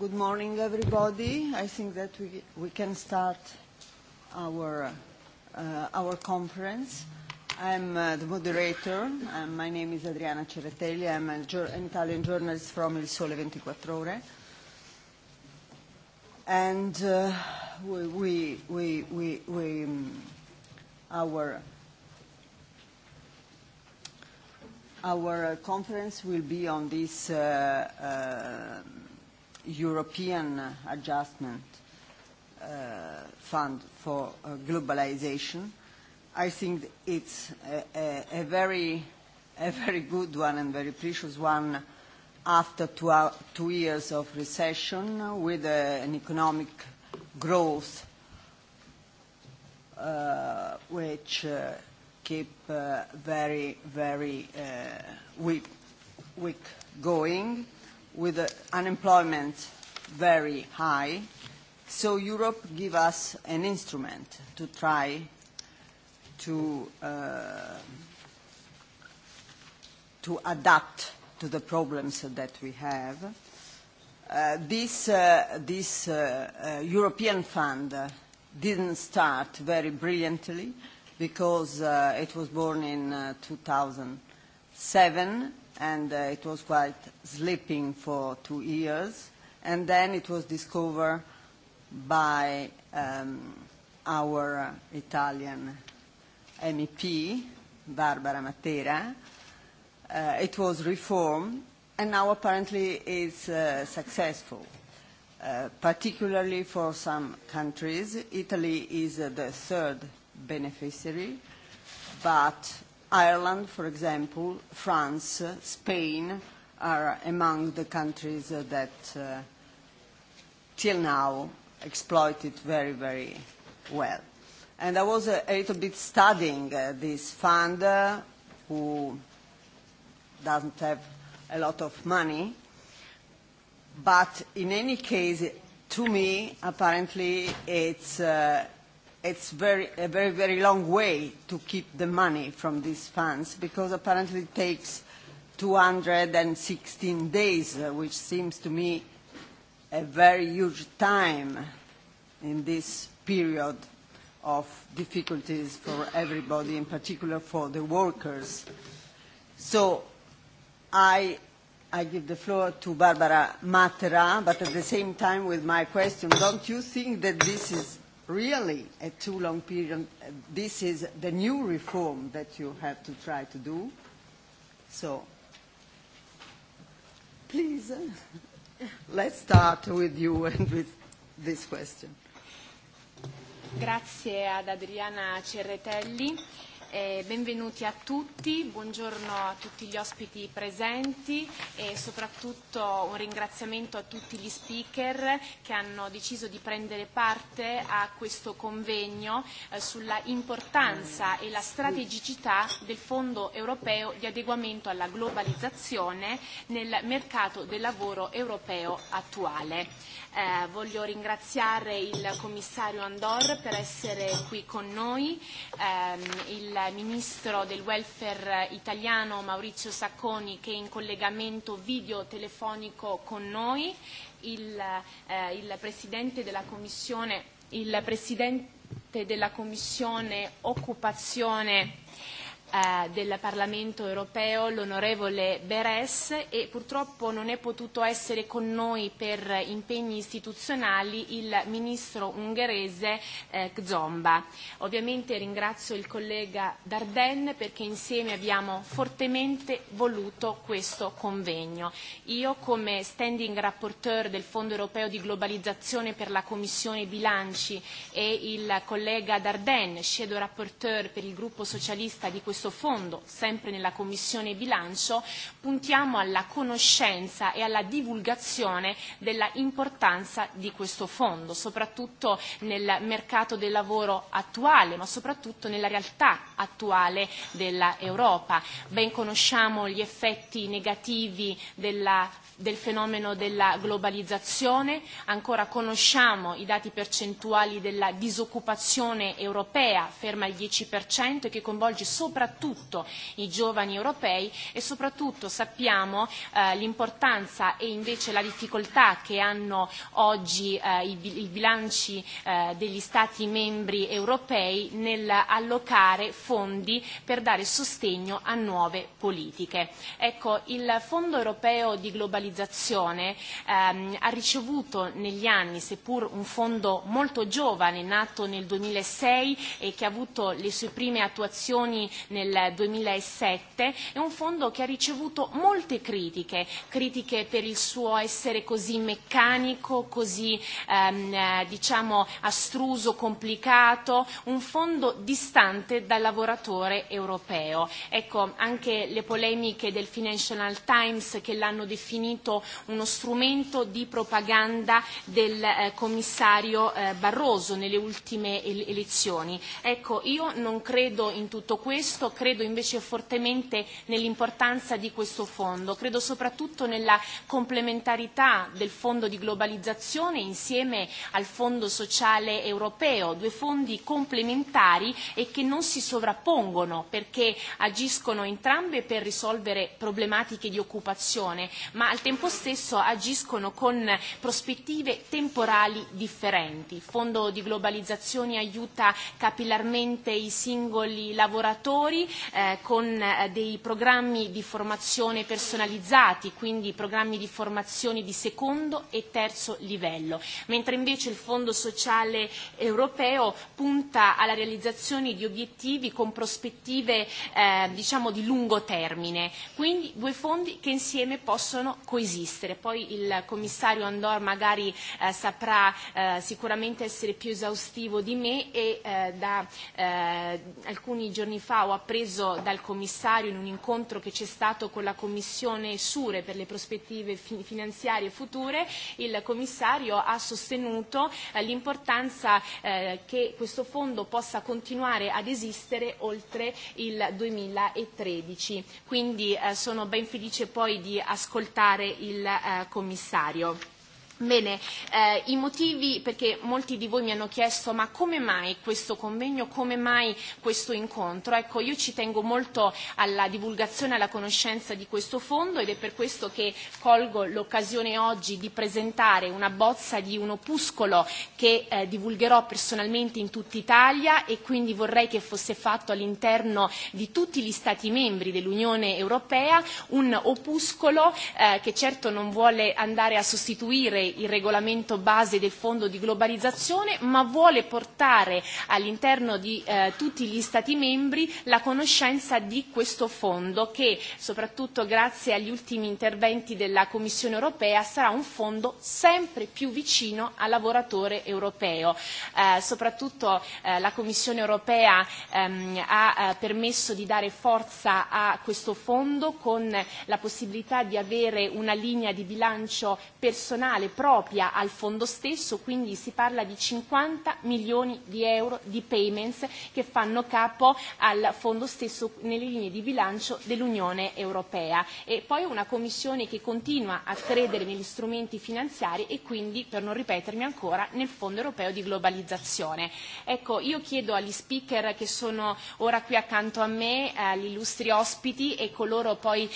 Good morning, everybody. I think that we we can start our our conference. I'm the moderator. My name is Adriana Cerretelli. I'm an Italian journalist from Il Sole 24 Ore. And we we we we our our conference will be on this European Adjustment Fund for Globalization. I think it's a very good one and very precious one after two years of recession with an economic growth which keep very, very weak going with unemployment very high. So Europe gives us an instrument to try to to adapt to the problems that we have. This this European fund didn't start very brilliantly because it was born in 2007 and it was quite sleeping for two years. And then it was discovered by our Italian MEP, Barbara Matera. It was reformed, and now apparently is successful, particularly for some countries. Italy is the third beneficiary, but Ireland, for example, France, Spain are among the countries that till now exploit it very, very well. And I was a little bit studying this fund, who doesn't have a lot of money, but in any case, to me, apparently, it's it's very, a very, very long way to keep the money from these funds because apparently it takes 216 days, which seems to me a very huge time in this period of difficulties for everybody, in particular for the workers. So I give the floor to Barbara Matera, but at the same time with my question, don't you think that this is really a too long period. This is the new reform that you have to try to do. So, please, let's start with you and with this question. Grazie ad Adriana Cerretelli benvenuti a tutti, buongiorno a tutti gli ospiti presenti e soprattutto un ringraziamento a tutti gli speaker che hanno deciso di prendere parte a questo convegno sulla importanza e la strategicità del Fondo europeo di adeguamento alla globalizzazione nel mercato del lavoro europeo attuale. Eh, voglio ringraziare il commissario Andor per essere qui con noi, il ministro del welfare italiano Maurizio Sacconi che è in collegamento video telefonico con noi, il, eh, il presidente della commissione, il presidente della commissione occupazione del Parlamento europeo, l'onorevole Beres, e purtroppo non è potuto essere con noi per impegni istituzionali il ministro ungherese Gzomba. Ovviamente ringrazio il collega Darden perché insieme abbiamo fortemente voluto questo convegno. Io come standing rapporteur del Fondo europeo di globalizzazione per la Commissione bilanci e il collega Darden, shadow rapporteur per il gruppo socialista di questo questo fondo, sempre nella Commissione Bilancio, puntiamo alla conoscenza e alla divulgazione della importanza di questo fondo, soprattutto nel mercato del lavoro attuale, ma soprattutto nella realtà attuale dell'Europa. Ben conosciamo gli effetti negativi della del fenomeno della globalizzazione, ancora conosciamo i dati percentuali della disoccupazione europea, ferma al 10%, e che coinvolge soprattutto soprattutto i giovani europei e soprattutto sappiamo l'importanza e invece la difficoltà che hanno oggi i bilanci degli Stati membri europei nell'allocare fondi per dare sostegno a nuove politiche. Ecco, il Fondo europeo di globalizzazione ha ricevuto negli anni, seppur un fondo molto giovane, nato nel 2006 e che ha avuto le sue prime attuazioni nel 2007, è un fondo che ha ricevuto molte critiche, critiche per il suo essere così meccanico, così diciamo astruso, complicato, un fondo distante dal lavoratore europeo. Ecco, anche le polemiche del Financial Times che l'hanno definito uno strumento di propaganda del commissario Barroso nelle ultime elezioni. Ecco, io non credo in tutto questo Io credo invece fortemente nell'importanza di questo fondo, credo soprattutto nella complementarità del fondo di globalizzazione insieme al fondo sociale europeo, due fondi complementari e che non si sovrappongono perché agiscono entrambe per risolvere problematiche di occupazione, ma al tempo stesso agiscono con prospettive temporali differenti. Il fondo di globalizzazione aiuta capillarmente i singoli lavoratori con dei programmi di formazione personalizzati, quindi programmi di formazione di secondo e terzo livello, mentre invece il Fondo sociale europeo punta alla realizzazione di obiettivi con prospettive diciamo di lungo termine, quindi due fondi che insieme possono coesistere. Poi il commissario Andor magari saprà sicuramente essere più esaustivo di me e da alcuni giorni fa ho appreso dal commissario in un incontro che c'è stato con la commissione Sure per le prospettive finanziarie future, il commissario ha sostenuto l'importanza che questo fondo possa continuare ad esistere oltre il 2013. Quindi sono ben felice poi di ascoltare il commissario. Bene, i motivi, perché molti di voi mi hanno chiesto ma come mai questo convegno, come mai questo incontro? Ecco, io ci tengo molto alla divulgazione, alla conoscenza di questo fondo ed è per questo che colgo l'occasione oggi di presentare una bozza di un opuscolo che divulgherò personalmente in tutta Italia e quindi vorrei che fosse fatto all'interno di tutti gli Stati membri dell'Unione Europea, un opuscolo che certo non vuole andare a sostituire il regolamento base del fondo di globalizzazione, ma vuole portare all'interno di tutti gli Stati membri la conoscenza di questo fondo che, soprattutto grazie agli ultimi interventi della Commissione europea, sarà un fondo sempre più vicino al lavoratore europeo. Soprattutto la Commissione europea ha permesso di dare forza a questo fondo con la possibilità di avere una linea di bilancio personale propria al fondo stesso, quindi si parla di 50 milioni di euro di payments che fanno capo al fondo stesso nelle linee di bilancio dell'Unione Europea. E poi una Commissione che continua a credere negli strumenti finanziari e quindi, per non ripetermi ancora, nel Fondo Europeo di Globalizzazione. Ecco, io chiedo agli speaker che sono ora qui accanto a me, agli illustri ospiti e coloro poi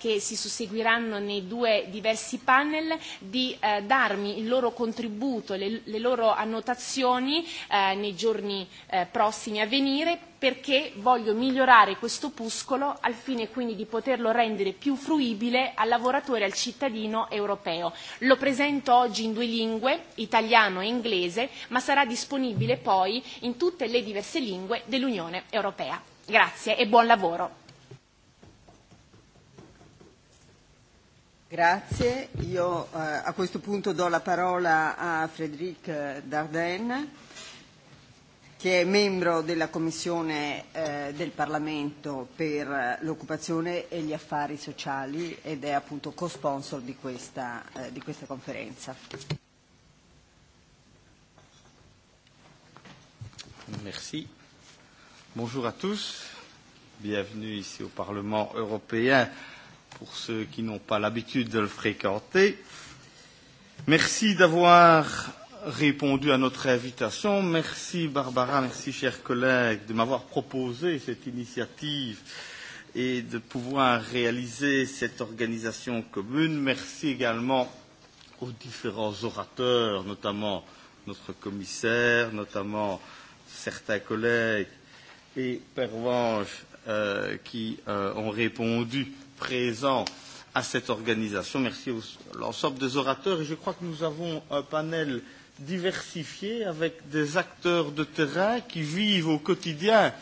che si susseguiranno nei due diversi panel di darmi il loro contributo, le loro annotazioni nei giorni prossimi a venire perché voglio migliorare questo opuscolo al fine quindi di poterlo rendere più fruibile al lavoratore e al cittadino europeo. Lo presento oggi in due lingue, italiano e inglese, ma sarà disponibile poi in tutte le diverse lingue dell'Unione Europea. Grazie e buon lavoro. Grazie. Io a questo punto do la parola a Frédéric Dardenne, che è membro della Commissione del Parlamento per l'occupazione e gli affari sociali ed è appunto co-sponsor di questa di questa conferenza. Merci. Bonjour à tous. Bienvenue ici au Parlement européen pour ceux qui n'ont pas l'habitude de le fréquenter. Merci d'avoir répondu à notre invitation. Merci Barbara, merci chers collègues de m'avoir proposé cette initiative et de pouvoir réaliser cette organisation commune. Merci également aux différents orateurs, notamment notre commissaire, notamment certains collègues et Pervenche qui ont répondu présent à cette organisation. Merci à l'ensemble des orateurs. Et je crois que nous avons un panel diversifié avec des acteurs de terrain qui vivent au quotidien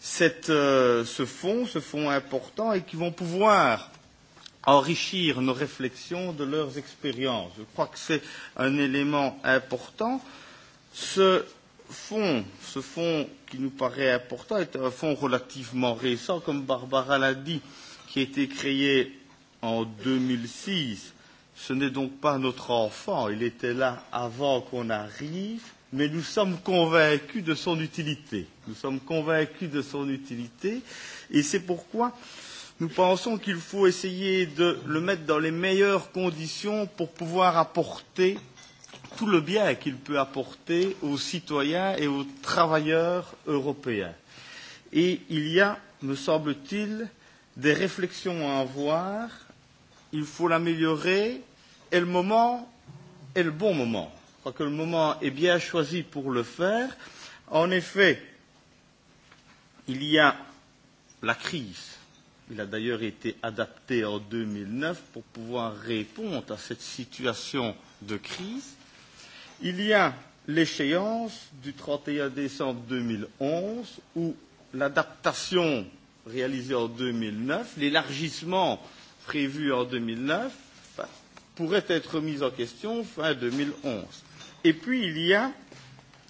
cette, ce fonds, ce fonds important, et qui vont pouvoir enrichir nos réflexions de leurs expériences. Je crois que c'est un élément important. Ce fonds, ce fonds qui nous paraît important, est un fonds relativement récent, comme Barbara l'a dit qui a été créé en 2006, ce n'est donc pas notre enfant, il était là avant qu'on arrive, mais nous sommes convaincus de son utilité. Nous sommes convaincus de son utilité et c'est pourquoi nous pensons qu'il faut essayer de le mettre dans les meilleures conditions pour pouvoir apporter tout le bien qu'il peut apporter aux citoyens et aux travailleurs européens. Et il y a, me semble-t-il, des réflexions à avoir, il faut l'améliorer, et le moment est le bon moment. Je crois que le moment est bien choisi pour le faire. En effet, il y a la crise. Il a d'ailleurs été adapté en 2009 pour pouvoir répondre à cette situation de crise. Il y a l'échéance du 31 décembre 2011 où l'adaptation réalisé en 2009, l'élargissement prévu en 2009 pourrait être mis en question fin 2011. Et puis, il y a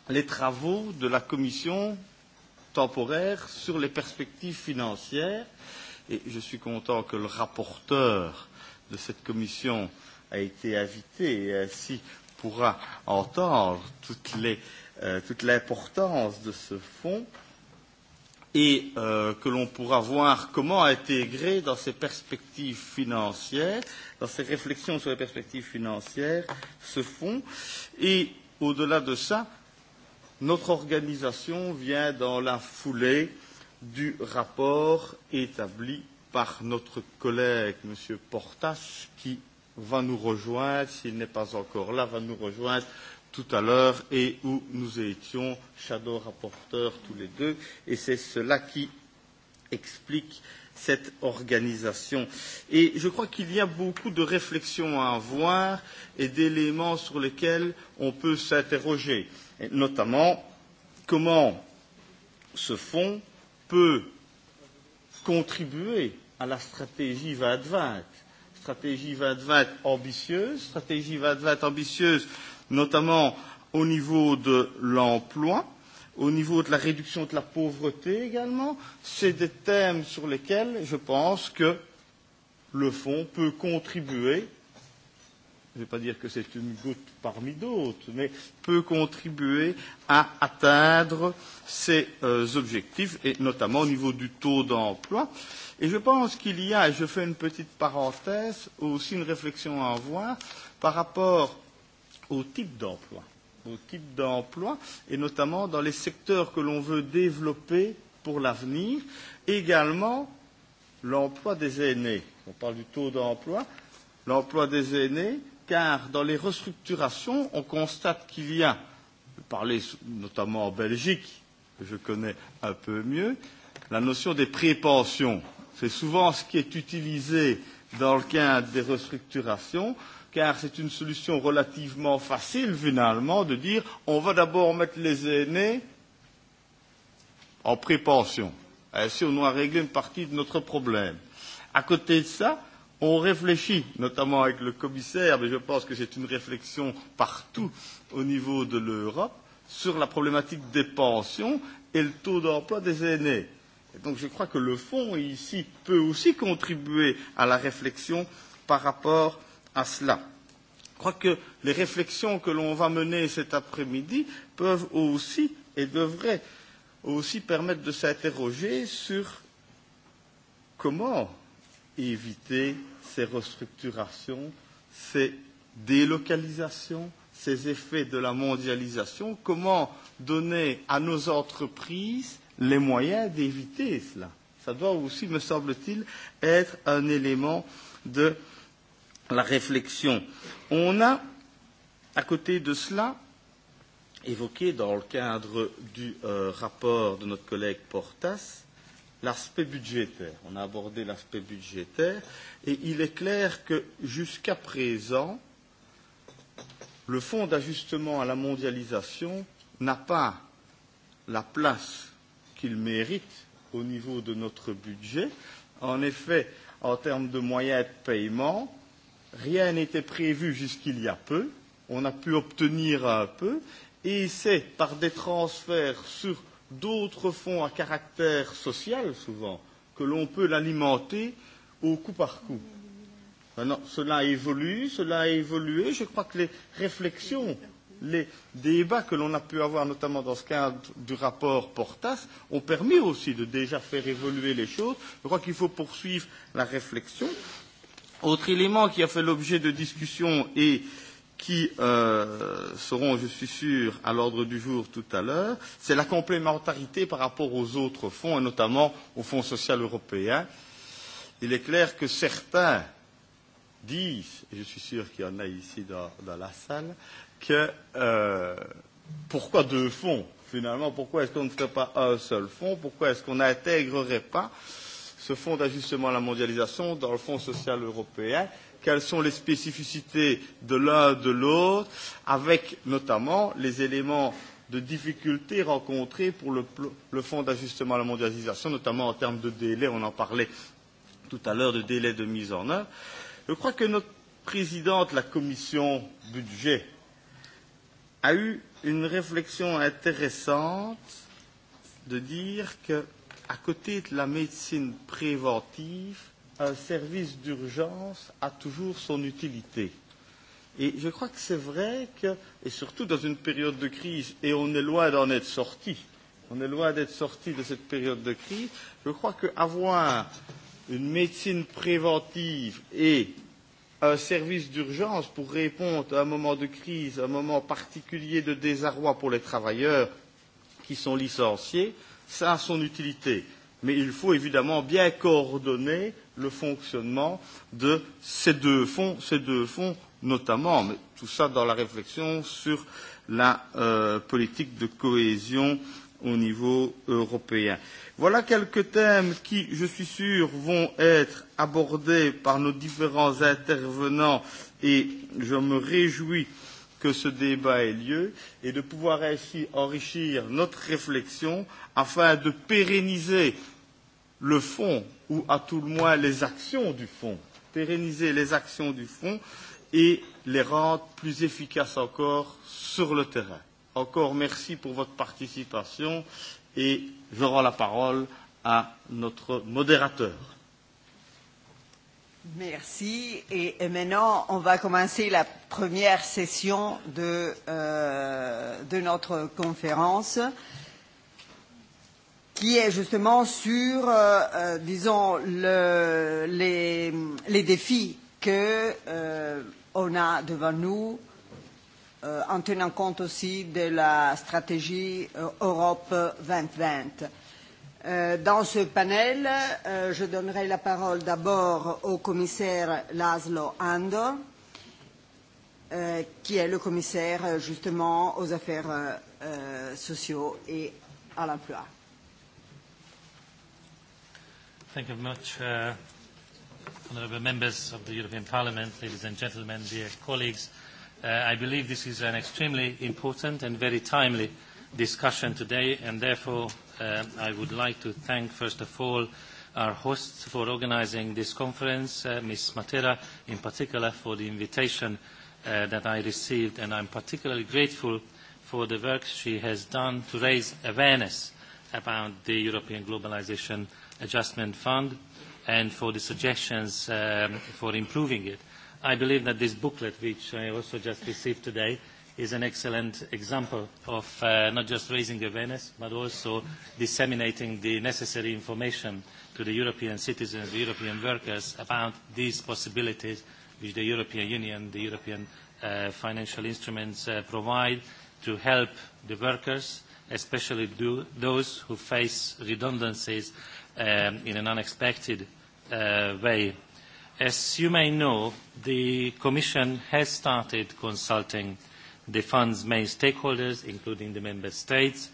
les travaux de la Commission temporaire sur les perspectives financières. Et je suis content que le rapporteur de cette commission a été invité et ainsi pourra entendre toute l'importance de ce fonds et que l'on pourra voir comment intégrer dans ces perspectives financières, dans ces réflexions sur les perspectives financières, ce fonds. Et au-delà de ça, notre organisation vient dans la foulée du rapport établi par notre collègue, M. Portas, qui va nous rejoindre, s'il n'est pas encore là, va nous rejoindre tout à l'heure et où nous étions shadow rapporteurs tous les deux. Et c'est cela qui explique cette organisation. Et je crois qu'il y a beaucoup de réflexions à avoir et d'éléments sur lesquels on peut s'interroger, notamment comment ce fonds peut contribuer à la stratégie 2020. Stratégie 2020 ambitieuse, stratégie 2020 ambitieuse notamment au niveau de l'emploi, au niveau de la réduction de la pauvreté également. C'est des thèmes sur lesquels je pense que le fonds peut contribuer. Je ne vais pas dire que c'est une goutte parmi d'autres, mais peut contribuer à atteindre ces objectifs, et notamment au niveau du taux d'emploi. Et je pense qu'il y a, et je fais une petite parenthèse, aussi une réflexion à avoir par rapport au type d'emploi, au type d'emploi, et notamment dans les secteurs que l'on veut développer pour l'avenir, également l'emploi des aînés. On parle du taux d'emploi, l'emploi des aînés, car dans les restructurations, on constate qu'il y a, parler notamment en Belgique, que je connais un peu mieux, la notion des prépensions. C'est souvent ce qui est utilisé dans le cadre des restructurations car c'est une solution relativement facile finalement de dire on va d'abord mettre les aînés en prépension. Ainsi, on aura réglé une partie de notre problème. À côté de ça, on réfléchit, notamment avec le commissaire, mais je pense que c'est une réflexion partout au niveau de l'Europe, sur la problématique des pensions et le taux d'emploi des aînés. Et donc je crois que le fonds ici peut aussi contribuer à la réflexion par rapport à cela. Je crois que les réflexions que l'on va mener cet après-midi peuvent aussi et devraient aussi permettre de s'interroger sur comment éviter ces restructurations, ces délocalisations, ces effets de la mondialisation, comment donner à nos entreprises les moyens d'éviter cela. Ça doit aussi, me semble-t-il, être un élément de la réflexion. On a, à côté de cela, évoqué dans le cadre du rapport de notre collègue Portas l'aspect budgétaire. On a abordé l'aspect budgétaire et il est clair que jusqu'à présent, le fonds d'ajustement à la mondialisation n'a pas la place qu'il mérite au niveau de notre budget. En effet, en termes de moyens de paiement, rien n'était prévu jusqu'il y a peu, on a pu obtenir un peu, et c'est par des transferts sur d'autres fonds à caractère social, souvent, que l'on peut l'alimenter au coup par coup. Maintenant, cela évolue, cela a évolué. Je crois que les réflexions, les débats que l'on a pu avoir, notamment dans ce cadre du rapport Portas, ont permis aussi de déjà faire évoluer les choses. Je crois qu'il faut poursuivre la réflexion. Autre élément qui a fait l'objet de discussions et qui seront, je suis sûr, à l'ordre du jour tout à l'heure, c'est la complémentarité par rapport aux autres fonds, et notamment au Fonds social européen. Il est clair que certains disent, et je suis sûr qu'il y en a ici dans la salle, que pourquoi deux fonds finalement Pourquoi est-ce qu'on ne ferait pas un seul fonds Pourquoi est-ce qu'on n'intégrerait pas ce fonds d'ajustement à la mondialisation dans le Fonds social européen, quelles sont les spécificités de l'un de l'autre, avec notamment les éléments de difficultés rencontrées pour le Fonds d'ajustement à la mondialisation, notamment en termes de délai, on en parlait tout à l'heure, de délai de mise en œuvre. Je crois que notre présidente la commission budget a eu une réflexion intéressante de dire que à côté de la médecine préventive, un service d'urgence a toujours son utilité. Et je crois que c'est vrai que, et surtout dans une période de crise, et on est loin d'en être sorti, on est loin d'être sorti de cette période de crise, je crois qu'avoir une médecine préventive et un service d'urgence pour répondre à un moment de crise, à un moment particulier de désarroi pour les travailleurs qui sont licenciés, ça a son utilité. Mais il faut évidemment bien coordonner le fonctionnement de ces deux fonds, ces deux fonds notamment, mais tout ça dans la réflexion sur la politique de cohésion au niveau européen. Voilà quelques thèmes qui, je suis sûr, vont être abordés par nos différents intervenants et je me réjouis que ce débat ait lieu et de pouvoir ainsi enrichir notre réflexion afin de pérenniser le fonds ou à tout le moins les actions du fonds, pérenniser les actions du Fond et les rendre plus efficaces encore sur le terrain. Encore merci pour votre participation et je rends la parole à notre modérateur. Merci. Et maintenant, on va commencer la première session de, euh, de notre conférence qui est justement sur, disons, le, les, les défis que euh, a devant nous euh, en tenant compte aussi de la stratégie Europe 2020 Dans ce panel, je donnerai la parole d'abord au commissaire Laszlo Andor, qui est le commissaire justement aux affaires sociaux et à l'emploi. Thank you honourable members of the European Parliament, ladies and gentlemen, dear colleagues. I believe this is an extremely important and very timely discussion today, and therefore I would like to thank, first of all, our hosts for organising this conference, Ms. Matera in particular for the invitation that I received, and I'm particularly grateful for the work she has done to raise awareness about the European Globalisation Adjustment Fund and for the suggestions for improving it. I believe that this booklet, which I also just received today, is an excellent example of not just raising awareness but also disseminating the necessary information to the European citizens, European workers about these possibilities which the European Union, the European financial instruments provide to help the workers, especially those who face redundancies in an unexpected way. As you may know, the Commission has started consulting the fund's main stakeholders, including the Member States,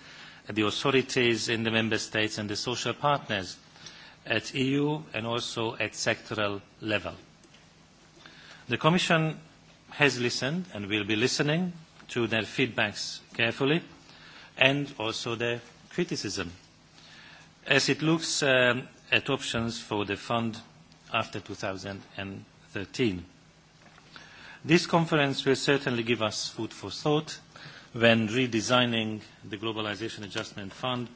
the authorities in the Member States and the social partners at EU and also at sectoral level. The Commission has listened and will be listening to their feedbacks carefully and also their criticism as it looks at options for the fund after 2013. This conference will certainly give us food for thought when redesigning the Globalisation Adjustment Fund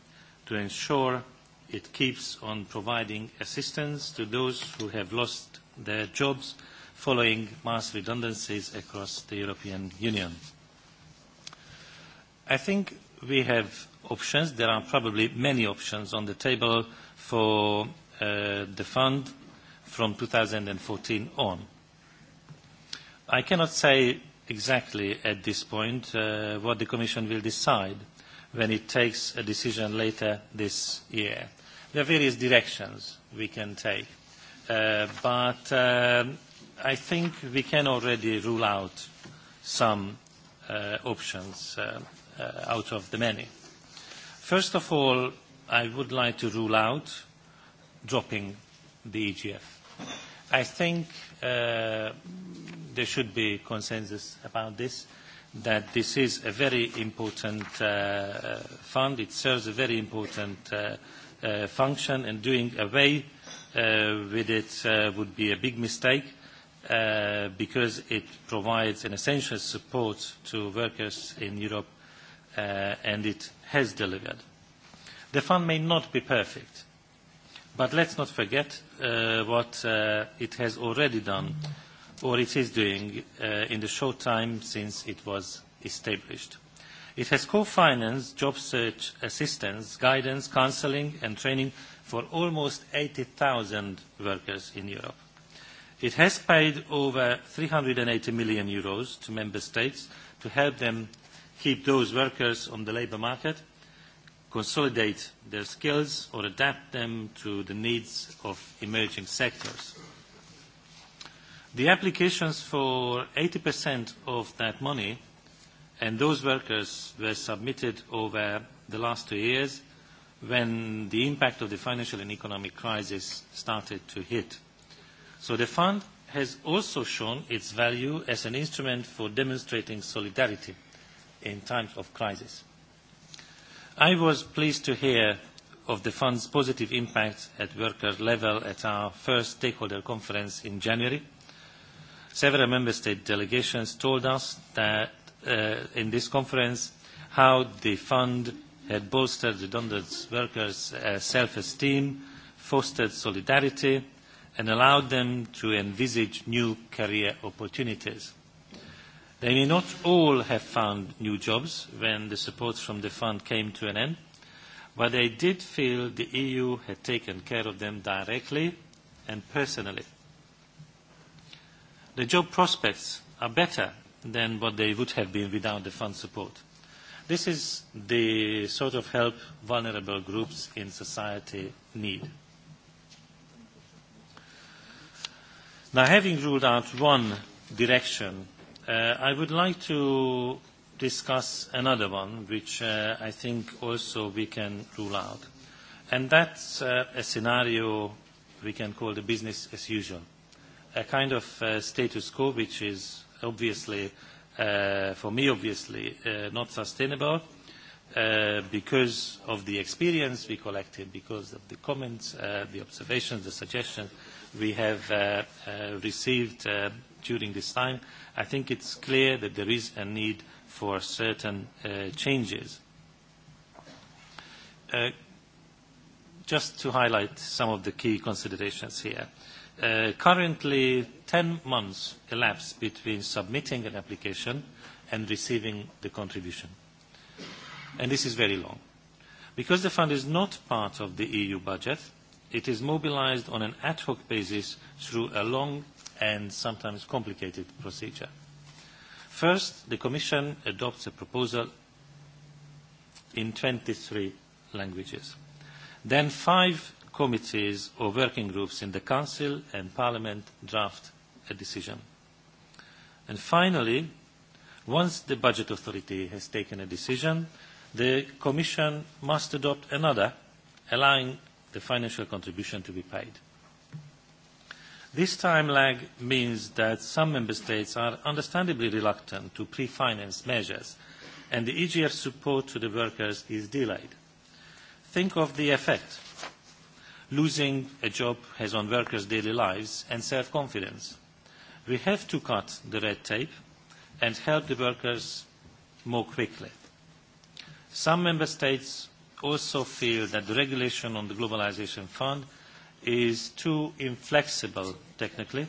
to ensure it keeps on providing assistance to those who have lost their jobs following mass redundancies across the European Union. I think we have options. There are probably many options on the table for the fund from 2014 on. I cannot say exactly at this point what the Commission will decide when it takes a decision later this year. There are various directions we can take, but I think we can already rule out some options out of the many. First of all, I would like to rule out dropping the EGF. I think there should be consensus about this, that this is a very important fund. It serves a very important function, and doing away with it would be a big mistake because it provides an essential support to workers in Europe and it has delivered. The fund may not be perfect, but let's not forget what it has already done or it is doing in the short time since it was established. It has co-financed job search assistance, guidance, counselling and training for almost 80,000 workers in Europe. It has paid over 380 million euros to member states to help them keep those workers on the labour market consolidate their skills or adapt them to the needs of emerging sectors. The applications for 80% of that money and those workers were submitted over the last two years when the impact of the financial and economic crisis started to hit. So the fund has also shown its value as an instrument for demonstrating solidarity in times of crisis. I was pleased to hear of the fund's positive impact at worker level at our first stakeholder conference in January. Several member state delegations told us that in this conference how the fund had bolstered redundant workers' self-esteem, fostered solidarity and allowed them to envisage new career opportunities. They may not all have found new jobs when the support from the fund came to an end, but they did feel the EU had taken care of them directly and personally. The job prospects are better than what they would have been without the fund support. This is the sort of help vulnerable groups in society need. Now, having ruled out one direction I would like to discuss another one, which I think also we can rule out, and that's a scenario we can call the business as usual, a kind of status quo which is obviously, for me obviously, not sustainable because of the experience we collected, because of the comments, the observations, the suggestions we have received during this time, I think it's clear that there is a need for certain changes. Just to highlight some of the key considerations here. Currently, 10 months elapse between submitting an application and receiving the contribution. And this is very long. Because the fund is not part of the EU budget, it is mobilized on an ad hoc basis through a long and sometimes complicated procedure. First, the Commission adopts a proposal in 23 languages. Then five committees or working groups in the Council and Parliament draft a decision. And finally, once the Budget Authority has taken a decision, the Commission must adopt another, allowing the financial contribution to be paid. This time lag means that some member states are understandably reluctant to pre-finance measures and the EGF support to the workers is delayed. Think of the effect losing a job has on workers' daily lives and self-confidence. We have to cut the red tape and help the workers more quickly. Some member states also feel that the regulation on the Globalisation Fund is too inflexible technically,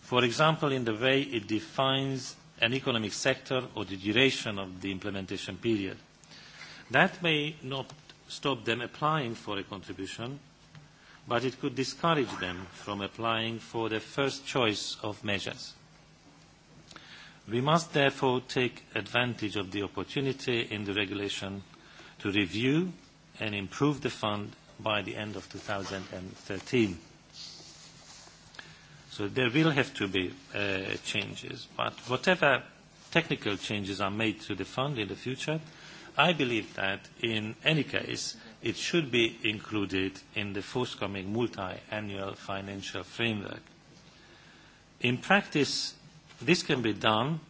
for example in the way it defines an economic sector or the duration of the implementation period. That may not stop them applying for a contribution, but it could discourage them from applying for their first choice of measures. We must therefore take advantage of the opportunity in the regulation to review and improve the fund by the end of 2013. So there will have to be changes, but whatever technical changes are made to the fund in the future, I believe that in any case it should be included in the forthcoming multi-annual financial framework. In practice, this can be done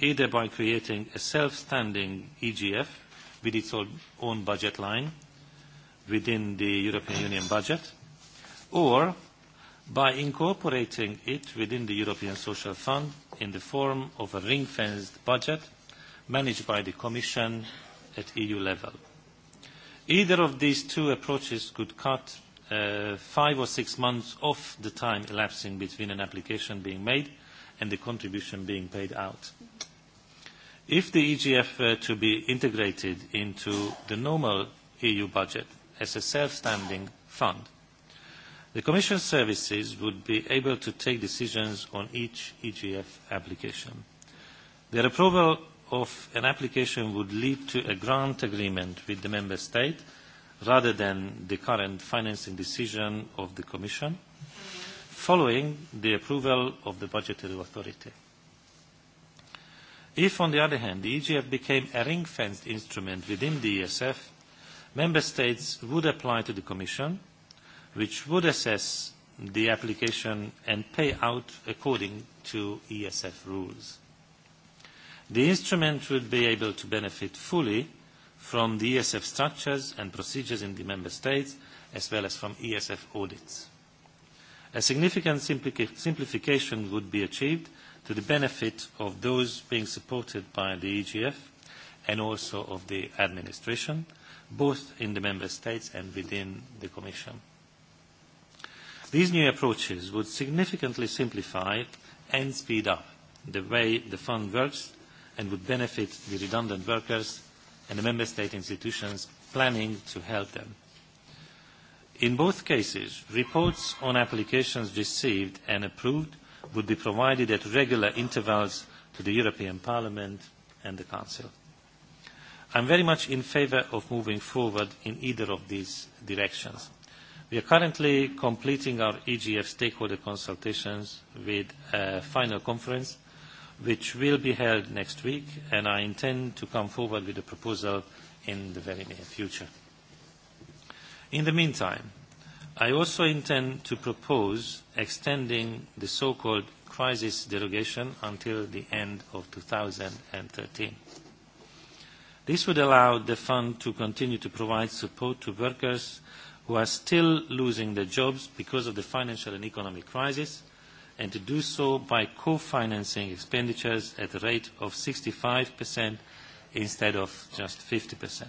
either by creating a self-standing EGF with its own budget line, within the European Union budget, or by incorporating it within the European Social Fund in the form of a ring-fenced budget managed by the Commission at EU level. Either of these two approaches could cut five or six months off the time elapsing between an application being made and the contribution being paid out. If the EGF were to be integrated into the normal EU budget, as a self-standing fund. The Commission services would be able to take decisions on each EGF application. Their approval of an application would lead to a grant agreement with the Member State rather than the current financing decision of the Commission following the approval of the budgetary authority. If, on the other hand, the EGF became a ring-fenced instrument within the ESF, Member States would apply to the Commission, which would assess the application and pay out according to ESF rules. The instrument would be able to benefit fully from the ESF structures and procedures in the Member States, as well as from ESF audits. A significant simplification would be achieved to the benefit of those being supported by the EGF and also of the administration, both in the Member States and within the Commission. These new approaches would significantly simplify and speed up the way the fund works and would benefit the redundant workers and the Member State institutions planning to help them. In both cases, reports on applications received and approved would be provided at regular intervals to the European Parliament and the Council. I'm very much in favour of moving forward in either of these directions. We are currently completing our EGF stakeholder consultations with a final conference which will be held next week and I intend to come forward with a proposal in the very near future. In the meantime, I also intend to propose extending the so-called crisis derogation until the end of 2013. This would allow the fund to continue to provide support to workers who are still losing their jobs because of the financial and economic crisis, and to do so by co-financing expenditures at a rate of 65% instead of just 50%.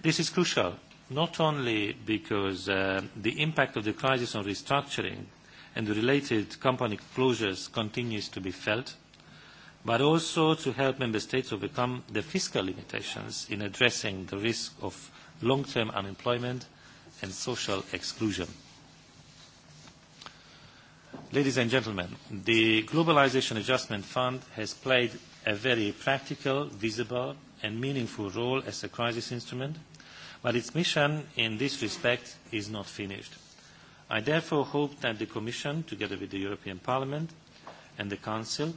This is crucial, not only because the impact of the crisis on restructuring and the related company closures continues to be felt, but also to help member states overcome the fiscal limitations in addressing the risk of long-term unemployment and social exclusion. Ladies and gentlemen, the Globalisation Adjustment Fund has played a very practical, visible and meaningful role as a crisis instrument, but its mission in this respect is not finished. I therefore hope that the Commission, together with the European Parliament and the Council,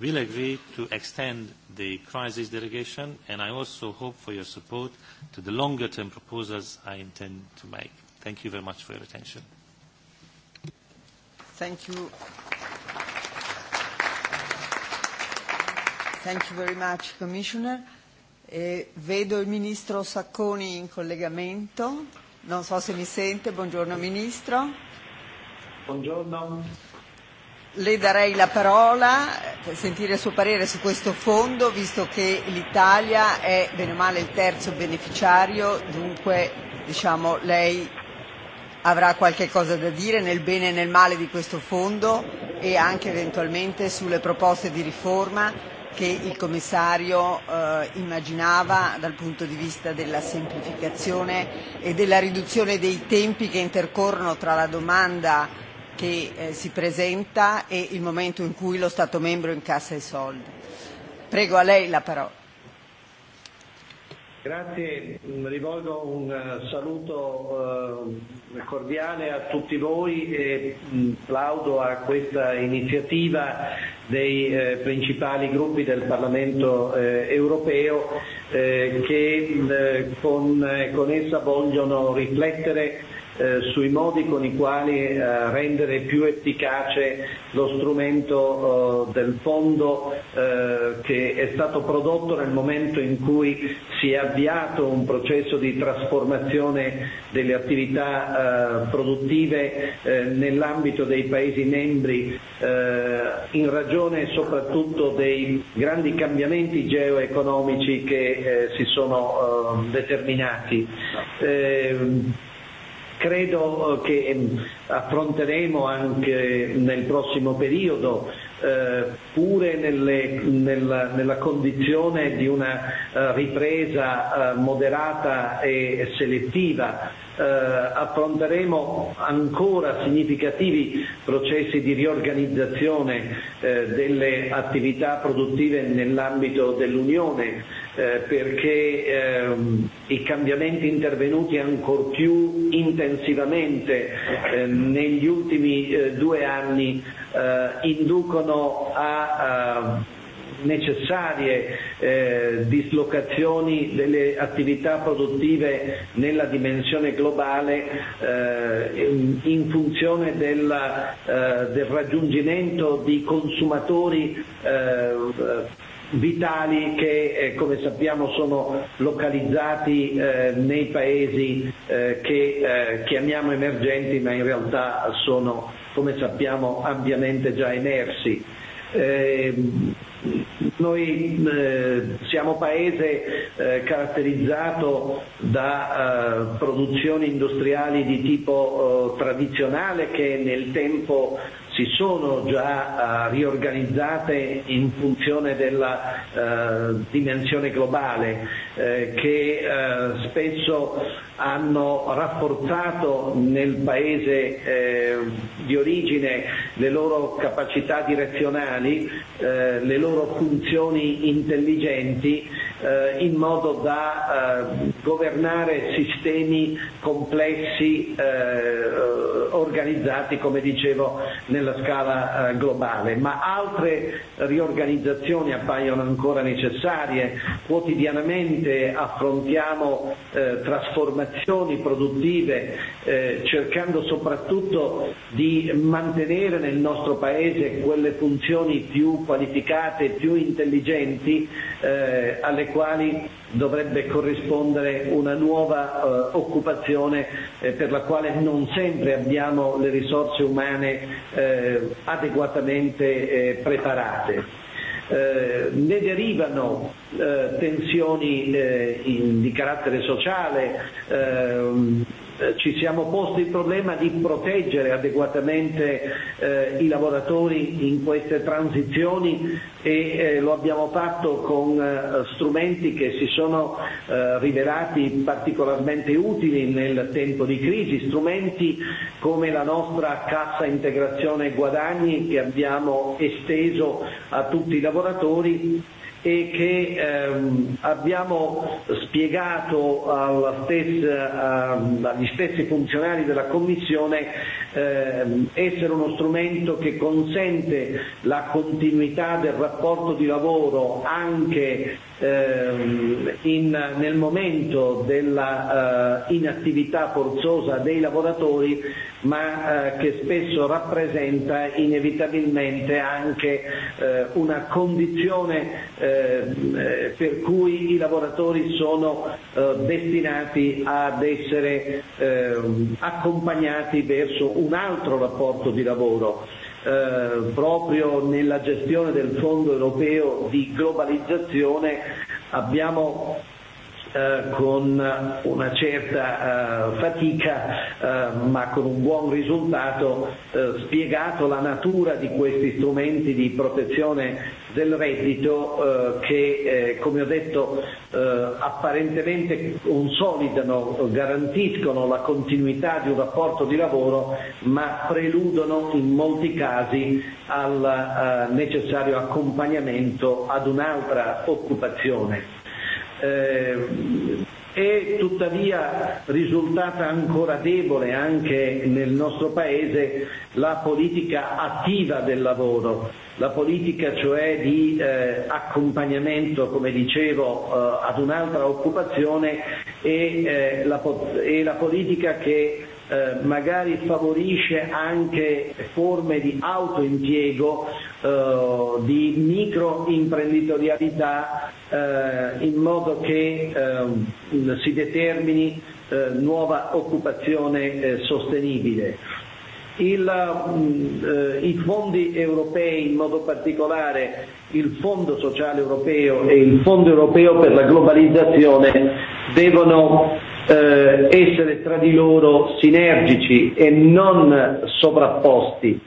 will agree to extend the crisis delegation, and I also hope for your support to the longer-term proposals I intend to make. Thank you very much for your attention. Thank you. Thank you very much, Commissioner. Vedo il Ministro Sacconi in collegamento. Non so se mi sente. Buongiorno, Ministro. Buongiorno. Le darei la parola per sentire il suo parere su questo fondo, visto che l'Italia è bene o male il terzo beneficiario, dunque diciamo lei avrà qualche cosa da dire nel bene e nel male di questo fondo e anche eventualmente sulle proposte di riforma che il commissario immaginava dal punto di vista della semplificazione e della riduzione dei tempi che intercorrono tra la domanda che si presenta e il momento in cui lo Stato membro incassa i soldi. Prego a lei la parola. Grazie, rivolgo un saluto cordiale a tutti voi e plaudo a questa iniziativa dei principali gruppi del Parlamento europeo che con essa vogliono riflettere sui modi con i quali rendere più efficace lo strumento del fondo che è stato prodotto nel momento in cui si è avviato un processo di trasformazione delle attività produttive nell'ambito dei Paesi membri in ragione soprattutto dei grandi cambiamenti geoeconomici che si sono determinati credo che affronteremo anche nel prossimo periodo pure nelle, nella, nella condizione di una ripresa moderata e selettiva affronteremo ancora significativi processi di riorganizzazione delle attività produttive nell'ambito dell'Unione perché ehm, i cambiamenti intervenuti ancor più intensivamente negli ultimi eh, due anni inducono a necessarie dislocazioni delle attività produttive nella dimensione globale eh, in funzione del, raggiungimento di consumatori vitali che come sappiamo sono localizzati nei paesi che chiamiamo emergenti ma in realtà sono come sappiamo ampiamente già emersi. Noi siamo paese caratterizzato da produzioni industriali di tipo tradizionale che nel tempo si sono già riorganizzate in funzione della dimensione globale che spesso hanno rafforzato nel paese di origine le loro capacità direzionali, le loro funzioni intelligenti in modo da governare sistemi complessi organizzati come dicevo nella scala globale, ma altre riorganizzazioni appaiono ancora necessarie. Quotidianamente affrontiamo trasformazioni produttive cercando soprattutto di mantenere nel nostro paese quelle funzioni più qualificate, più intelligenti alle quali dovrebbe corrispondere una nuova occupazione per la quale non sempre abbiamo le risorse umane adeguatamente preparate. Ne derivano tensioni di carattere sociale ci siamo posti il problema di proteggere adeguatamente i lavoratori in queste transizioni e lo abbiamo fatto con strumenti che si sono rivelati particolarmente utili nel tempo di crisi, strumenti come la nostra cassa integrazione guadagni che abbiamo esteso a tutti i lavoratori e che abbiamo spiegato alla stessa agli stessi funzionari della commissione essere uno strumento che consente la continuità del rapporto di lavoro anche nel momento della inattività forzosa dei lavoratori ma che spesso rappresenta inevitabilmente anche una condizione per cui i lavoratori sono destinati ad essere accompagnati verso un altro rapporto di lavoro proprio nella gestione del Fondo europeo di globalizzazione abbiamo con una certa fatica ma con un buon risultato spiegato la natura di questi strumenti di protezione del reddito che come ho detto apparentemente consolidano, garantiscono la continuità di un rapporto di lavoro ma preludono in molti casi al necessario accompagnamento ad un'altra occupazione eh, è tuttavia risultata ancora debole anche nel nostro Paese la politica attiva del lavoro, la politica cioè di accompagnamento, come dicevo, ad un'altra occupazione e, la, e la politica che magari favorisce anche forme di autoimpiego, di microimprenditorialità in modo che si determini nuova occupazione sostenibile. I fondi europei, in modo particolare il Fondo Sociale Europeo e il Fondo Europeo per la Globalizzazione, devono essere tra di loro sinergici e non sovrapposti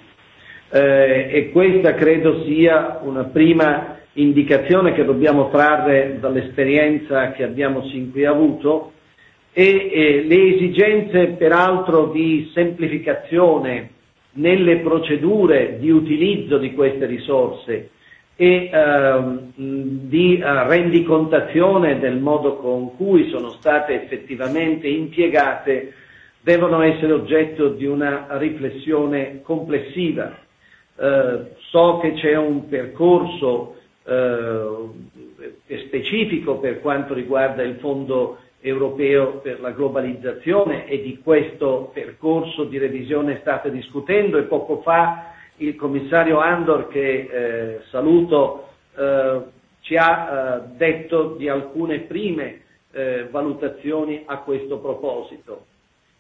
e questa credo sia una prima indicazione che dobbiamo trarre dall'esperienza che abbiamo sin qui avuto e le esigenze peraltro di semplificazione nelle procedure di utilizzo di queste risorse e di rendicontazione del modo con cui sono state effettivamente impiegate devono essere oggetto di una riflessione complessiva. So che c'è un percorso specifico per quanto riguarda il Fondo europeo per la globalizzazione e di questo percorso di revisione state discutendo e poco fa il commissario Andor che saluto ci ha detto di alcune prime valutazioni a questo proposito.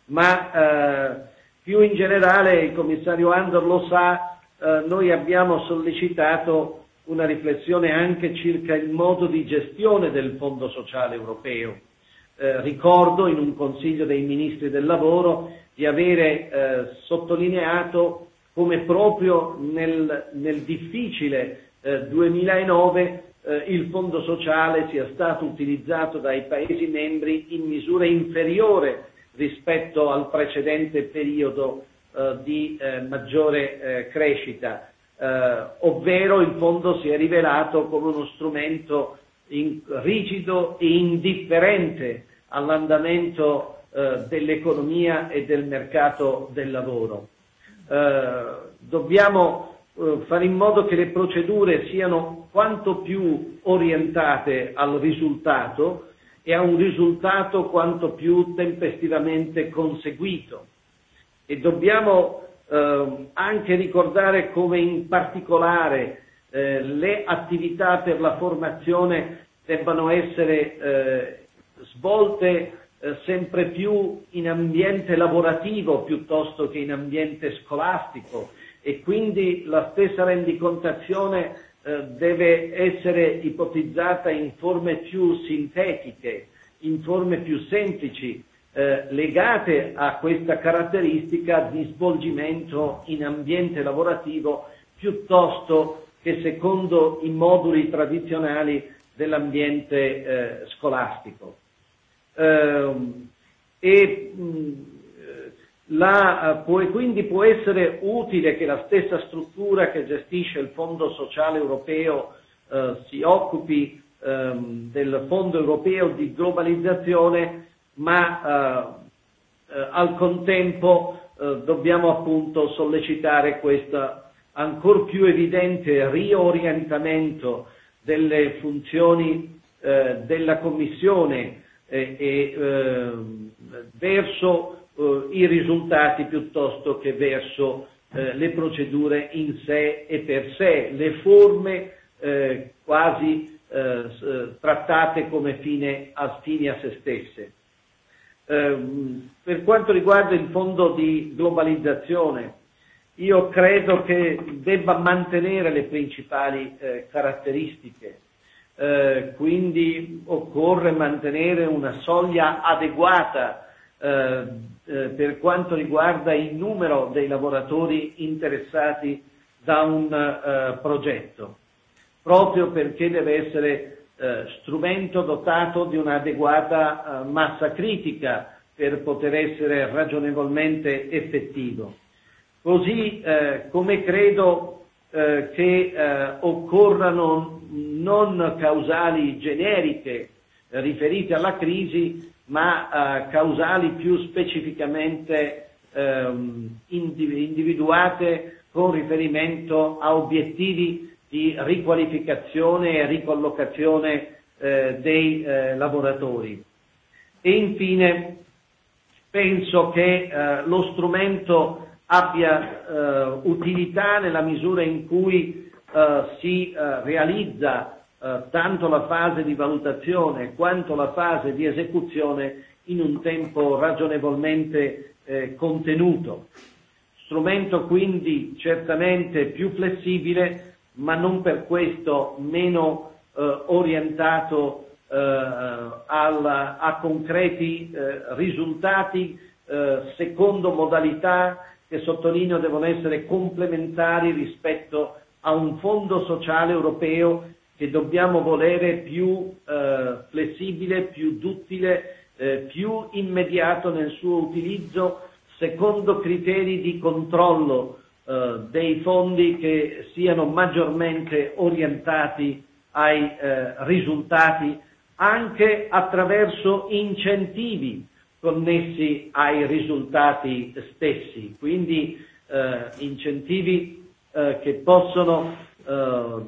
Ma più in generale il commissario Andor lo sa, noi abbiamo sollecitato una riflessione anche circa il modo di gestione del Fondo sociale europeo. Ricordo in un Consiglio dei Ministri del Lavoro di avere sottolineato come proprio nel, nel difficile 2009 il fondo sociale sia stato utilizzato dai Paesi membri in misura inferiore rispetto al precedente periodo di maggiore crescita, ovvero il fondo si è rivelato come uno strumento rigido e indifferente all'andamento dell'economia e del mercato del lavoro dobbiamo fare in modo che le procedure siano quanto più orientate al risultato e a un risultato quanto più tempestivamente conseguito. E dobbiamo anche ricordare come in particolare le attività per la formazione debbano essere svolte sempre più in ambiente lavorativo piuttosto che in ambiente scolastico e quindi la stessa rendicontazione deve essere ipotizzata in forme più sintetiche, in forme più semplici, legate a questa caratteristica di svolgimento in ambiente lavorativo piuttosto che secondo i moduli tradizionali dell'ambiente scolastico e la, può, quindi può essere utile che la stessa struttura che gestisce il Fondo Sociale Europeo si occupi del Fondo Europeo di Globalizzazione, ma al contempo dobbiamo appunto sollecitare questo ancor più evidente riorientamento delle funzioni della Commissione e verso i risultati piuttosto che verso le procedure in sé e per sé, le forme quasi trattate come fine fine a se stesse. Per quanto riguarda il fondo di globalizzazione, io credo che debba mantenere le principali caratteristiche quindi occorre mantenere una soglia adeguata per quanto riguarda il numero dei lavoratori interessati da un progetto, proprio perché deve essere strumento dotato di un'adeguata massa critica per poter essere ragionevolmente effettivo. Così come credo che occorrano non causali generiche riferite alla crisi, ma causali più specificamente individuate con riferimento a obiettivi di riqualificazione e ricollocazione dei lavoratori. E infine penso che lo strumento abbia utilità nella misura in cui si realizza tanto la fase di valutazione quanto la fase di esecuzione in un tempo ragionevolmente contenuto. Strumento quindi certamente più flessibile, ma non per questo meno orientato a concreti risultati secondo modalità che sottolineo devono essere complementari rispetto a un fondo sociale europeo che dobbiamo volere più flessibile, più duttile, più immediato nel suo utilizzo secondo criteri di controllo dei fondi che siano maggiormente orientati ai risultati anche attraverso incentivi connessi ai risultati stessi, quindi incentivi che possono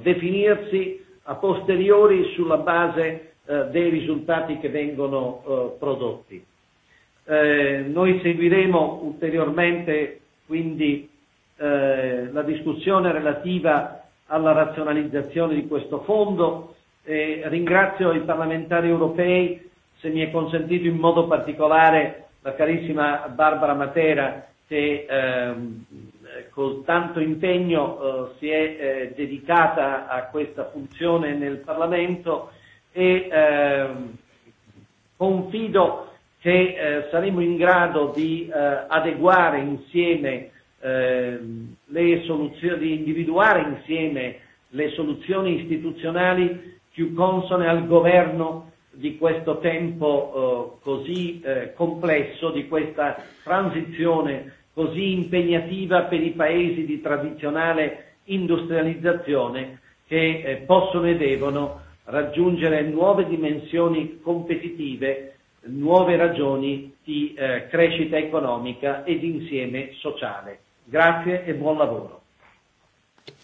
definirsi a posteriori sulla base dei risultati che vengono prodotti. Noi seguiremo ulteriormente quindi la discussione relativa alla razionalizzazione di questo fondo e ringrazio i parlamentari europei se mi è consentito in modo particolare la carissima Barbara Matera che con tanto impegno si è dedicata a questa funzione nel Parlamento e confido che saremo in grado di adeguare insieme le soluzioni, di individuare insieme le soluzioni istituzionali più consone al governo di questo tempo così complesso, di questa transizione così impegnativa per i paesi di tradizionale industrializzazione che possono e devono raggiungere nuove dimensioni competitive, nuove ragioni di crescita economica ed insieme sociale. Grazie e buon lavoro.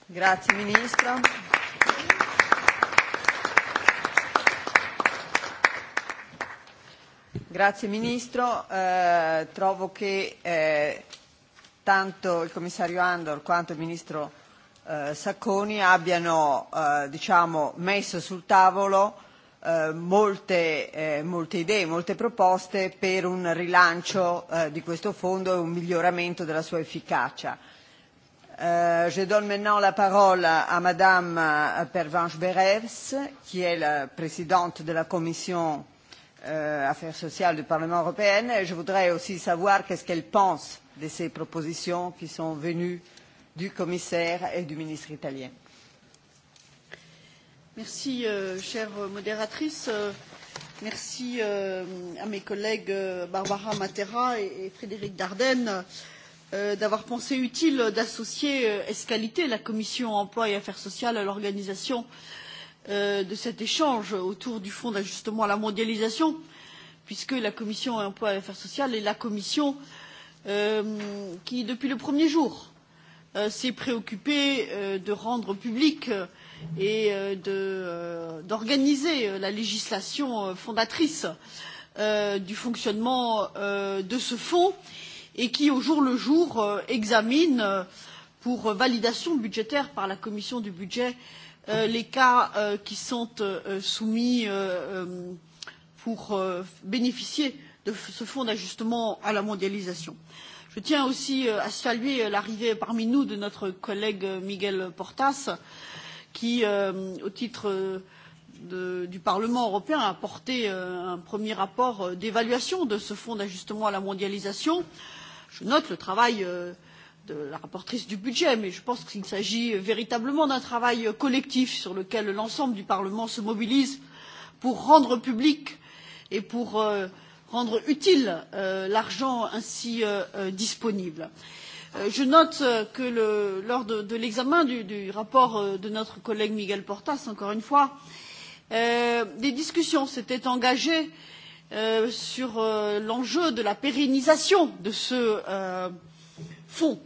Grazie Ministro. Grazie Ministro, trovo che tanto il Commissario Andor quanto il Ministro Sacconi abbiano diciamo, messo sul tavolo molte, molte idee, molte proposte per un rilancio di questo fondo e un miglioramento della sua efficacia. Je donne maintenant la parole à Madame Pervenche Berès, qui est la présidente de la Commission affaires sociales du Parlement européen. Je voudrais aussi savoir qu'est-ce qu'elle pense de ces propositions qui sont venues du commissaire et du ministre italien. Merci, chère modératrice. Merci à mes collègues Barbara Matera et Frédéric Dardenne d'avoir pensé utile d'associer Escalité, la Commission emploi et affaires sociales, à l'organisation de cet échange autour du fonds d'ajustement à la mondialisation puisque la commission de l'emploi et des affaires sociales est la commission qui depuis le premier jour s'est préoccupée de rendre publique et d'organiser la législation fondatrice du fonctionnement de ce fonds et qui au jour le jour examine pour validation budgétaire par la commission du budget les cas qui sont soumis pour bénéficier de ce fonds d'ajustement à la mondialisation. Je tiens aussi à saluer l'arrivée parmi nous de notre collègue Miguel Portas, qui, au titre du Parlement européen, a porté un premier rapport d'évaluation de ce fonds d'ajustement à la mondialisation. Je note le travail de la rapporteure du budget mais je pense qu'il s'agit véritablement d'un travail collectif sur lequel l'ensemble du parlement se mobilise pour rendre public et pour rendre utile l'argent ainsi disponible. je note que lors de l'examen du rapport de notre collègue miguel portas encore une fois des discussions s'étaient engagées sur l'enjeu de la pérennisation de ce fonds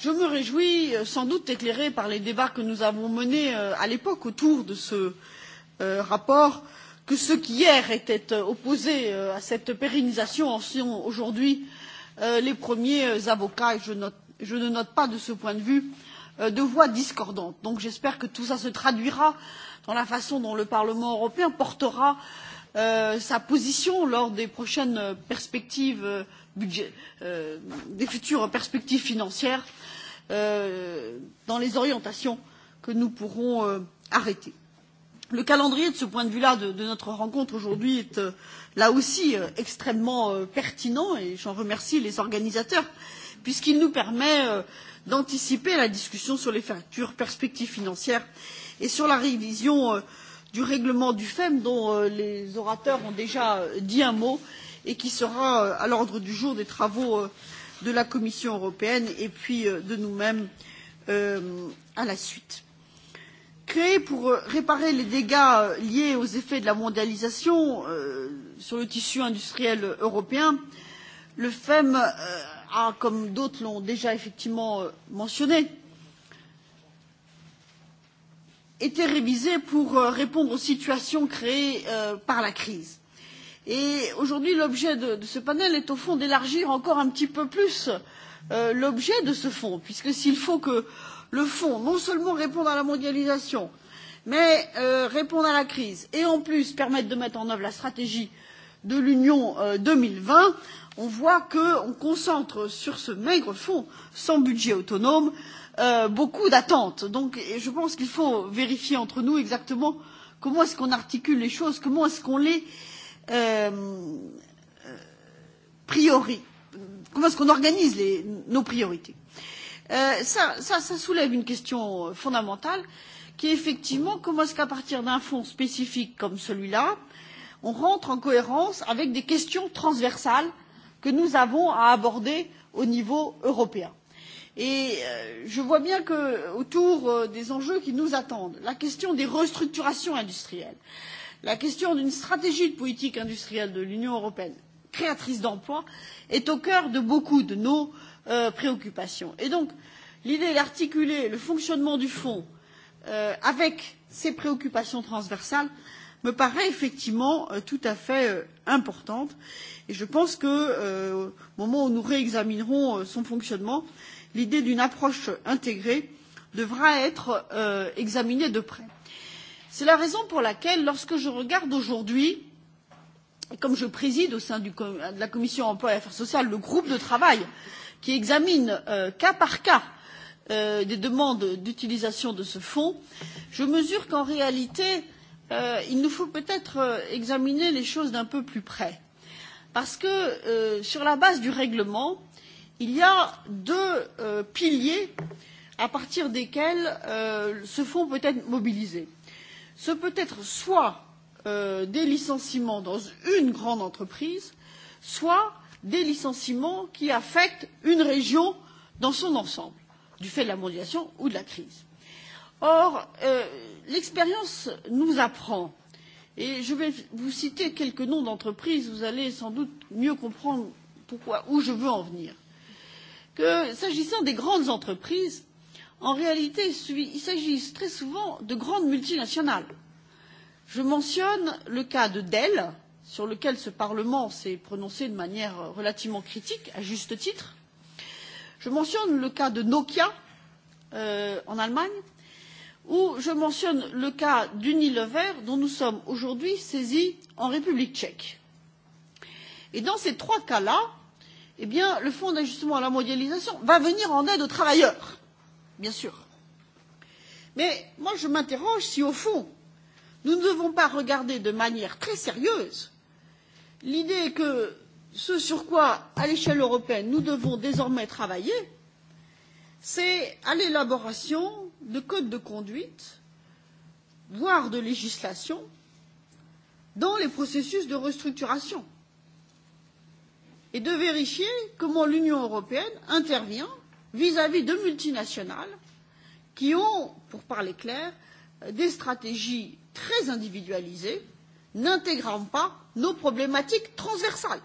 je me réjouis sans doute éclairé par les débats que nous avons menés à l'époque autour de ce rapport que ceux qui hier étaient opposés à cette pérennisation en sont aujourd'hui les premiers avocats et je ne note pas de ce point de vue de voix discordantes. donc j'espère que tout cela se traduira dans la façon dont le parlement européen portera sa position lors des prochaines perspectives des futures perspectives financières dans les orientations que nous pourrons arrêter. Le calendrier, de ce point de vue là, de notre rencontre aujourd'hui est là aussi extrêmement pertinent et j'en remercie les organisateurs, puisqu'il nous permet d'anticiper la discussion sur les factures, perspectives financières et sur la révision du règlement du FEM, dont les orateurs ont déjà dit un mot et qui sera à l'ordre du jour des travaux de la Commission européenne et puis de nous-mêmes à la suite. Créé pour réparer les dégâts liés aux effets de la mondialisation sur le tissu industriel européen, le FEM a, comme d'autres l'ont déjà effectivement mentionné, été révisé pour répondre aux situations créées par la crise et aujourd'hui l'objet de ce panel est au fond d'élargir encore un petit peu plus l'objet de ce fonds puisque s'il faut que le fonds non seulement réponde à la mondialisation mais réponde à la crise et en plus permette de mettre en œuvre la stratégie de l'union deux mille on voit qu'on concentre sur ce maigre fonds sans budget autonome beaucoup d'attentes. donc je pense qu'il faut vérifier entre nous exactement comment est ce qu'on articule les choses comment est ce qu'on les priori, comment est ce qu'on organise nos priorités? Ça soulève une question fondamentale qui est effectivement comment est ce qu'à partir d'un fonds spécifique comme celui là on rentre en cohérence avec des questions transversales que nous avons à aborder au niveau européen. Et je vois bien qu'autour des enjeux qui nous attendent la question des restructurations industrielles la question d'une stratégie de politique industrielle de l'union européenne créatrice d'emplois est au cœur de beaucoup de nos préoccupations. et donc l'idée d'articuler le fonctionnement du fonds avec ces préoccupations transversales me paraît effectivement tout à fait importante et je pense que, au moment où nous réexaminerons son fonctionnement l'idée d'une approche intégrée devra être examinée de près. C'est la raison pour laquelle, lorsque je regarde aujourd'hui, et comme je préside au sein de la commission de l'emploi et affaires sociales le groupe de travail qui examine cas par cas des demandes d'utilisation de ce fonds, je mesure qu'en réalité, il nous faut peut être examiner les choses d'un peu plus près parce que, sur la base du règlement, il y a deux piliers à partir desquels ce fonds peut être mobilisé ce peut être soit des licenciements dans une grande entreprise, soit des licenciements qui affectent une région dans son ensemble, du fait de la mondialisation ou de la crise. Or, l'expérience nous apprend et je vais vous citer quelques noms d'entreprises, vous allez sans doute mieux comprendre pourquoi où je veux en venir que, s'agissant des grandes entreprises, en réalité il s'agit très souvent de grandes multinationales. je mentionne le cas de dell sur lequel ce parlement s'est prononcé de manière relativement critique à juste titre. je mentionne le cas de nokia en allemagne ou je mentionne le cas d'unilever dont nous sommes aujourd'hui saisis en république tchèque. et dans ces trois cas là le fonds d'ajustement à la mondialisation va venir en aide aux travailleurs bien sûr. Mais moi, je m'interroge si, au fond, nous ne devons pas regarder de manière très sérieuse l'idée que ce sur quoi, à l'échelle européenne, nous devons désormais travailler, c'est à l'élaboration de codes de conduite, voire de législation, dans les processus de restructuration et de vérifier comment l'Union européenne intervient vis à vis de multinationales qui ont pour parler clair des stratégies très individualisées n'intégrant pas nos problématiques transversales.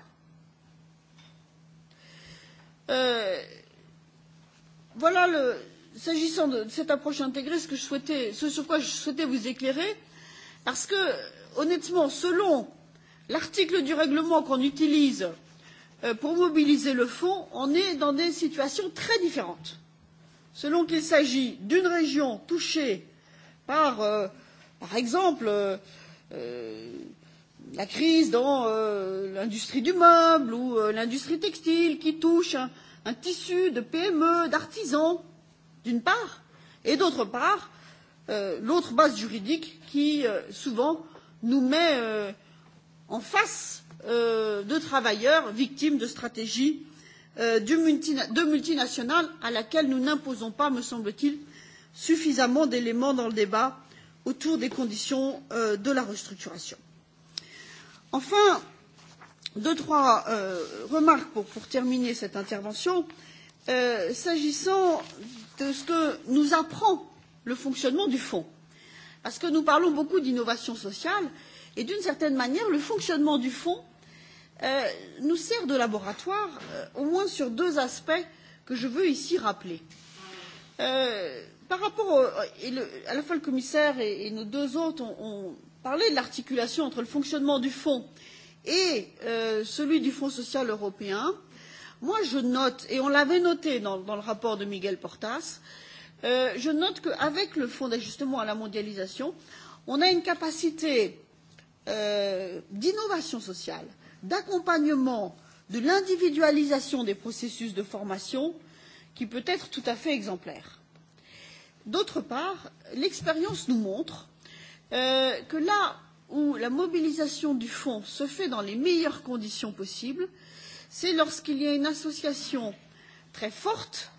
Voilà, le, s'agissant de cette approche intégrée, ce sur quoi je souhaitais vous éclairer, parce que, honnêtement, selon l'article du règlement qu'on utilise pour mobiliser le fonds on est dans des situations très différentes selon qu'il s'agit d'une région touchée par par exemple la crise dans l'industrie du meuble ou l'industrie textile qui touche un tissu de pme d'artisans d'une part et d'autre part l'autre base juridique qui souvent nous met en face de travailleurs victimes de stratégies de multinationales à laquelle nous n'imposons pas me semble t il suffisamment d'éléments dans le débat autour des conditions de la restructuration. enfin deux trois remarques pour terminer cette intervention s'agissant de ce que nous apprend le fonctionnement du fonds parce que nous parlons beaucoup d'innovation sociale et d'une certaine manière le fonctionnement du fonds nous sert de laboratoire au moins sur deux aspects que je veux ici rappeler. Par rapport à la fois le commissaire et nos deux autres ont parlé de l'articulation entre le fonctionnement du Fonds et celui du Fonds social européen, moi je note et on l'avait noté dans le rapport de Miguel Portas je note qu'avec le Fonds d'ajustement à la mondialisation, on a une capacité d'innovation sociale d'accompagnement de l'individualisation des processus de formation qui peut être tout à fait exemplaire. D'autre part, l'expérience nous montre que là où la mobilisation du fonds se fait dans les meilleures conditions possibles, c'est lorsqu'il y a une association très forte,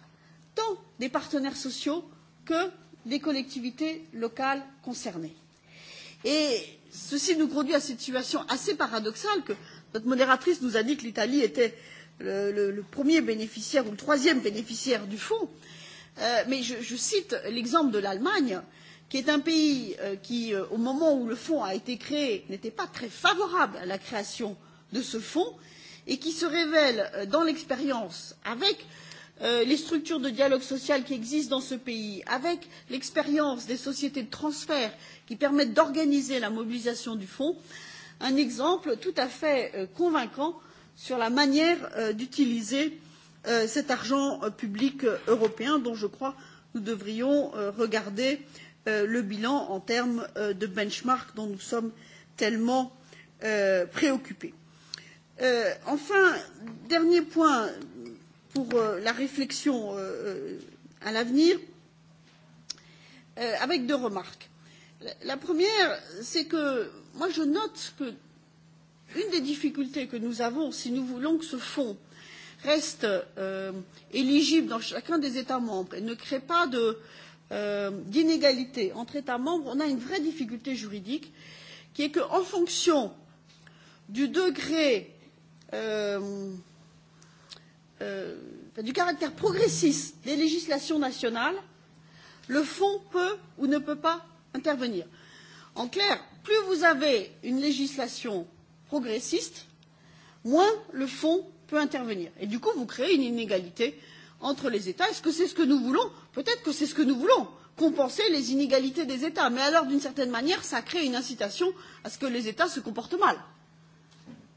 tant des partenaires sociaux que des collectivités locales concernées. Et ceci nous conduit à cette situation assez paradoxale que notre modératrice nous a dit que l'italie était le premier bénéficiaire ou le troisième bénéficiaire du fonds mais je cite l'exemple de l'allemagne qui est un pays qui au moment où le fonds a été créé n'était pas très favorable à la création de ce fonds et qui se révèle dans l'expérience avec les structures de dialogue social qui existent dans ce pays avec l'expérience des sociétés de transfert qui permettent d'organiser la mobilisation du fonds un exemple tout à fait convaincant sur la manière d'utiliser cet argent public européen dont je crois nous devrions regarder le bilan en termes de benchmark dont nous sommes tellement préoccupés. enfin dernier point pour la réflexion à l'avenir avec deux remarques La première, c'est que moi je note que une des difficultés que nous avons, si nous voulons que ce fonds reste éligible dans chacun des États membres et ne crée pas d'inégalité entre États membres, on a une vraie difficulté juridique qui est qu'en fonction du degré du caractère progressiste des législations nationales, le fonds peut ou ne peut pas intervenir. En clair, plus vous avez une législation progressiste, moins le fonds peut intervenir. Et du coup, vous créez une inégalité entre les États. Est-ce que c'est ce que nous voulons Peut-être que c'est ce que nous voulons, compenser les inégalités des États. Mais alors, d'une certaine manière, ça crée une incitation à ce que les États se comportent mal.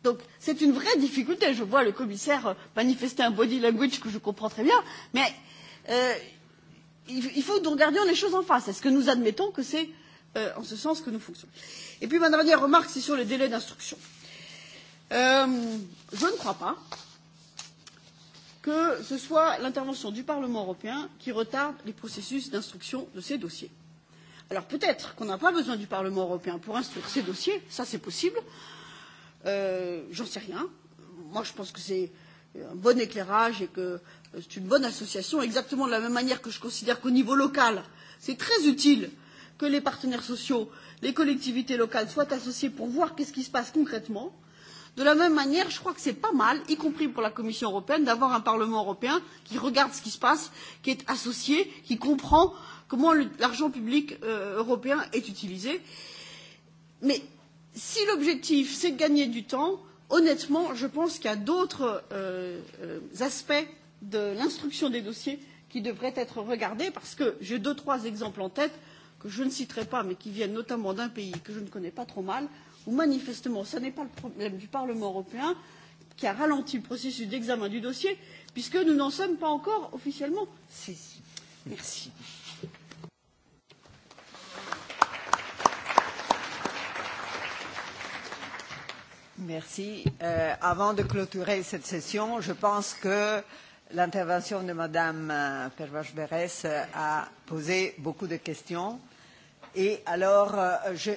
Donc, c'est une vraie difficulté. Je vois le commissaire manifester un body language que je comprends très bien, mais il faut donc garder les choses en face. Est ce que nous admettons que c'est en ce sens que nous fonctionnons? Et puis ma dernière remarque, c'est sur les délais d'instruction. Je ne crois pas que ce soit l'intervention du Parlement européen qui retarde les processus d'instruction de ces dossiers. Alors peut être qu'on n'a pas besoin du Parlement européen pour instruire ces dossiers, ça c'est possible, j'en sais rien. Moi je pense que c'est un bon éclairage et que c'est une bonne association exactement de la même manière que je considère qu'au niveau local c'est très utile que les partenaires sociaux les collectivités locales soient associés pour voir qu'est ce qui se passe concrètement de la même manière je crois que c'est pas mal y compris pour la commission européenne d'avoir un parlement européen qui regarde ce qui se passe qui est associé qui comprend comment l'argent public européen est utilisé. mais si l'objectif c'est de gagner du temps honnêtement je pense qu'il y a d'autres aspects de l'instruction des dossiers qui devraient être regardés parce que j'ai deux trois exemples en tête que je ne citerai pas mais qui viennent notamment d'un pays que je ne connais pas trop mal où manifestement ce n'est pas le problème du parlement européen qui a ralenti le processus d'examen du dossier puisque nous n'en sommes pas encore officiellement saisis. merci. Merci. Avant de clôturer cette session, je pense que L'intervention de Madame Pervache-Berès a posé beaucoup de questions. Et alors,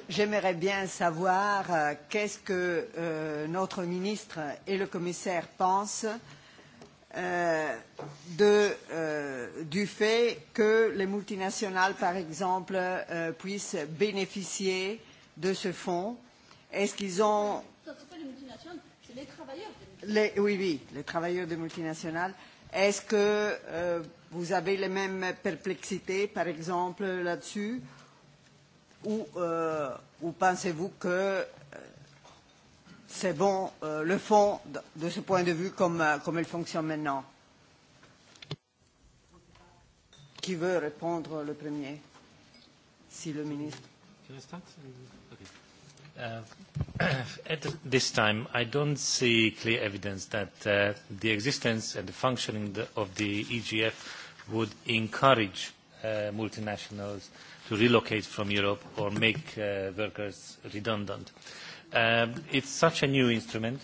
j'aimerais bien savoir qu'est-ce que notre ministre et le commissaire pensent du fait que les multinationales, par exemple, puissent bénéficier de ce fonds. Est-ce qu'ils ont. pas les les multinationales, c'est travailleurs des Oui, oui, les travailleurs des multinationales. Est-ce que vous avez les mêmes perplexités, par exemple, là-dessus Ou pensez-vous que c'est bon, le fond, de ce point de vue, comme il fonctionne maintenant Qui veut répondre le premier Si le ministre. At this time, I don't see clear evidence that the existence and the functioning of the EGF would encourage multinationals to relocate from Europe or make workers redundant. It's such a new instrument.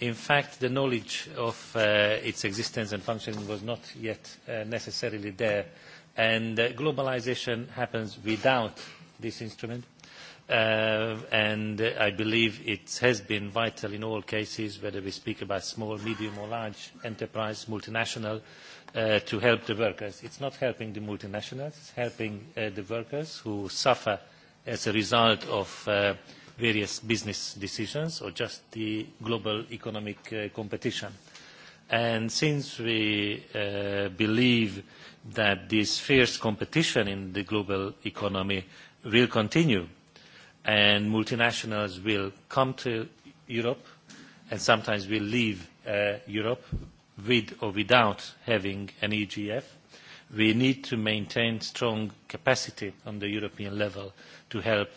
In fact, the knowledge of its existence and functioning was not yet necessarily there, and globalization happens without this instrument and I believe it has been vital in all cases, whether we speak about small, medium or large enterprise, multinational, to help the workers. It's not helping the multinationals, it's helping the workers who suffer as a result of various business decisions or just the global economic competition. And since we believe that this fierce competition in the global economy will continue, and multinationals will come to Europe and sometimes will leave Europe with or without having an EGF. We need to maintain strong capacity on the European level to help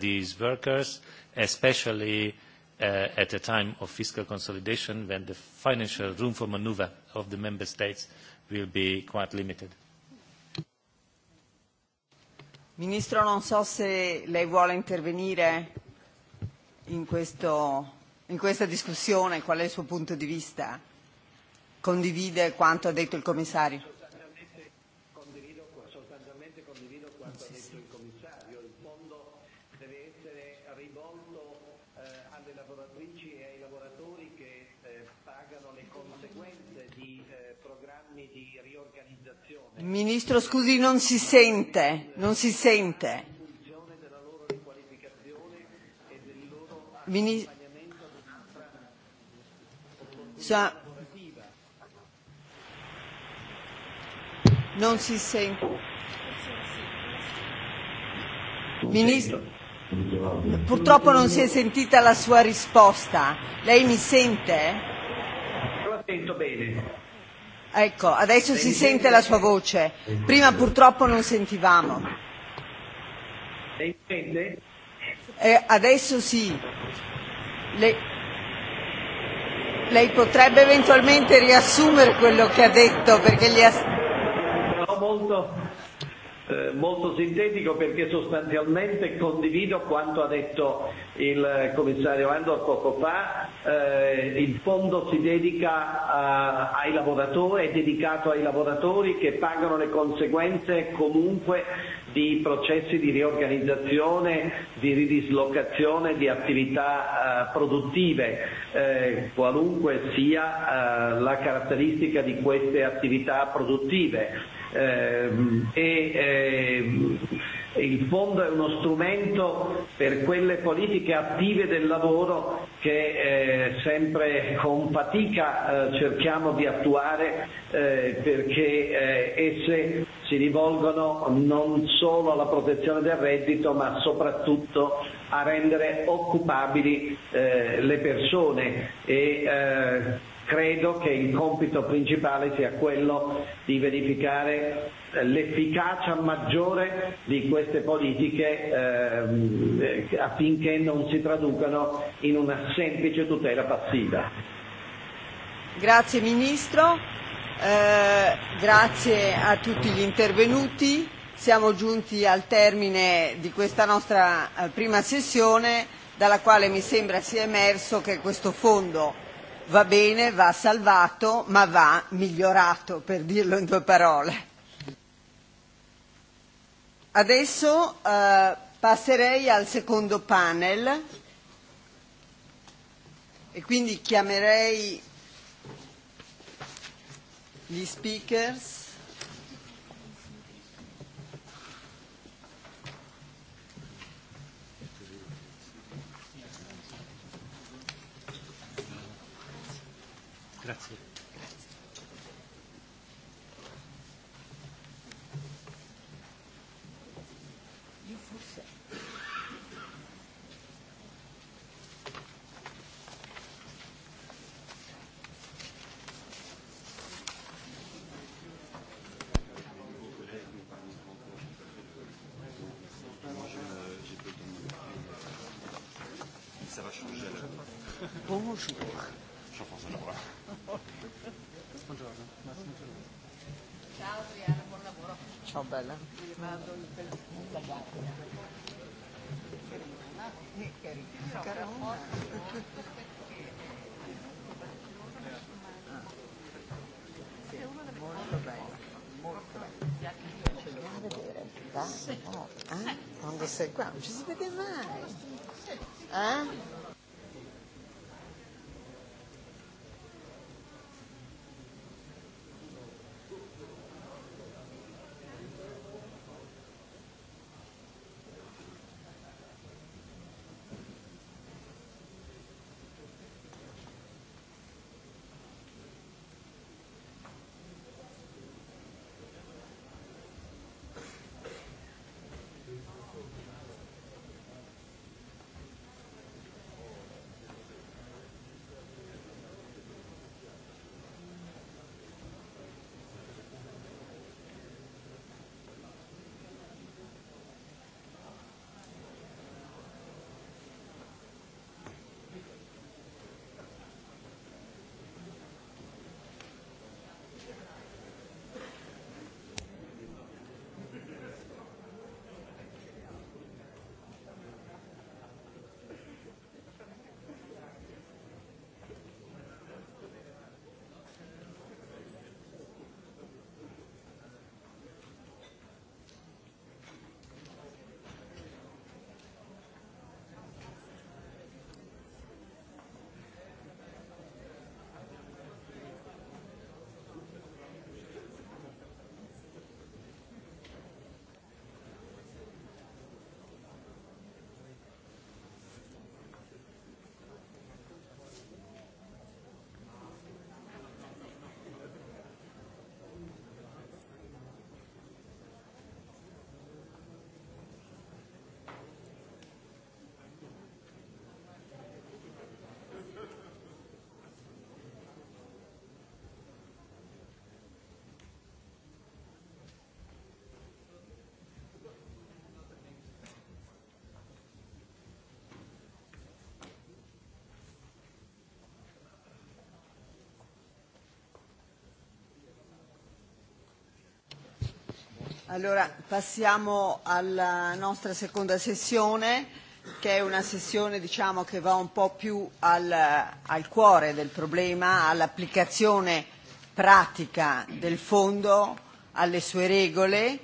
these workers, especially at a time of fiscal consolidation when the financial room for manoeuvre of the member states will be quite limited. Ministro, non so se lei vuole intervenire in, questo, in questa discussione, qual è il suo punto di vista? Condivide quanto ha detto il commissario? Ministro, scusi, non si sente, non si sente. Ministro, Sa... Non si sente. Ministro, purtroppo non si è sentita la sua risposta. Lei mi sente? Lo sento bene. Ecco, adesso si sente la sua voce. Prima purtroppo non sentivamo. Eh, adesso sì. Le... Lei potrebbe eventualmente riassumere quello che ha detto perché gli ha molto sintetico perché sostanzialmente condivido quanto ha detto il commissario Andor poco fa, il fondo si dedica ai lavoratori, è dedicato ai lavoratori che pagano le conseguenze comunque di processi di riorganizzazione, di ridislocazione di attività produttive, qualunque sia la caratteristica di queste attività produttive e il fondo è uno strumento per quelle politiche attive del lavoro che sempre con fatica cerchiamo di attuare perché esse si rivolgono non solo alla protezione del reddito ma soprattutto a rendere occupabili le persone e credo che il compito principale sia quello di verificare l'efficacia maggiore di queste politiche affinché non si traducano in una semplice tutela passiva. Grazie Ministro, grazie a tutti gli intervenuti. Siamo giunti al termine di questa nostra prima sessione dalla quale mi sembra sia emerso che questo fondo va bene, va salvato, ma va migliorato, per dirlo in due parole. Adesso passerei al secondo panel e quindi chiamerei gli speakers Grazie. qua, non ci si vede mai. Eh? Allora, passiamo alla nostra seconda sessione, che è una sessione diciamo, che va un po' più al, al cuore del problema, all'applicazione pratica del fondo, alle sue regole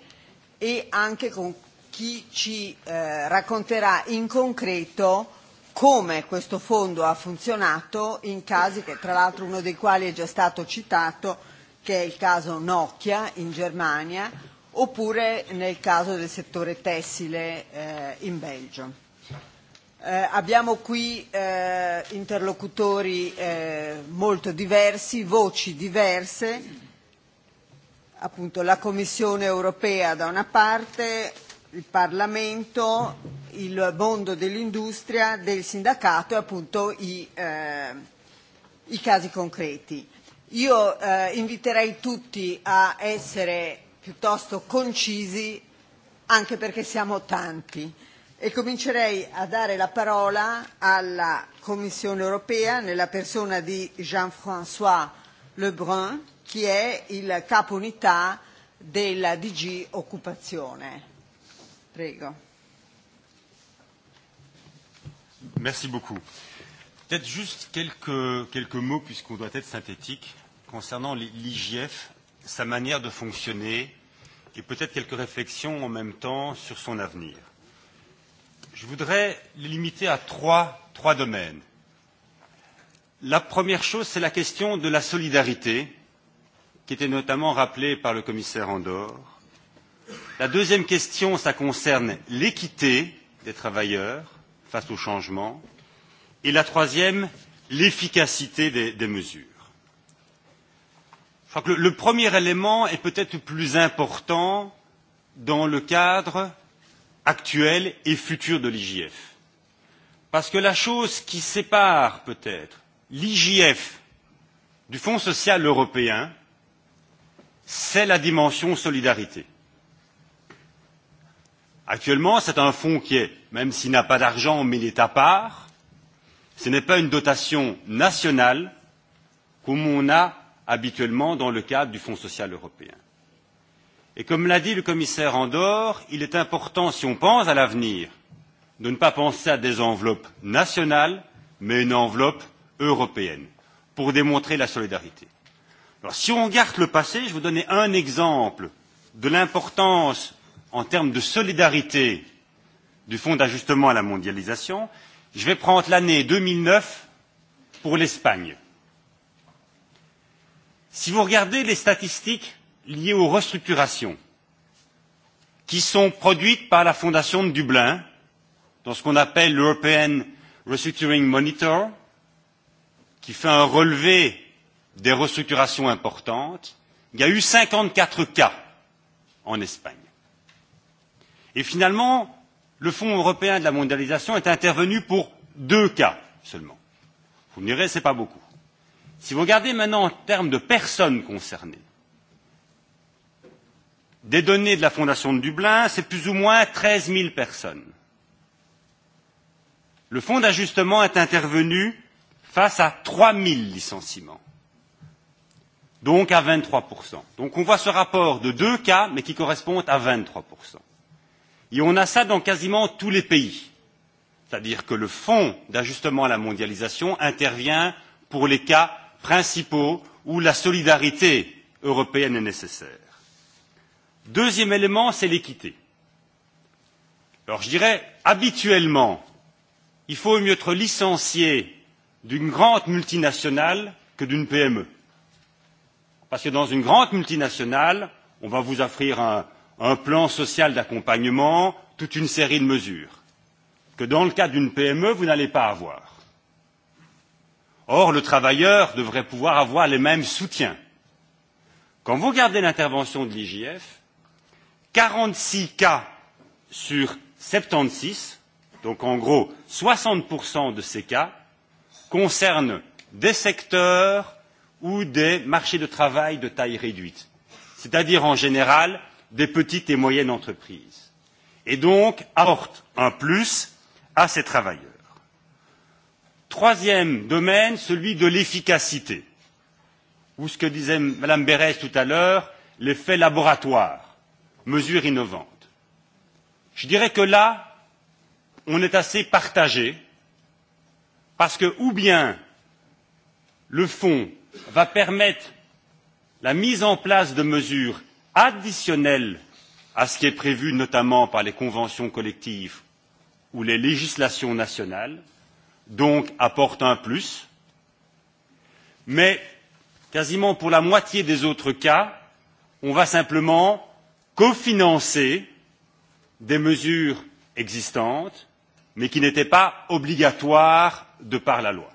e anche con chi ci racconterà in concreto come questo fondo ha funzionato in casi che tra l'altro uno dei quali è già stato citato, che è il caso Nokia in Germania, oppure nel caso del settore tessile in Belgio. Abbiamo qui interlocutori molto diversi, voci diverse, appunto la Commissione europea da una parte, il Parlamento, il mondo dell'industria, del sindacato e appunto i casi concreti. Io inviterei tutti a essere piuttosto concisi, anche perché siamo tanti. E comincerei a dare la parola alla Commissione europea nella persona di Jean-François Lebrun, che è il capo unità della DG Occupazione. Prego. Merci beaucoup. Peut-être juste quelques, quelques mots, puisqu'on doit être synthétique, concernant l'IGF sa manière de fonctionner et peut-être quelques réflexions en même temps sur son avenir. Je voudrais les limiter à trois, trois domaines. La première chose, c'est la question de la solidarité, qui était notamment rappelée par le commissaire Andor. La deuxième question, ça concerne l'équité des travailleurs face au changement. Et la troisième, l'efficacité des mesures que le premier élément est peut-être plus important dans le cadre actuel et futur de l'IGF. Parce que la chose qui sépare peut-être l'IGF du Fonds social européen, c'est la dimension solidarité. Actuellement, c'est un fonds qui est, même s'il n'a pas d'argent, mais il est à part. Ce n'est pas une dotation nationale comme on a habituellement dans le cadre du Fonds social européen. Et comme l'a dit le commissaire Andor, il est important, si on pense à l'avenir, de ne pas penser à des enveloppes nationales, mais une enveloppe européenne, pour démontrer la solidarité. Alors, si on regarde le passé, je vous donner un exemple de l'importance en termes de solidarité du Fonds d'ajustement à la mondialisation. Je vais prendre l'année 2009 pour l'Espagne. Si vous regardez les statistiques liées aux restructurations qui sont produites par la Fondation de Dublin, dans ce qu'on appelle l'European Restructuring Monitor, qui fait un relevé des restructurations importantes, il y a eu 54 cas en Espagne. Et finalement, le Fonds européen de la mondialisation est intervenu pour deux cas seulement. Vous me direz, ce n'est pas beaucoup. Si vous regardez maintenant en termes de personnes concernées, des données de la Fondation de Dublin, c'est plus ou moins 13 000 personnes. Le fonds d'ajustement est intervenu face à 3 000 licenciements, donc à 23 Donc on voit ce rapport de deux cas, mais qui correspond à 23 Et on a ça dans quasiment tous les pays. C'est-à-dire que le fonds d'ajustement à la mondialisation intervient pour les cas principaux où la solidarité européenne est nécessaire. Deuxième élément, c'est l'équité. Alors je dirais, habituellement, il faut mieux être licencié d'une grande multinationale que d'une PME. Parce que dans une grande multinationale, on va vous offrir un plan social d'accompagnement, toute une série de mesures, que dans le cas d'une PME, vous n'allez pas avoir. Or, le travailleur devrait pouvoir avoir les mêmes soutiens. Quand vous regardez l'intervention de l'IGF, 46 cas sur 76, donc en gros 60% de ces cas, concernent des secteurs ou des marchés de travail de taille réduite, c'est-à-dire en général des petites et moyennes entreprises, et donc apportent un plus à ces travailleurs. Troisième domaine, celui de l'efficacité, ou ce que disait Mme Berès tout à l'heure, l'effet laboratoire, mesures innovantes. Je dirais que là, on est assez partagés parce que ou bien le fonds va permettre la mise en place de mesures additionnelles à ce qui est prévu notamment par les conventions collectives ou les législations nationales, donc apporte un plus, mais quasiment pour la moitié des autres cas, on va simplement cofinancer des mesures existantes, mais qui n'étaient pas obligatoires de par la loi.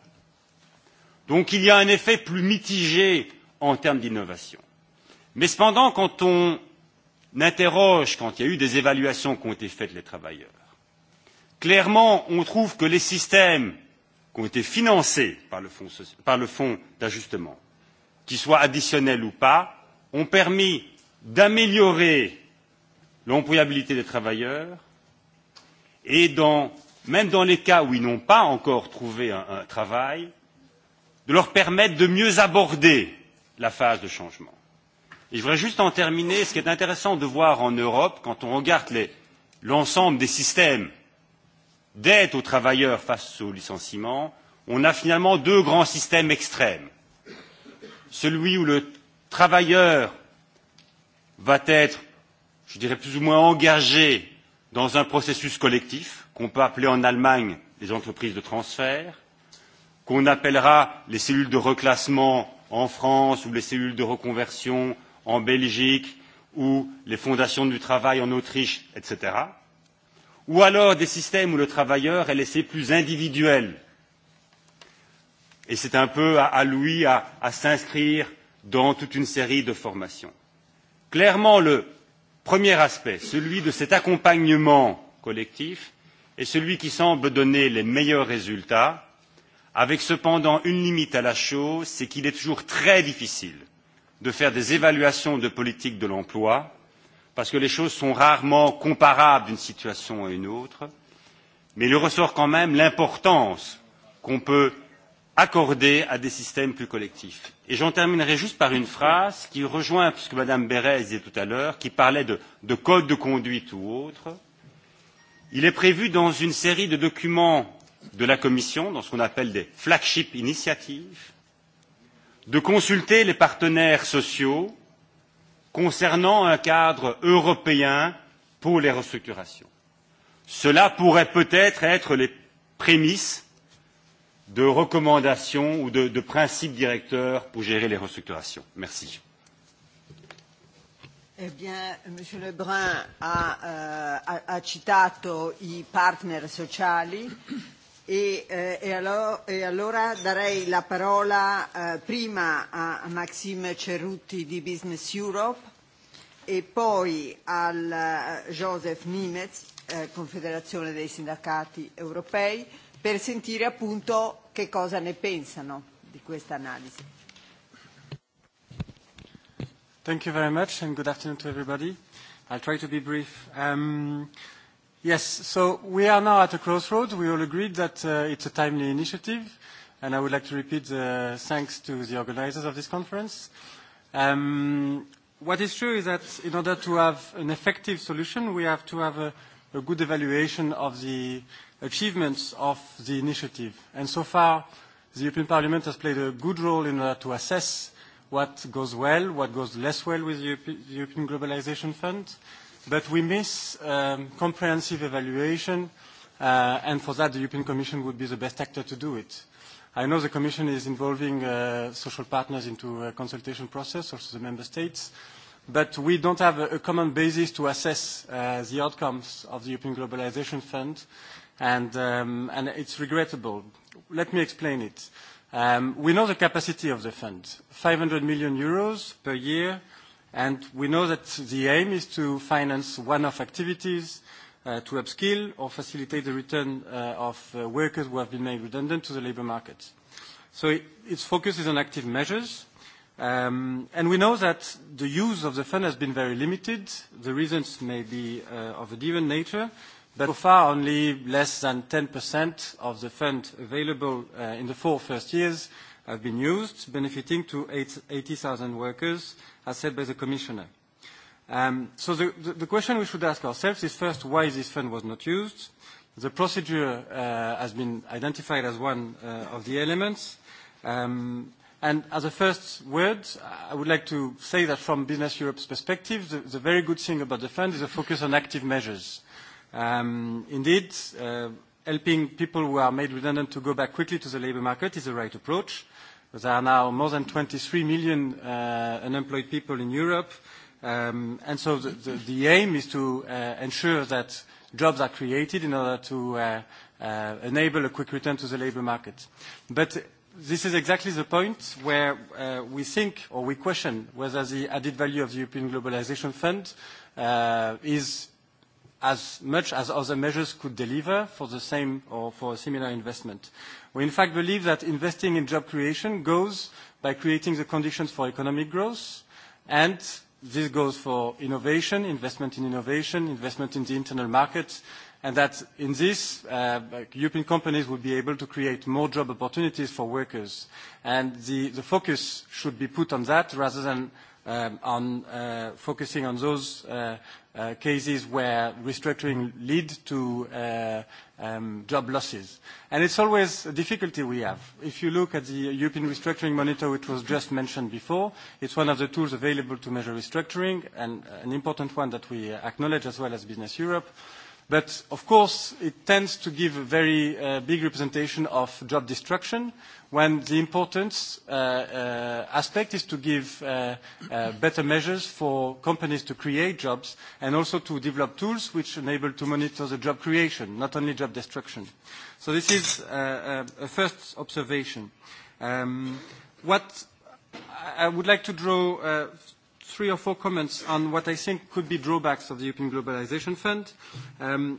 Donc il y a un effet plus mitigé en termes d'innovation. Mais cependant, quand on interroge, quand il y a eu des évaluations qui ont été faites les travailleurs, clairement, on trouve que les systèmes qui ont été financés par le fonds d'ajustement, qu'ils soient additionnels ou pas, ont permis d'améliorer l'employabilité des travailleurs et, même dans les cas où ils n'ont pas encore trouvé un travail, de leur permettre de mieux aborder la phase de changement. Je voudrais juste en terminer. Ce qui est intéressant de voir en Europe, quand on regarde l'ensemble des systèmes d'aide aux travailleurs face au licenciement, on a finalement deux grands systèmes extrêmes. Celui où le travailleur va être, je dirais, plus ou moins engagé dans un processus collectif, qu'on peut appeler en Allemagne les entreprises de transfert, qu'on appellera les cellules de reclassement en France ou les cellules de reconversion en Belgique ou les fondations du travail en Autriche, etc ou alors des systèmes où le travailleur est laissé plus individuel. Et c'est un peu à lui à s'inscrire dans toute une série de formations. Clairement, le premier aspect, celui de cet accompagnement collectif, est celui qui semble donner les meilleurs résultats, avec cependant une limite à la chose, c'est qu'il est toujours très difficile de faire des évaluations de politique de l'emploi parce que les choses sont rarement comparables d'une situation à une autre, mais il ressort quand même l'importance qu'on peut accorder à des systèmes plus collectifs. Et j'en terminerai juste par une phrase qui rejoint ce que Mme Bérez disait tout à l'heure, qui parlait de code de conduite ou autre. Il est prévu dans une série de documents de la Commission, dans ce qu'on appelle des flagship initiatives, de consulter les partenaires sociaux concernant un cadre européen pour les restructurations. Cela pourrait peut-être être les prémices de recommandations ou de principes directeurs pour gérer les restructurations. Merci. Eh bien, M. Lebrun a citato i partner sociali E allora darei la parola prima a Maxime Cerutti di Business Europe e poi al Joseph Nimetz, Confederazione dei Sindacati Europei, per sentire appunto che cosa ne pensano di questa analisi. Thank you very much and good afternoon to everybody. I'll try to be brief. Yes, so we are now at a crossroads. We all agreed that it's a timely initiative, and I would like to repeat the thanks to the organizers of this conference. What is true is that in order to have an effective solution, we have to have a good evaluation of the achievements of the initiative. And so far, the European Parliament has played a good role in order to assess what goes well, what goes less well with the European Globalisation Fund, But we miss comprehensive evaluation, and for that the European Commission would be the best actor to do it. I know the Commission is involving social partners into a consultation process, also the Member States, but we don't have a common basis to assess the outcomes of the European Globalization Fund, and it's regrettable. Let me explain it. We know the capacity of the fund, 500 million euros per year And we know that the aim is to finance one-off activities, to upskill or facilitate the return of workers who have been made redundant to the labour market. So its focus is on active measures. And we know that the use of the fund has been very limited. The reasons may be of a different nature, but so far only less than 10% of the fund available in the four first years have been used, benefiting to 80,000 workers as said by the Commissioner. So the the question we should ask ourselves is first, why this fund was not used. The procedure has been identified as one of the elements. And as a first word, I would like to say that from Business Europe's perspective, the very good thing about the fund is a focus on active measures. Indeed, helping people who are made redundant to go back quickly to the labour market is the right approach there are now more than 23 million unemployed people in Europe. And so the aim is to ensure that jobs are created in order to enable a quick return to the labor market. But this is exactly the point where we think or we question whether the added value of the European Globalization Fund is as much as other measures could deliver for the same or for a similar investment. We in fact believe that investing in job creation goes by creating the conditions for economic growth, and this goes for innovation, investment in innovation, investment in the internal market, and that in this, European companies will be able to create more job opportunities for workers. And the focus should be put on that rather than on focusing on those cases where restructuring lead to job losses. And it's always a difficulty we have. If you look at the European Restructuring Monitor, which was just mentioned before, it's one of the tools available to measure restructuring and an important one that we acknowledge as well as Business Europe. But of course, it tends to give a very big representation of job destruction, when the important aspect is to give better measures for companies to create jobs and also to develop tools which enable to monitor the job creation, not only job destruction. So this is a first observation. What I would like to draw three or four comments on what I think could be drawbacks of the European Globalization Fund.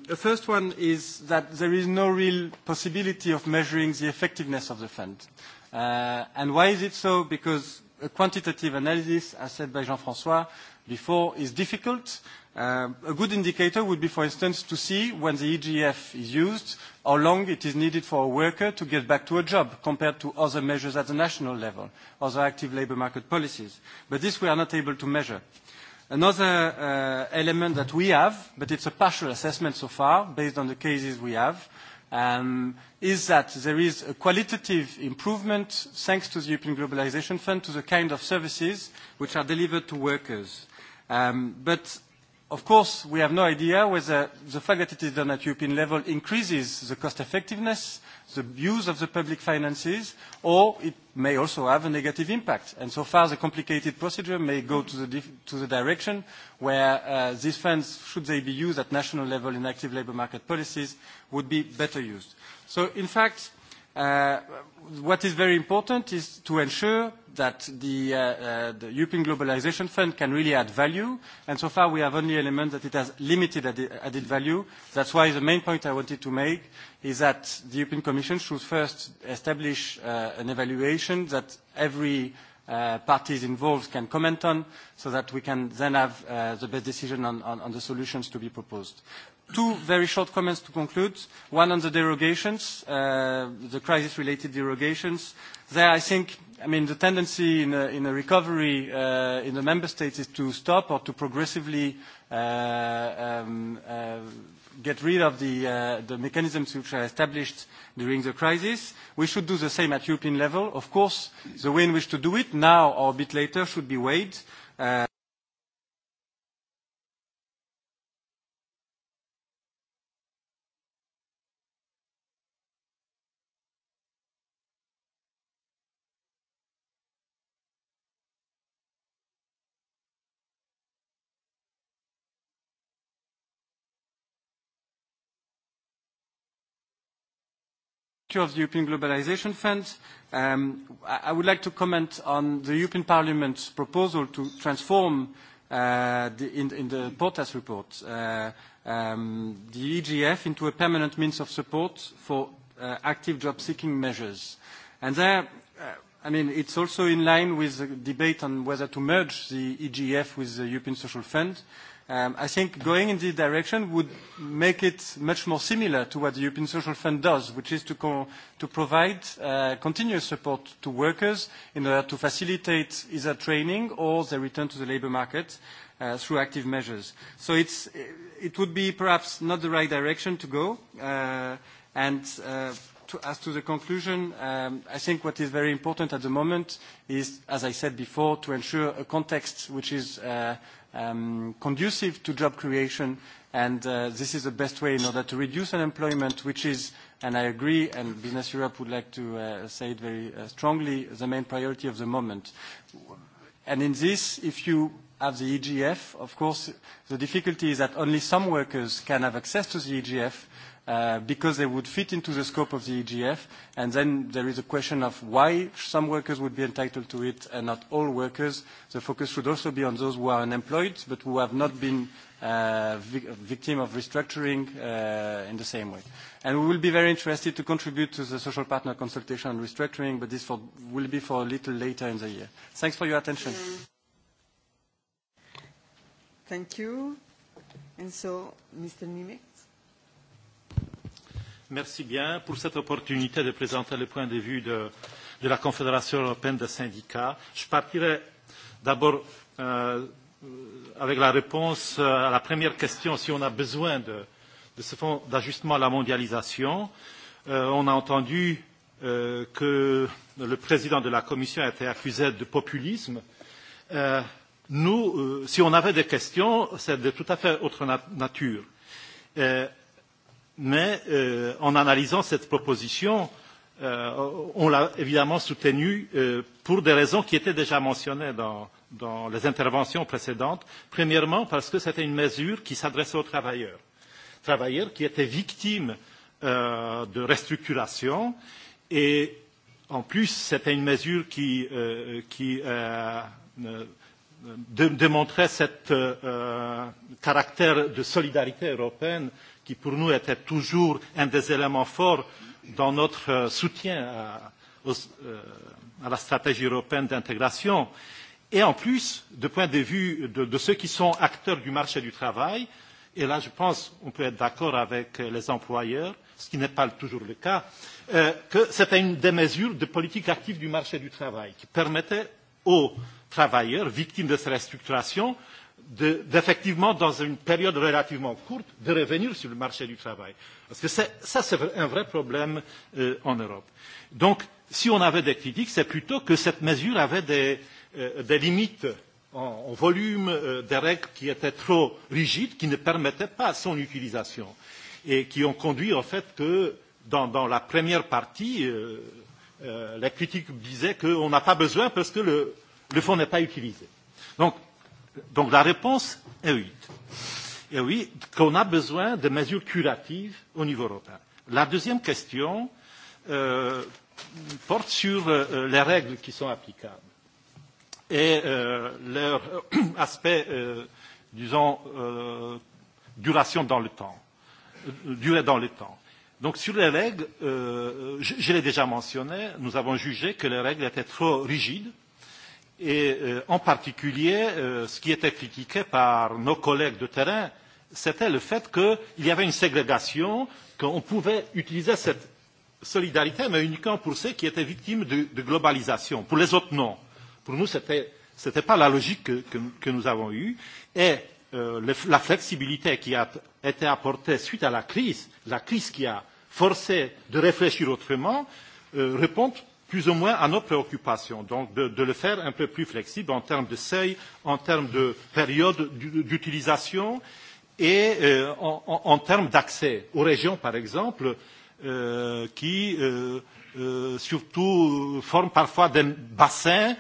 The first one is that there is no real possibility of measuring the effectiveness of the fund. And why is it so? Because a quantitative analysis, as said by Jean-François, before is difficult. A good indicator would be, for instance, to see when the EGF is used, how long it is needed for a worker to get back to a job compared to other measures at the national level, other active labor market policies. But this we are not able to measure. Another element that we have, but it's a partial assessment so far, based on the cases we have, is that there is a qualitative improvement, thanks to the European Globalisation Fund, to the kind of services which are delivered to workers. But of course we have no idea whether the fact that it is done at European level increases the cost effectiveness, the use of the public finances, or it may also have a negative impact. And so far the complicated procedure may go to the direction where these funds, should they be used at national level in active labour market policies, would be better used. So in fact What is very important is to ensure that the European Globalization Fund can really add value, and so far we have only elements that it has limited added value. That's why the main point I wanted to make is that the European Commission should first establish an evaluation that every party involved can comment on, so that we can then have the best decision on the solutions to be proposed. Two very short comments to conclude. One on the derogations, the crisis-related derogations. There, I think, I mean, the tendency in a recovery in the member states is to stop or to progressively get rid of the mechanisms which are established during the crisis. We should do the same at European level. Of course, the way in which to do it, now or a bit later, should be weighed. of the European Globalisation Fund, I would like to comment on the European Parliament's proposal to transform the in the Portas report the EGF into a permanent means of support for active job-seeking measures. And there, I mean, it's also in line with the debate on whether to merge the EGF with the European Social Fund. I think going in this direction would make it much more similar to what the European Social Fund does, which is to provide continuous support to workers in order to facilitate either training or their return to the labour market through active measures. So it would be perhaps not the right direction to go. And as to the conclusion, I think what is very important at the moment is, as I said before, to ensure a context which is conducive to job creation, and this is the best way in order to reduce unemployment, which is, and I agree, and Business Europe would like to say it very strongly, the main priority of the moment. And in this, if you have the EGF, of course, the difficulty is that only some workers can have access to the EGF, because they would fit into the scope of the EGF. And then there is a question of why some workers would be entitled to it and not all workers. The focus should also be on those who are unemployed but who have not been victim of restructuring in the same way. And we will be very interested to contribute to the social partner consultation on restructuring, but this will be for a little later in the year. Thanks for your attention. Thank you. And so, Mr. Nimek. Merci bien pour cette opportunité de présenter le point de vue de la Confédération européenne des syndicats. Je partirai d'abord avec la réponse à la première question, si on a besoin de ce fonds d'ajustement à la mondialisation. On a entendu que le président de la Commission a été accusé de populisme. Nous, si on avait des questions, c'est de tout à fait autre nature mais en analysant cette proposition, on l'a évidemment soutenue pour des raisons qui étaient déjà mentionnées dans les interventions précédentes. Premièrement, parce que c'était une mesure qui s'adressait aux travailleurs, travailleurs qui étaient victimes de restructuration et en plus c'était une mesure qui démontrait ce caractère de solidarité européenne qui pour nous était toujours un des éléments forts dans notre soutien à la stratégie européenne d'intégration, et en plus, du point de vue de ceux qui sont acteurs du marché du travail, et là je pense qu'on peut être d'accord avec les employeurs, ce qui n'est pas toujours le cas, que c'était une des mesures de politique active du marché du travail qui permettait aux travailleurs victimes de ces restructurations d'effectivement, dans une période relativement courte, de revenir sur le marché du travail. Parce que ça, c'est un vrai problème en Europe. Donc, si on avait des critiques, c'est plutôt que cette mesure avait des limites en volume, des règles qui étaient trop rigides, qui ne permettaient pas son utilisation. Et qui ont conduit, au fait, que dans la première partie, les critiques disaient qu'on n'a pas besoin parce que le fonds n'est pas utilisé. Donc, Donc la réponse est oui. Et oui, qu'on a besoin de mesures curatives au niveau européen. La deuxième question porte sur les règles qui sont applicables et leur aspect, disons, duration dans le temps, durée dans le temps. Donc sur les règles, je l'ai déjà mentionné, nous avons jugé que les règles étaient trop rigides Et en particulier, ce qui était critiqué par nos collègues de terrain, c'était le fait qu'il y avait une ségrégation, qu'on pouvait utiliser cette solidarité, mais uniquement pour ceux qui étaient victimes de globalisation. Pour les autres, non. Pour nous, ce n'était pas la logique que nous avons eue. Et la flexibilité qui a été apportée suite à la crise, la crise qui a forcé de réfléchir autrement, répond plus ou moins à nos préoccupations, donc de le faire un peu plus flexible en termes de seuil, en termes de période d'utilisation et en termes d'accès aux régions, par exemple, qui surtout forment parfois des bassins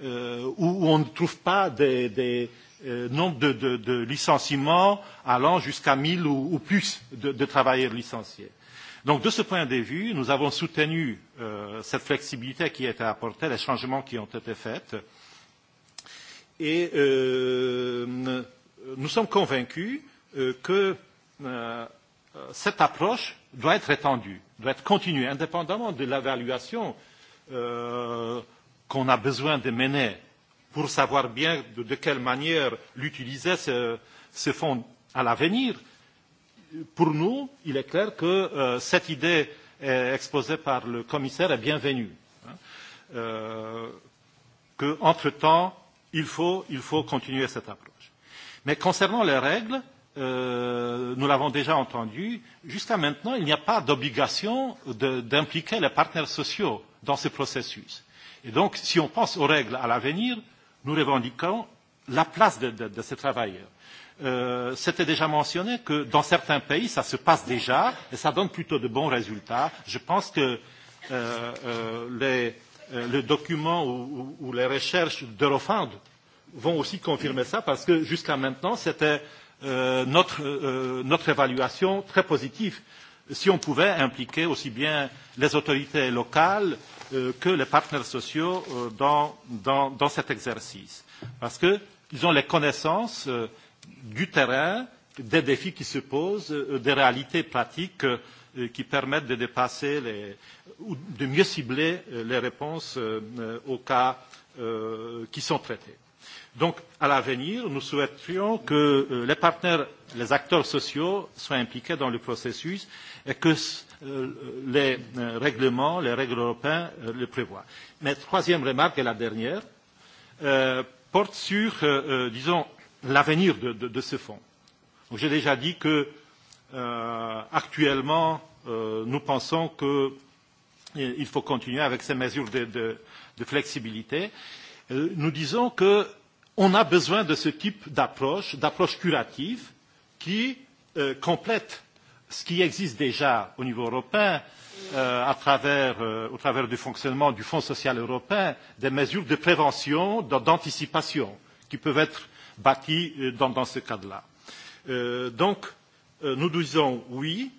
où on ne trouve pas des nombre de licenciements allant jusqu'à 1000 ou plus de travailleurs licenciés. Donc, de ce point de vue, nous avons soutenu cette flexibilité qui a été apportée, les changements qui ont été faits. Et nous sommes convaincus que cette approche doit être étendue, doit être continuée indépendamment de l'évaluation qu'on a besoin de mener pour savoir bien de quelle manière l'utiliser ce fonds à l'avenir pour nous, il est clair que cette idée exposée par le commissaire est bienvenue. Qu'entre-temps, il faut continuer cette approche. Mais concernant les règles, nous l'avons déjà entendu, jusqu'à maintenant, il n'y a pas d'obligation d'impliquer les partenaires sociaux dans ce processus. Et donc, si on pense aux règles à l'avenir, nous revendiquons la place de ces travailleurs C'était déjà mentionné que dans certains pays, ça se passe déjà et ça donne plutôt de bons résultats. Je pense que les documents ou les recherches d'Eurofound vont aussi confirmer ça parce que jusqu'à maintenant, c'était notre évaluation très positive si on pouvait impliquer aussi bien les autorités locales que les partenaires sociaux dans cet exercice. Parce qu'ils ont les connaissances du terrain, des défis qui se posent, des réalités pratiques qui permettent de dépasser les, ou de mieux cibler les réponses aux cas qui sont traités. Donc, à l'avenir, nous souhaiterions que les partenaires, les acteurs sociaux soient impliqués dans le processus et que les règlements, les règles européennes le prévoient. Ma troisième remarque, et la dernière, porte sur, disons, l'avenir de, de, ce fonds. J'ai déjà dit que actuellement, nous pensons qu'il faut continuer avec ces mesures de, de, de flexibilité. Nous disons qu'on a besoin de ce type d'approche, d'approche curative, qui euh, complète ce qui existe déjà au niveau européen à travers, au travers du fonctionnement du Fonds social européen, des mesures de prévention, d'anticipation, qui peuvent être bâti dans ce cadre-là. Donc, nous disons oui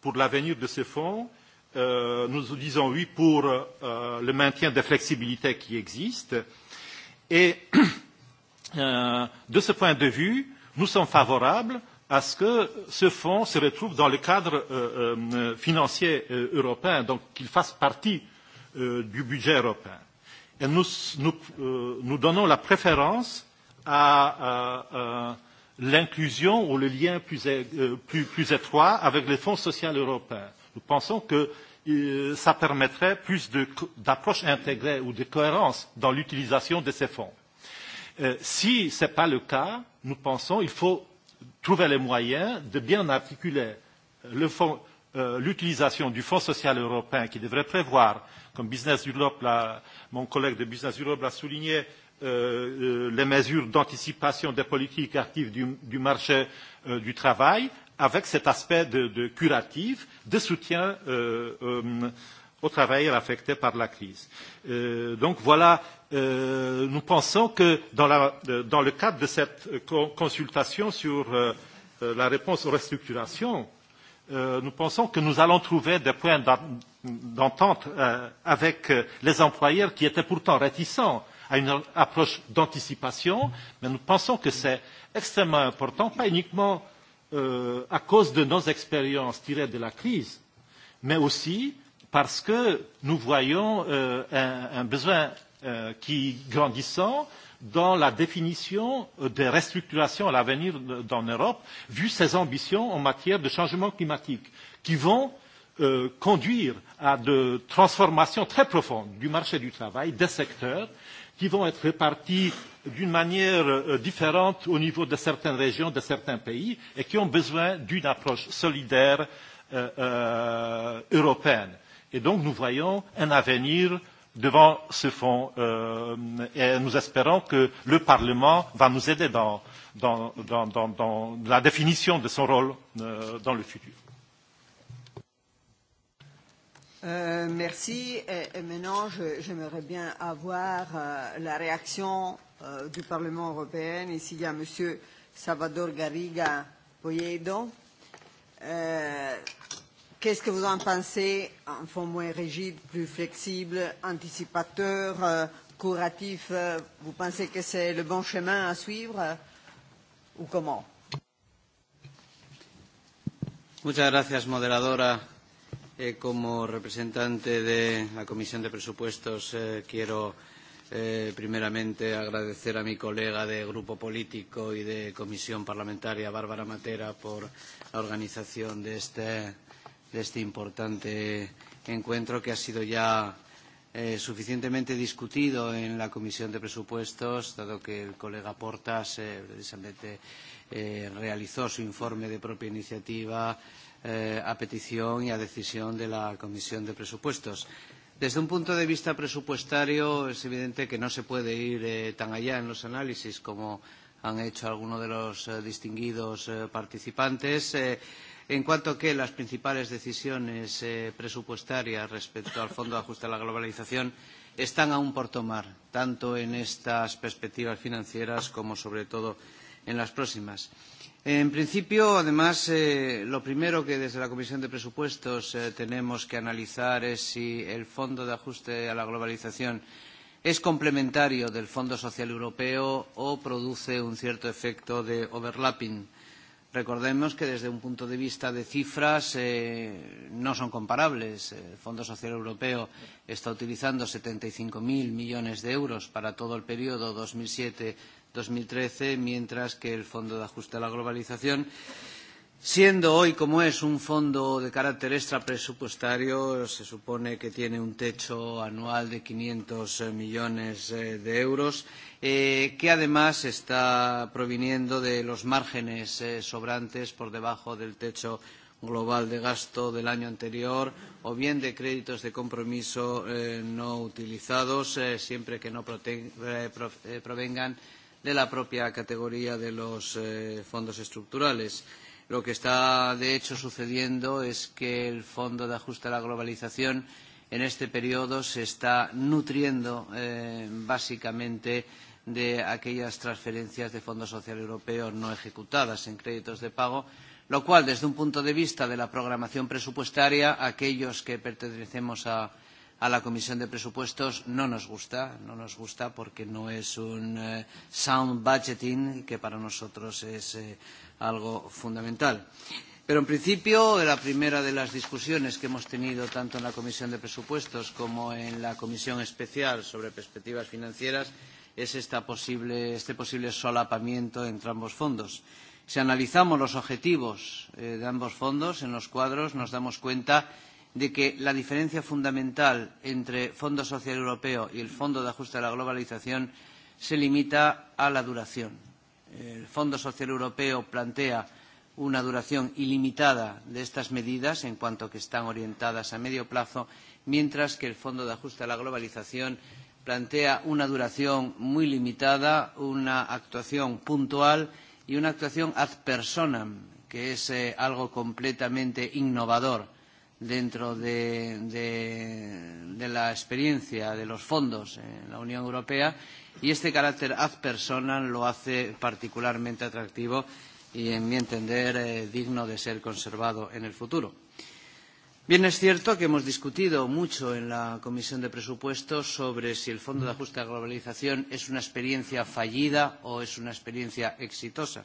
pour l'avenir de ce fonds, nous disons oui pour le maintien des flexibilités qui existent, et de ce point de vue, nous sommes favorables à ce que ce fonds se retrouve dans le cadre financier européen, donc qu'il fasse partie du budget européen. Et nous donnons la préférence à l'inclusion ou le lien plus étroit avec les Fonds sociaux européens. Nous pensons que ça permettrait plus d'approche intégrée ou de cohérence dans l'utilisation de ces fonds. Si ce n'est pas le cas, nous pensons qu'il faut trouver les moyens de bien articuler l'utilisation du Fonds social européen qui devrait prévoir, comme Business Europe, l'a mon collègue de Business Europe l'a souligné, les mesures d'anticipation des politiques actives du marché du travail avec cet aspect de curatif, de soutien aux travailleurs affectés par la crise. Donc voilà, nous pensons que dans le cadre de cette consultation sur la réponse aux restructurations, nous pensons que nous allons trouver des points d'entente avec les employeurs qui étaient pourtant réticents à une approche d'anticipation, mais nous pensons que c'est extrêmement important, pas uniquement à cause de nos expériences tirées de la crise, mais aussi parce que nous voyons un besoin qui grandissant dans la définition des restructurations à l'avenir dans l'Europe, vu ses ambitions en matière de changement climatique, qui vont conduire à de transformations très profondes du marché du travail, des secteurs, qui vont être répartis d'une manière différente au niveau de certaines régions, de certains pays, et qui ont besoin d'une approche solidaire européenne. Et donc, nous voyons un avenir devant ce fonds et nous espérons que le Parlement va nous aider dans la définition de son rôle dans le futur. Merci. Et maintenant, j'aimerais bien avoir la réaction du Parlement européen. Ici, il y a M. Salvador Garriga Poyedo. Qu'est-ce que vous en pensez Un fonds moins rigide, plus flexible, anticipateur, curatif Vous pensez que c'est le bon chemin à suivre ou comment Muchas gracias, moderadora como representante de la Comisión de Presupuestos quiero primeramente agradecer a mi colega de Grupo Político y de Comisión Parlamentaria, Bárbara Matera, por la organización de este, de este importante encuentro que ha sido ya suficientemente discutido en la Comisión de Presupuestos, dado que el colega Portas precisamente realizó su informe de propia iniciativa a petición y a decisión de la Comisión de Presupuestos. Desde un punto de vista presupuestario es evidente que no se puede ir tan allá en los análisis como han hecho algunos de los distinguidos participantes. En cuanto a que las principales decisiones presupuestarias respecto al Fondo de Ajuste a la Globalización están aún por tomar, tanto en estas perspectivas financieras como sobre todo en las próximas. En principio, además, lo primero que desde la Comisión de Presupuestos tenemos que analizar es si el Fondo de Ajuste a la Globalización es complementario del Fondo Social Europeo o produce un cierto efecto de overlapping. Recordemos que desde un punto de vista de cifras no son comparables. El Fondo Social Europeo está utilizando 75.000 millones de euros para todo el periodo 2007 2013, mientras que el Fondo de Ajuste a la Globalización, siendo hoy como es un fondo de carácter extrapresupuestario, se supone que tiene un techo anual de 500 millones de euros, que además está proviniendo de los márgenes sobrantes por debajo del techo global de gasto del año anterior o bien de créditos de compromiso no utilizados, siempre que no provengan de la propia categoría de los fondos estructurales. Lo que está, de hecho, sucediendo es que el Fondo de Ajuste a la Globalización en este periodo se está nutriendo básicamente de aquellas transferencias de Fondo Social Europeo no ejecutadas en créditos de pago, lo cual, desde un punto de vista de la programación presupuestaria, aquellos que pertenecemos a a la Comisión de Presupuestos no nos gusta, no nos gusta porque no es un sound budgeting que para nosotros es algo fundamental. Pero en principio, la primera de las discusiones que hemos tenido tanto en la Comisión de Presupuestos como en la Comisión Especial sobre Perspectivas Financieras es esta posible, este posible solapamiento entre ambos fondos. Si analizamos los objetivos de ambos fondos en los cuadros, nos damos cuenta de que la diferencia fundamental entre el Fondo Social Europeo y el Fondo de Ajuste a la Globalización se limita a la duración. El Fondo Social Europeo plantea una duración ilimitada de estas medidas en cuanto que están orientadas a medio plazo, mientras que el Fondo de Ajuste a la Globalización plantea una duración muy limitada, una actuación puntual y una actuación ad personam, que es algo completamente innovador dentro de, de, la experiencia de los fondos en la Unión Europea y este carácter ad personam lo hace particularmente atractivo y, en mi entender, digno de ser conservado en el futuro. Bien, es cierto que hemos discutido mucho en la Comisión de Presupuestos sobre si el Fondo de Ajuste a la Globalización es una experiencia fallida o es una experiencia exitosa.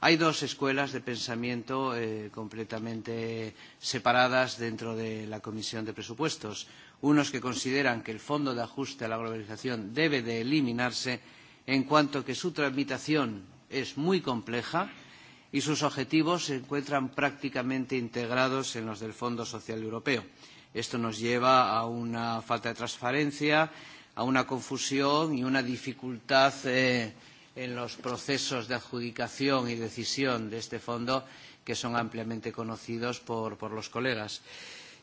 Hay dos escuelas de pensamiento completamente separadas dentro de la Comisión de Presupuestos. Unos que consideran que el Fondo de Ajuste a la Globalización debe de eliminarse en cuanto que su tramitación es muy compleja y sus objetivos se encuentran prácticamente integrados en los del Fondo Social Europeo. Esto nos lleva a una falta de transparencia, a una confusión y una dificultad en los procesos de adjudicación y decisión de este fondo que son ampliamente conocidos por los colegas.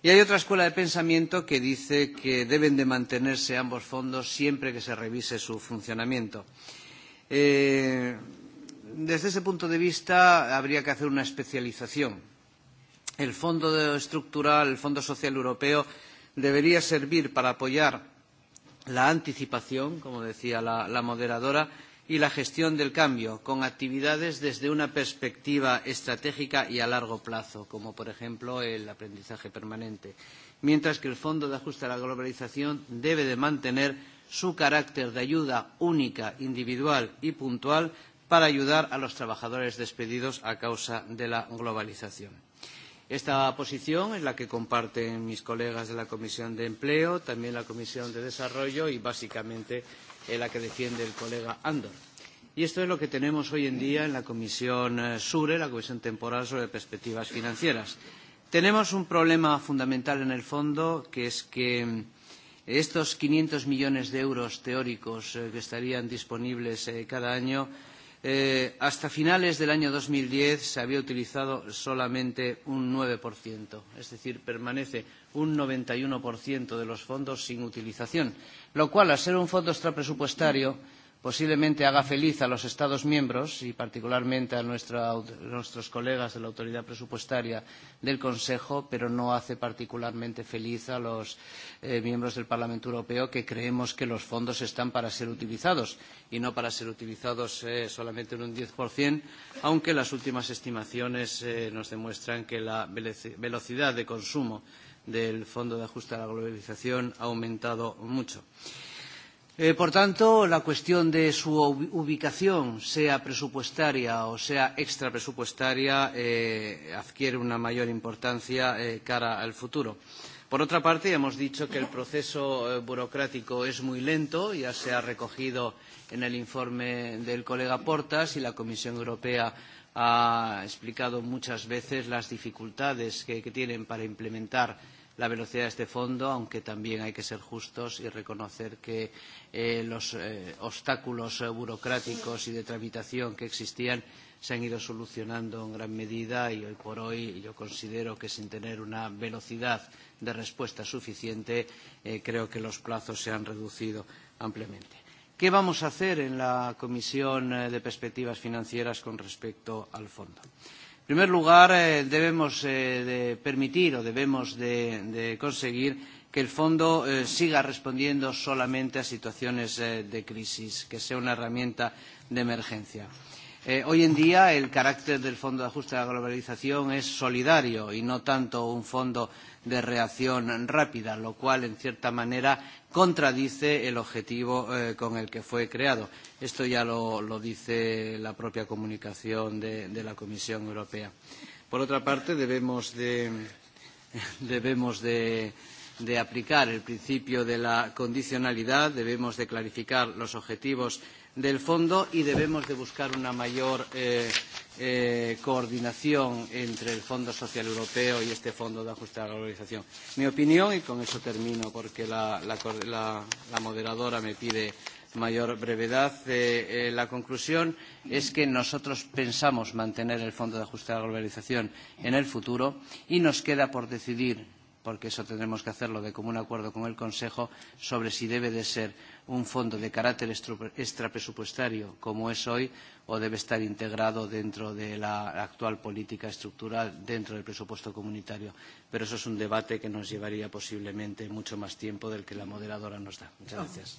Y hay otra escuela de pensamiento que dice que deben de mantenerse ambos fondos siempre que se revise su funcionamiento. Desde ese punto de vista habría que hacer una especialización. El Fondo Estructural, el Fondo Social Europeo, debería servir para apoyar la anticipación, como decía la moderadora, y la gestión del cambio, con actividades desde una perspectiva estratégica y a largo plazo, como por ejemplo el aprendizaje permanente, mientras que el Fondo de Ajuste a la Globalización debe de mantener su carácter de ayuda única, individual y puntual para ayudar a los trabajadores despedidos a causa de la globalización. Esta posición es la que comparten mis colegas de la Comisión de Empleo, también la Comisión de Desarrollo y básicamente la que defiende el colega Andor. Y esto es lo que tenemos hoy en día en la Comisión SURE, la Comisión Temporal sobre Perspectivas Financieras. Tenemos un problema fundamental en el fondo, que es que estos 500 millones de euros teóricos que estarían disponibles cada año hasta finales del año 2010 se había utilizado solamente un 9%, es decir, permanece un 91% de los fondos sin utilización, lo cual, al ser un fondo extrapresupuestario, posiblemente haga feliz a los Estados miembros y particularmente a nuestros colegas de la Autoridad Presupuestaria del Consejo, pero no hace particularmente feliz a los miembros del Parlamento Europeo que creemos que los fondos están para ser utilizados y no para ser utilizados solamente en un 10%, aunque las últimas estimaciones nos demuestran que la velocidad de consumo del Fondo de Ajuste a la Globalización ha aumentado mucho. Por tanto, la cuestión de su ubicación, sea presupuestaria o sea extrapresupuestaria, adquiere una mayor importancia cara al futuro. Por otra parte, hemos dicho que el proceso burocrático es muy lento, ya se ha recogido en el informe del colega Portas y la Comisión Europea ha explicado muchas veces las dificultades que tienen para implementar la velocidad de este fondo, aunque también hay que ser justos y reconocer que los obstáculos burocráticos y de tramitación que existían se han ido solucionando en gran medida y hoy por hoy yo considero que sin tener una velocidad de respuesta suficiente creo que los plazos se han reducido ampliamente. ¿Qué vamos a hacer en la Comisión de Perspectivas Financieras con respecto al fondo? En primer lugar, debemos de permitir o debemos de conseguir que el fondo siga respondiendo solamente a situaciones de crisis, que sea una herramienta de emergencia. Hoy en día el carácter del Fondo de Ajuste a la Globalización es solidario y no tanto un fondo de reacción rápida, lo cual, en cierta manera, contradice el objetivo con el que fue creado. Esto ya lo dice la propia comunicación de la Comisión Europea. Por otra parte, debemos de aplicar el principio de la condicionalidad, debemos de clarificar los objetivos del fondo y debemos de buscar una mayor coordinación entre el Fondo Social Europeo y este Fondo de Ajuste a la Globalización. Mi opinión, y con eso termino porque la moderadora me pide mayor brevedad, la conclusión es que nosotros pensamos mantener el Fondo de Ajuste a la Globalización en el futuro y nos queda por decidir porque eso tendremos que hacerlo de común acuerdo con el Consejo, sobre si debe de ser un fondo de carácter extrapresupuestario como es hoy o debe estar integrado dentro de la actual política estructural dentro del presupuesto comunitario. Pero eso es un debate que nos llevaría posiblemente mucho más tiempo del que la moderadora nos da. Muchas gracias.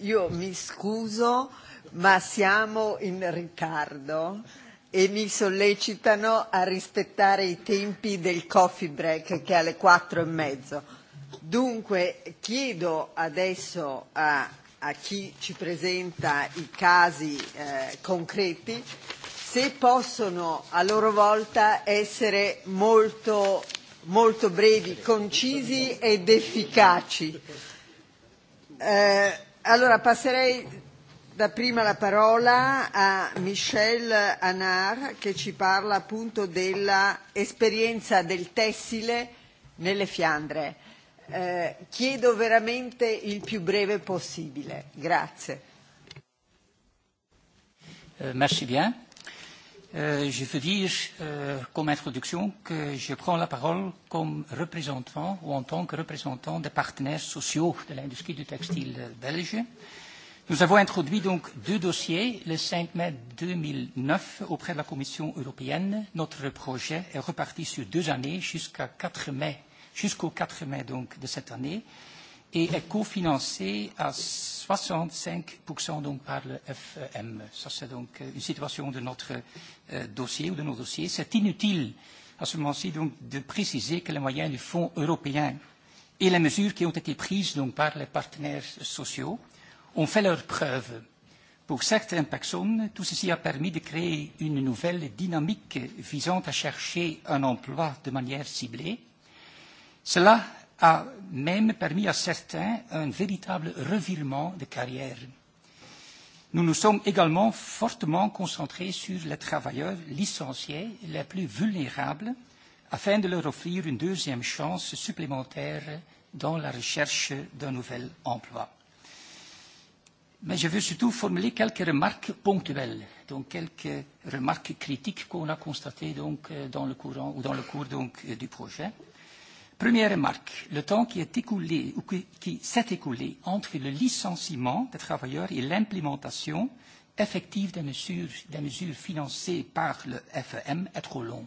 Io mi scuso, ma siamo in ritardo e mi sollecitano a rispettare i tempi del coffee break che è alle quattro e mezzo Dunque chiedo adesso a, a chi ci presenta i casi concreti se possono a loro volta essere molto, molto brevi, concisi ed efficaci. allora passerei da prima la parola a Michel Anar che ci parla appunto dell'esperienza del tessile nelle Fiandre chiedo veramente il più breve possibile. Grazie. Merci bien. Je veux dire, comme introduction, que je prends la parole comme représentant ou en tant que représentant des partenaires sociaux de l'industrie du textile belge. Nous avons introduit donc deux dossiers le 5 mai 2009 auprès de la Commission européenne. Notre projet est reparti sur deux années jusqu'à 4 mai jusqu'au 4 mai donc de cette année et est cofinancé à 65% donc par le FEM. Ça c'est donc une situation de notre dossier ou de nos dossiers. C'est inutile à ce moment-ci donc de préciser que les moyens du Fonds européen et les mesures qui ont été prises donc par les partenaires sociaux ont fait leur preuve. Pour certaines personnes, tout ceci a permis de créer une nouvelle dynamique visant à chercher un emploi de manière ciblée Cela a même permis à certains un véritable revirement de carrière. Nous nous sommes également fortement concentrés sur les travailleurs licenciés les plus vulnérables afin de leur offrir une deuxième chance supplémentaire dans la recherche d'un nouvel emploi. Mais je veux surtout formuler quelques remarques ponctuelles, donc quelques remarques critiques qu'on a constatées donc dans le courant ou dans le cours donc du projet. Première remarque, le temps qui est écoulé ou qui s'est écoulé entre le licenciement des travailleurs et l'implémentation effective des mesures financées par le FEM est trop long.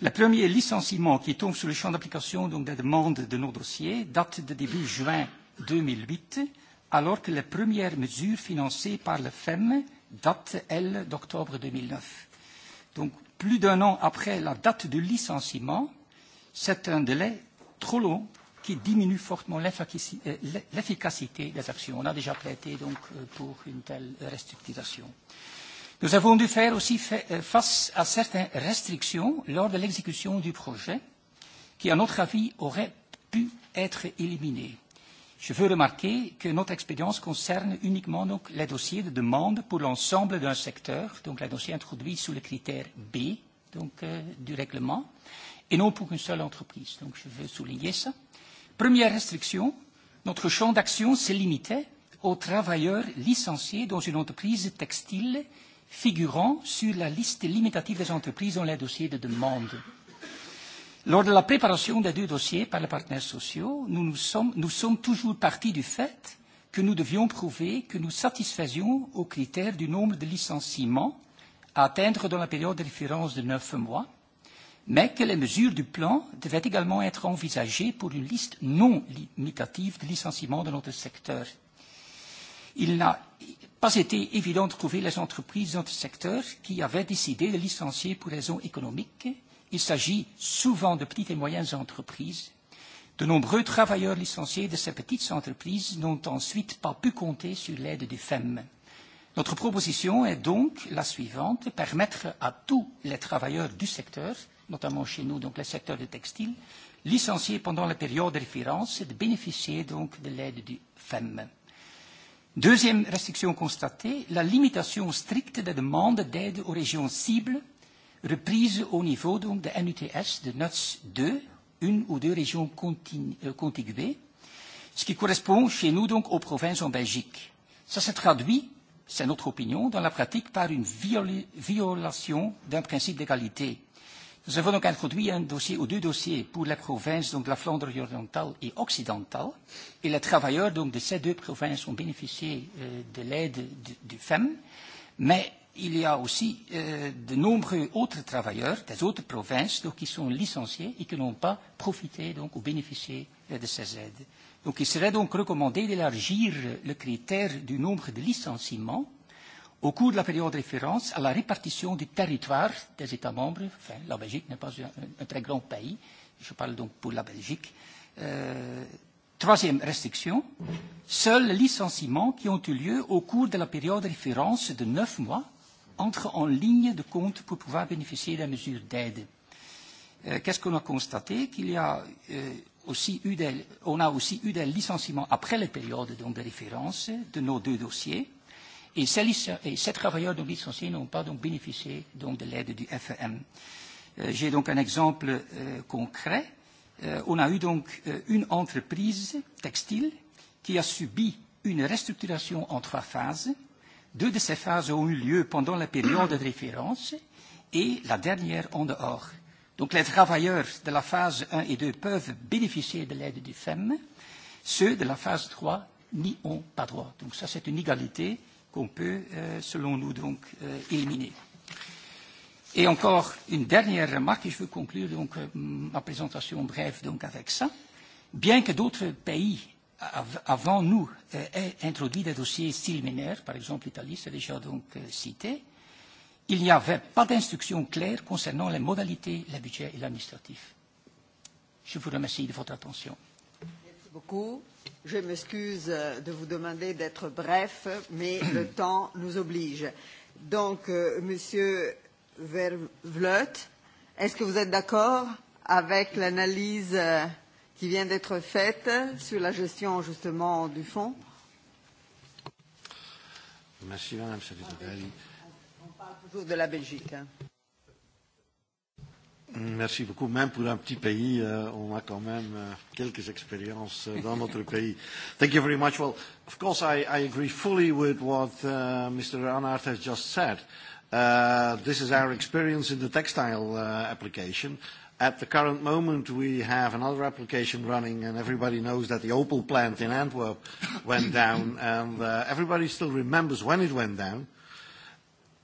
Le premier licenciement qui tombe sur le champ d'application des demandes de nos dossiers date de début juin 2008, alors que les premières mesures financées par le FEM datent, elles, d'octobre 2009. Donc, plus d'un an après la date du licenciement, C'est un délai trop long qui diminue fortement l'efficacité des actions. On a déjà plaidé donc pour une telle restructuration. Nous avons dû faire aussi face à certaines restrictions lors de l'exécution du projet qui, à notre avis, auraient pu être éliminées. Je veux remarquer que notre expérience concerne uniquement donc les dossiers de demande pour l'ensemble d'un secteur, donc les dossiers introduits sous le critère B donc, du règlement, et non pour une seule entreprise. Donc je veux souligner ça. Première restriction, notre champ d'action se limitait aux travailleurs licenciés dans une entreprise textile figurant sur la liste limitative des entreprises dans les dossiers de demande. Lors de la préparation des deux dossiers par les partenaires sociaux, nous sommes toujours partis du fait que nous devions prouver que nous satisfaisions aux critères du nombre de licenciements à atteindre dans la période de référence de neuf mois Mais que les mesures du plan devaient également être envisagées pour une liste non limitative de licenciements de notre secteur. Il n'a pas été évident de trouver les entreprises dans notre secteur qui avaient décidé de licencier pour raisons économiques. Il s'agit souvent de petites et moyennes entreprises. De nombreux travailleurs licenciés de ces petites entreprises n'ont ensuite pas pu compter sur l'aide des FEM. Notre proposition est donc la suivante, permettre à tous les travailleurs du secteur notamment chez nous, donc le secteur du textile, licenciés pendant la période de référence et de bénéficier donc de l'aide du FEM. Deuxième restriction constatée, la limitation stricte des demandes d'aide aux régions cibles, reprise au niveau donc de NUTS, de NUTS 2, une ou deux régions contiguées, ce qui correspond chez nous donc aux provinces en Belgique. Ça se traduit, c'est notre opinion, dans la pratique par une violation d'un principe d'égalité Nous avons donc introduit un dossier ou deux dossiers pour la province donc la Flandre orientale et occidentale. Et les travailleurs donc, de ces deux provinces ont bénéficié de l'aide du FEM. Mais il y a aussi de nombreux autres travailleurs des autres provinces donc, qui sont licenciés et qui n'ont pas profité donc, ou bénéficié de ces aides. Donc il serait donc recommandé d'élargir le critère du nombre de licenciements au cours de la période de référence à la répartition du territoire des États membres. Enfin, la Belgique n'est pas un très grand pays, je parle donc pour la Belgique. Troisième restriction, seuls les licenciements qui ont eu lieu au cours de la période de référence de neuf mois entrent en ligne de compte pour pouvoir bénéficier des mesures d'aide. Qu'est-ce qu'on a constaté Qu'il y a aussi eu on a aussi eu des licenciements après les périodes de référence de nos deux dossiers Et ces travailleurs donc licenciés n'ont pas donc bénéficié donc de l'aide du FEM. J'ai donc un exemple concret. On a eu donc une entreprise textile qui a subi une restructuration en trois phases. Deux de ces phases ont eu lieu pendant la période de référence et la dernière en dehors. Donc les travailleurs de la phase 1 et 2 peuvent bénéficier de l'aide du FEM. Ceux de la phase 3 n'y ont pas droit. Donc ça c'est une égalité qu'on peut, selon nous, donc éliminer. Et encore une dernière remarque, et je veux conclure donc ma présentation brève donc avec ça. Bien que d'autres pays avant nous aient introduit des dossiers style par exemple l'Italie, c'est déjà donc cité, il n'y avait pas d'instruction claire concernant les modalités, le budget et l'administratif. Je vous remercie de votre attention. beaucoup. Je m'excuse de vous demander d'être bref, mais le temps nous oblige. Donc, Monsieur Vervleut, est-ce que vous êtes d'accord avec l'analyse qui vient d'être faite sur la gestion justement du fonds Merci Madame On parle toujours de la Belgique. Merci beaucoup. Même pour un petit pays, on a quand même quelques expériences dans notre pays. Thank you very much. Well, of course, I, I agree fully with what Mr. Anhart has just said. This is our experience in the textile application. At the current moment, we have another application running, and everybody knows that the Opel plant in Antwerp went down, and everybody still remembers when it went down.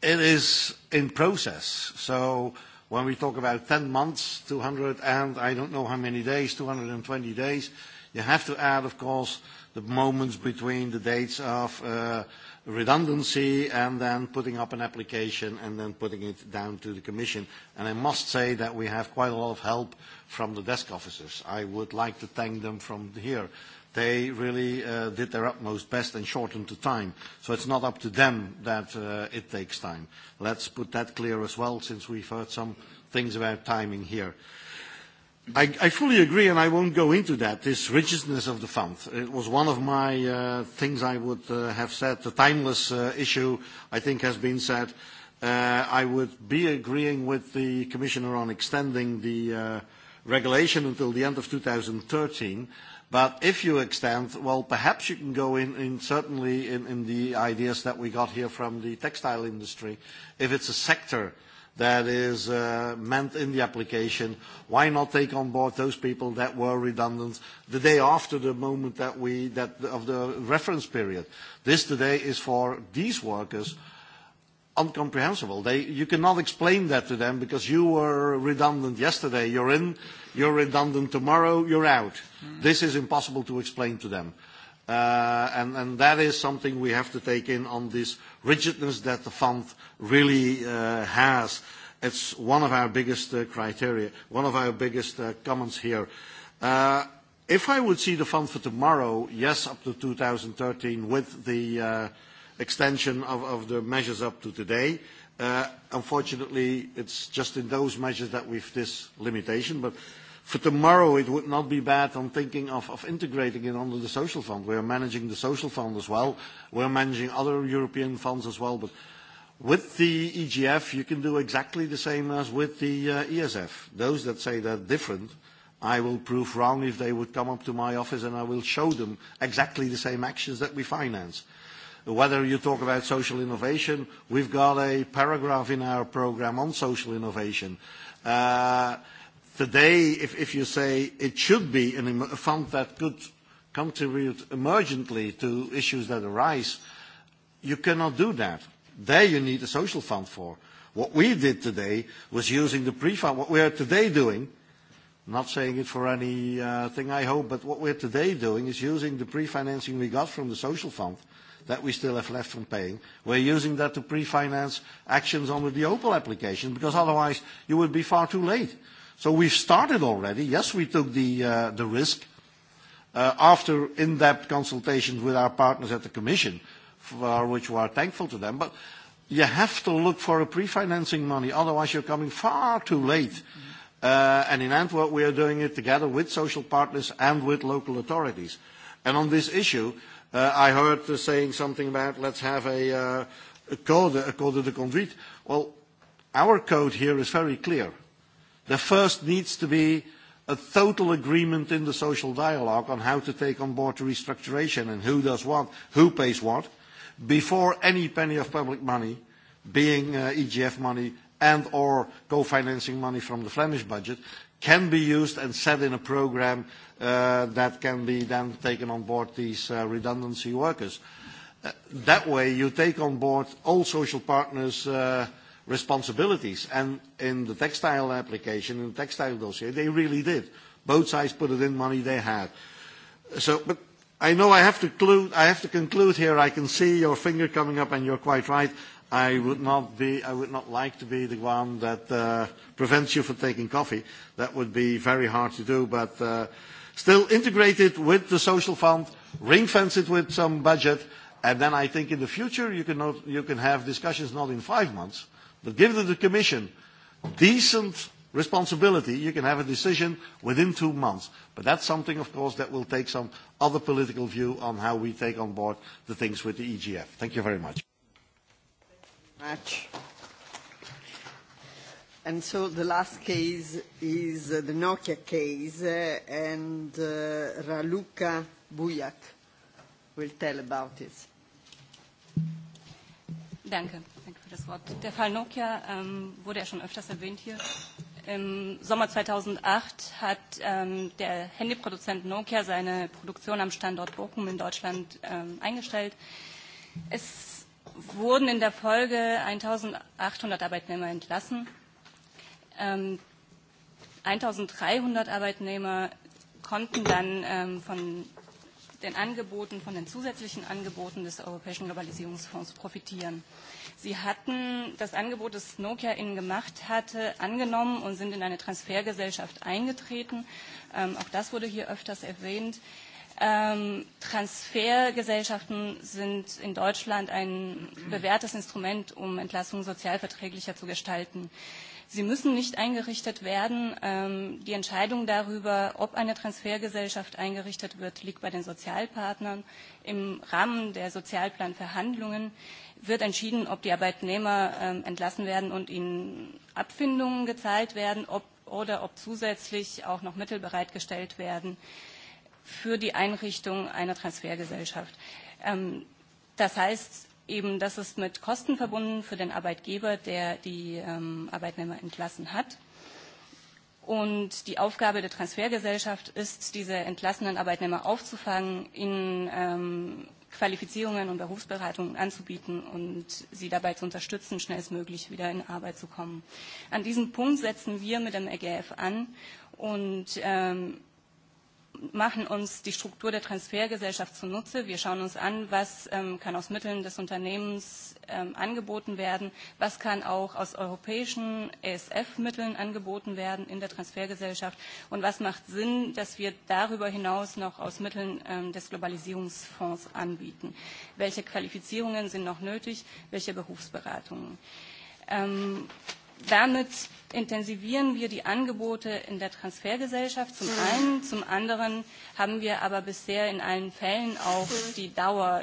It is in process. So when we talk about 10 months, 200 and I don't know how many days, 220 days, you have to add, of course, the moments between the dates of redundancy and then putting up an application and then putting it down to the Commission. And I must say that we have quite a lot of help from the desk officers. I would like to thank them from here they really did their utmost best and shortened the time. So it's not up to them that it takes time. Let's put that clear as well, since we've heard some things about timing here. I fully agree, and I won't go into that, this rigidness of the fund. It was one of my things I would have said. The timeless issue, I think, has been said. I would be agreeing with the Commissioner on extending the regulation until the end of 2013, But if you extend, well, perhaps you can go in certainly in the ideas that we got here from the textile industry. If it's a sector that is meant in the application, why not take on board those people that were redundant the day after the moment that we that of the reference period? This today is for these workers uncomprehensible. They, you cannot explain that to them because you were redundant yesterday, you're in, you're redundant tomorrow, you're out. This is impossible to explain to them. and, and that is something we have to take in on this rigidness that the fund really has. It's one of our biggest criteria, one of our biggest comments here. if I would see the fund for tomorrow, yes, up to 2013 with the extension of the measures up to today. Unfortunately, it's just in those measures that we've this limitation. But for tomorrow, it would not be bad on thinking of integrating it under the social fund. We are managing the social fund as well. we are managing other European funds as well. But with the EGF, you can do exactly the same as with the ESF. Those that say they're different, I will prove wrong if they would come up to my office and I will show them exactly the same actions that we finance whether you talk about social innovation, we've got a paragraph in our program on social innovation. Today, if you say it should be a fund that could contribute emergently to issues that arise, you cannot do that. There you need a social fund for. What we did today was using the pre-fund. What we are today doing, not saying it for any thing I hope, but what we are today doing is using the pre-financing we got from the social fund that we still have left from paying. We're using that to pre-finance actions on the Opel application because otherwise you would be far too late. So we've started already. Yes, we took the risk after in-depth consultations with our partners at the Commission, for which we are thankful to them. But you have to look for a pre-financing money, otherwise you're coming far too late. And in Antwerp, we are doing it together with social partners and with local authorities. And on this issue, I heard saying something about let's have a code, a code de conduite. Well, our code here is very clear. There first needs to be a total agreement in the social dialogue on how to take on board the restructuration and who does what, who pays what, before any penny of public money, being EGF money and or co-financing money from the Flemish budget, can be used and set in a program that can be then taken on board these redundancy workers. That way you take on board all social partners' responsibilities. And in the textile application, in the textile dossier, they really did. Both sides put it in money they had. So, but I know I have to conclude here. I can see your finger coming up, and you're quite right. I would not be, I would not like to be the one that prevents you from taking coffee. That would be very hard to do, but still integrate it with the social fund, ring fence it with some budget, and then I think in the future you can, you can have discussions not in five months, but give the Commission decent responsibility, you can have a decision within two months. But that's something, of course, that will take some other political view on how we take on board the things with the EGF. Thank you very much much. And so the last case is the Nokia case, and Raluca Bujak will tell about it. Danke, danke für das Wort. Der Fall Nokia wurde ja schon öfters erwähnt hier. Im Sommer 2008 hat der Handyproduzent Nokia seine Produktion am Standort Bochum in Deutschland eingestellt. Es wurden in der Folge 1800 Arbeitnehmer entlassen. 1300 Arbeitnehmer konnten dann von den Angeboten, von den zusätzlichen Angeboten des Europäischen Globalisierungsfonds profitieren. Sie hatten das Angebot, das Nokia ihnen gemacht hatte, angenommen und sind in eine Transfergesellschaft eingetreten. Auch das wurde hier öfters erwähnt. Transfergesellschaften sind in Deutschland ein bewährtes Instrument, um Entlassungen sozialverträglicher zu gestalten. Sie müssen nicht eingerichtet werden. Die Entscheidung darüber, ob eine Transfergesellschaft eingerichtet wird, liegt bei den Sozialpartnern. Im Rahmen der Sozialplanverhandlungen wird entschieden, ob die Arbeitnehmer entlassen werden und ihnen Abfindungen gezahlt werden oder ob zusätzlich auch noch Mittel bereitgestellt werden für die Einrichtung einer Transfergesellschaft. Das heißt eben, das ist mit Kosten verbunden für den Arbeitgeber, der die Arbeitnehmer entlassen hat. Und die Aufgabe der Transfergesellschaft ist, diese entlassenen Arbeitnehmer aufzufangen, ihnen Qualifizierungen und Berufsberatungen anzubieten und sie dabei zu unterstützen, schnellstmöglich wieder in Arbeit zu kommen. An diesem Punkt setzen wir mit dem EGF an und machen uns die Struktur der Transfergesellschaft zunutze. Wir schauen uns an, was kann aus Mitteln des Unternehmens angeboten werden, was kann auch aus europäischen ESF-Mitteln angeboten werden in der Transfergesellschaft und was macht Sinn, dass wir darüber hinaus noch aus Mitteln des Globalisierungsfonds anbieten. Welche Qualifizierungen sind noch nötig, welche Berufsberatungen. Damit intensivieren wir die Angebote in der Transfergesellschaft zum einen, zum anderen haben wir aber bisher in allen Fällen auch die Dauer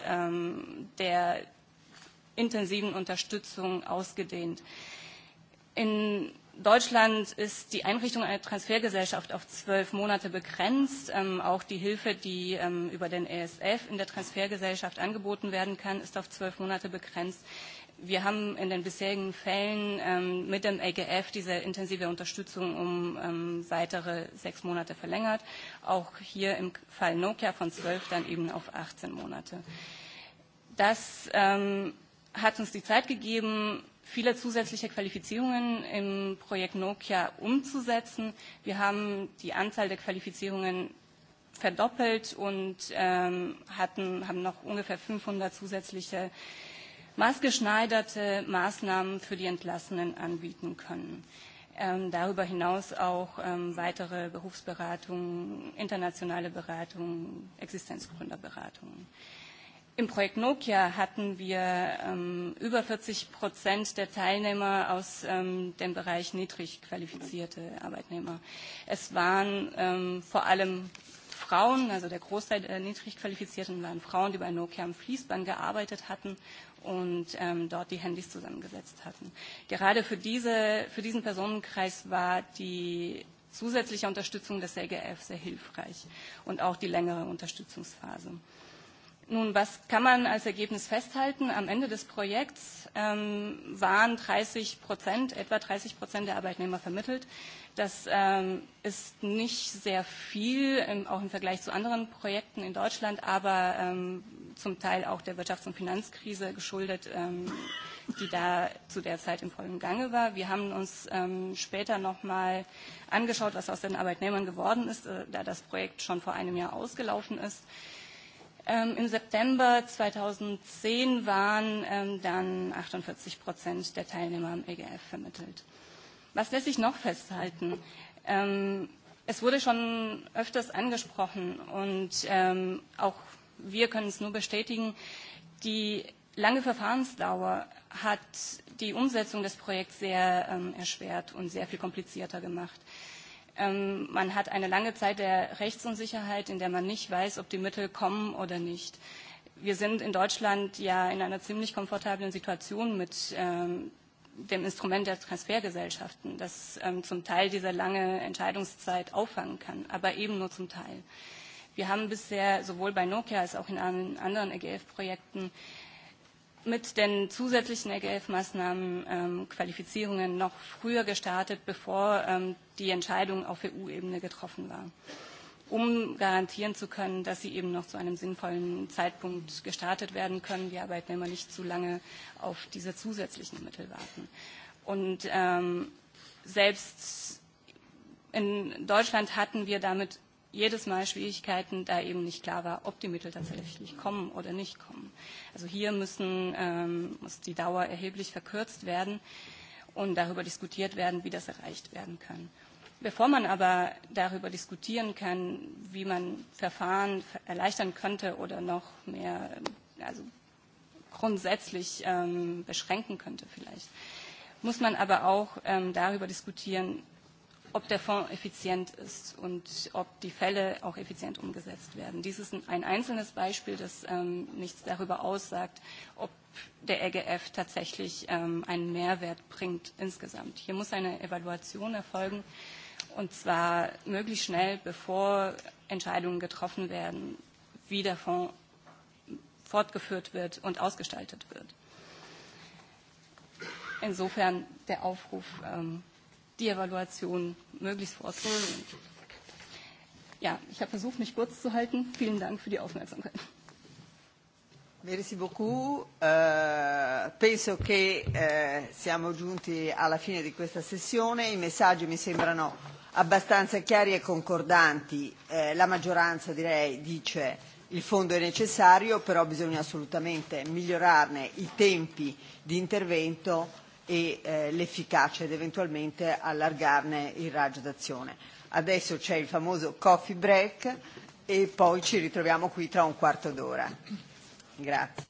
der intensiven Unterstützung ausgedehnt. In Deutschland ist die Einrichtung einer Transfergesellschaft auf zwölf Monate begrenzt. Auch die Hilfe, die über den ESF in der Transfergesellschaft angeboten werden kann, ist auf zwölf Monate begrenzt wir haben in den bisherigen Fällen mit dem LGF diese intensive Unterstützung um weitere sechs Monate verlängert. Auch hier im Fall Nokia von zwölf dann eben auf 18 Monate. Das hat uns die Zeit gegeben, viele zusätzliche Qualifizierungen im Projekt Nokia umzusetzen. Wir haben die Anzahl der Qualifizierungen verdoppelt und hatten, haben noch ungefähr 500 zusätzliche maßgeschneiderte Maßnahmen für die Entlassenen anbieten können. Darüber hinaus auch weitere Berufsberatungen, internationale Beratungen, Existenzgründerberatungen. Im Projekt Nokia hatten wir über 40 Prozent der Teilnehmer aus dem Bereich niedrig qualifizierte Arbeitnehmer. Es waren vor allem Frauen, also der Großteil der niedrig waren Frauen, die bei Nokia am Fließband gearbeitet hatten und dort die Handys zusammengesetzt hatten. Gerade für diesen Personenkreis war die zusätzliche Unterstützung des LGF sehr hilfreich und auch die längere Unterstützungsphase. Nun, was kann man als Ergebnis festhalten? Am Ende des Projekts waren 30 Prozent, etwa 30 Prozent der Arbeitnehmer vermittelt. Das ist nicht sehr viel, auch im Vergleich zu anderen Projekten in Deutschland, aber zum Teil auch der Wirtschafts- und Finanzkrise geschuldet, die da zu der Zeit im vollen Gange war. Wir haben uns später noch mal angeschaut, was aus den Arbeitnehmern geworden ist, da das Projekt schon vor einem Jahr ausgelaufen ist. Im September 2010 waren dann 48 Prozent der Teilnehmer am EGF vermittelt. Was lässt sich noch festhalten? Es wurde schon öfters angesprochen und auch wir können es nur bestätigen, die lange Verfahrensdauer hat die Umsetzung des Projekts sehr erschwert und sehr viel komplizierter gemacht. Man hat eine lange Zeit der Rechtsunsicherheit, in der man nicht weiß, ob die Mittel kommen oder nicht. Wir sind in Deutschland ja in einer ziemlich komfortablen Situation mit dem Instrument der Transfergesellschaften, das zum Teil diese lange Entscheidungszeit auffangen kann, aber eben nur zum Teil. Wir haben bisher sowohl bei Nokia als auch in anderen EGF-Projekten mit den zusätzlichen EGF-Maßnahmen Qualifizierungen noch früher gestartet, bevor die Entscheidung auf EU-Ebene getroffen war um garantieren zu können, dass sie eben noch zu einem sinnvollen Zeitpunkt gestartet werden können, die Arbeitnehmer nicht zu lange auf diese zusätzlichen Mittel warten. Und selbst in Deutschland hatten wir damit jedes Mal Schwierigkeiten, da eben nicht klar war, ob die Mittel tatsächlich kommen oder nicht kommen. Also hier müssen, muss die Dauer erheblich verkürzt werden und darüber diskutiert werden, wie das erreicht werden kann. Bevor man aber darüber diskutieren kann, wie man Verfahren erleichtern könnte oder noch mehr also grundsätzlich beschränken könnte vielleicht, muss man aber auch darüber diskutieren, ob der Fonds effizient ist und ob die Fälle auch effizient umgesetzt werden. Dies ist ein einzelnes Beispiel, das nichts darüber aussagt, ob der EGF tatsächlich einen Mehrwert bringt insgesamt. Hier muss eine Evaluation erfolgen und zwar möglichst schnell, bevor Entscheidungen getroffen werden, wie der Fonds fortgeführt wird und ausgestaltet wird. Insofern der Aufruf, die Evaluation möglichst vorzunehmen. Ja, ich habe versucht, mich kurz zu halten. Vielen Dank für die Aufmerksamkeit. Merci beaucoup. Penso che siamo giunti alla fine di questa sessione. I messaggi mi sembrano abbastanza chiari e concordanti. La maggioranza direi dice il fondo è necessario, però bisogna assolutamente migliorarne i tempi di intervento e l'efficacia ed eventualmente allargarne il raggio d'azione. Adesso c'è il famoso coffee break e poi ci ritroviamo qui tra un quarto d'ora. Grazie.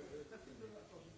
Ευχαριστώ the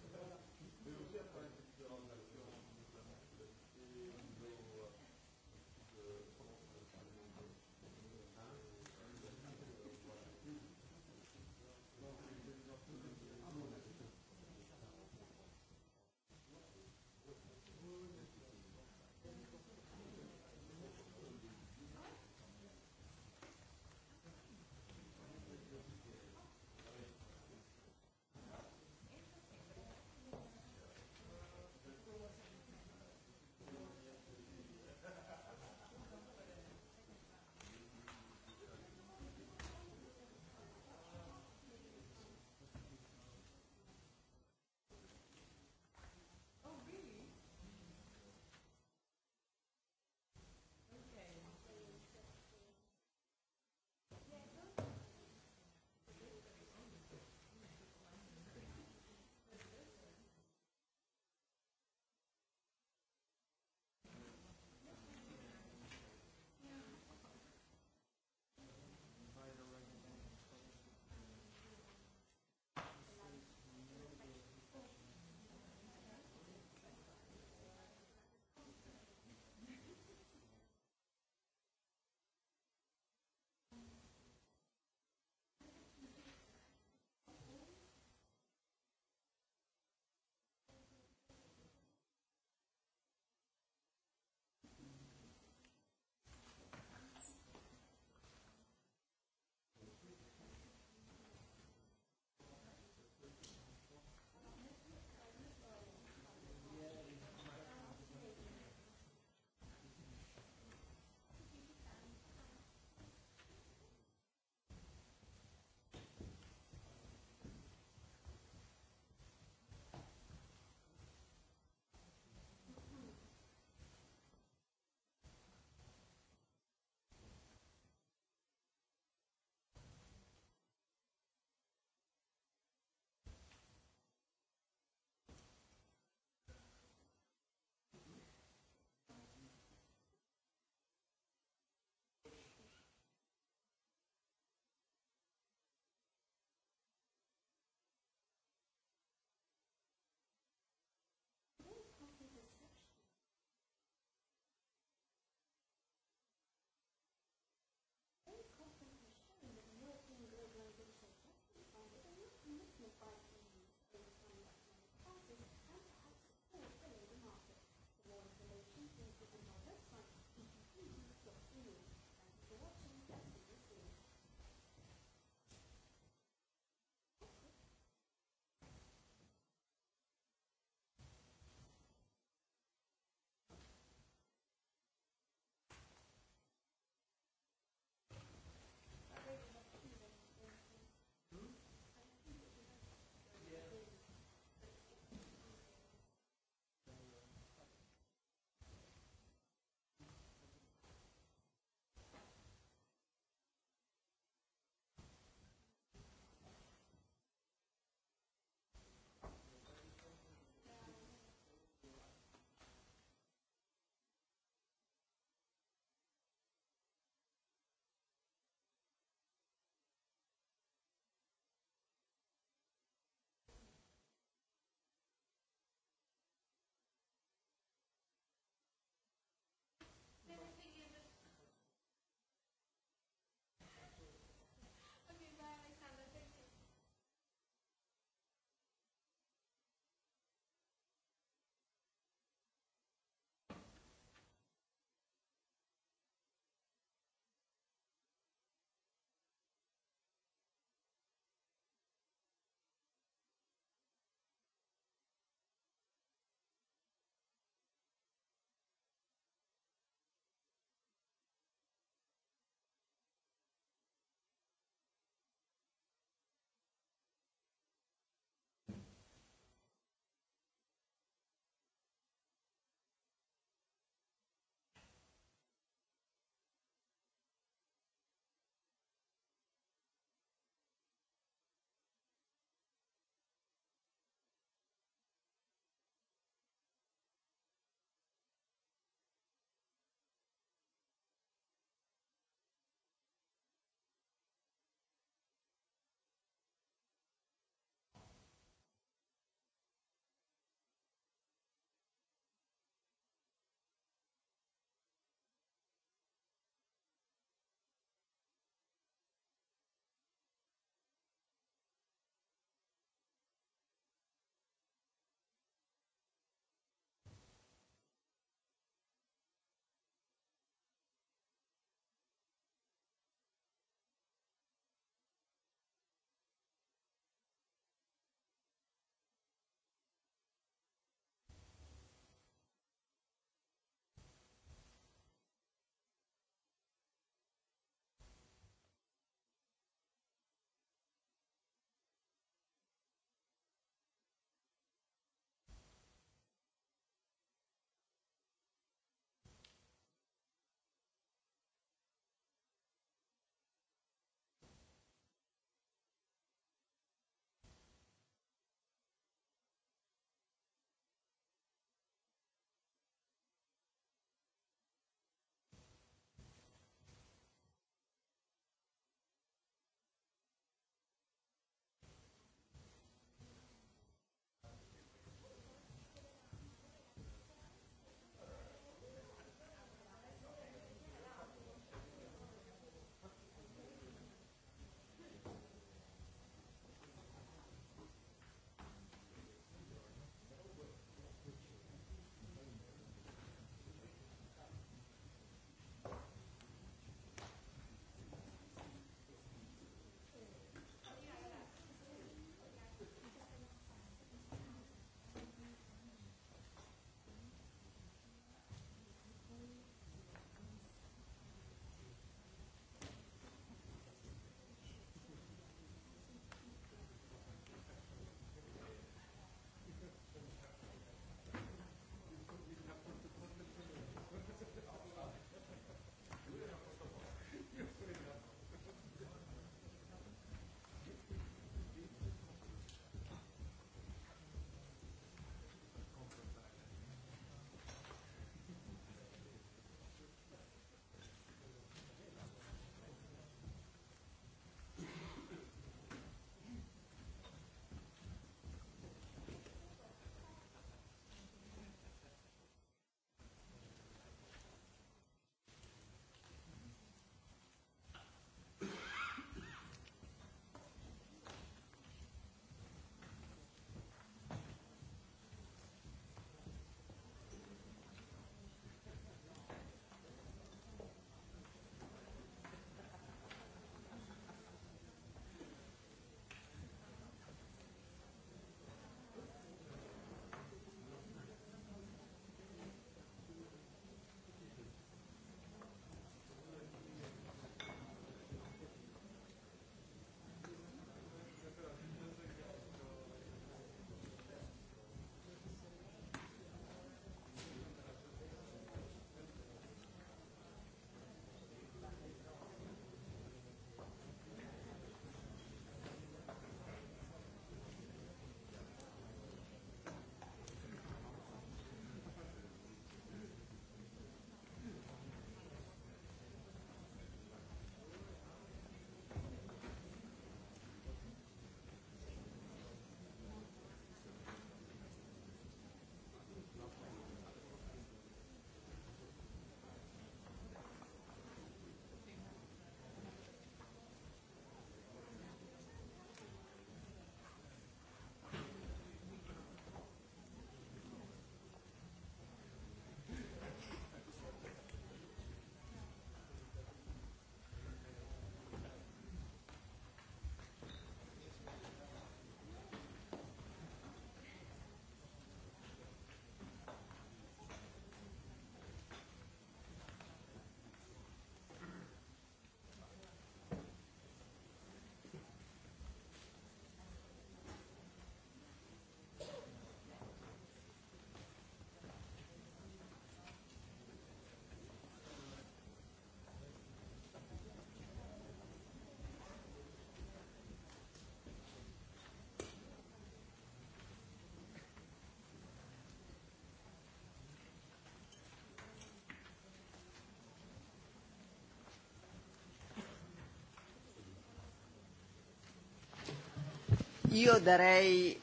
io darei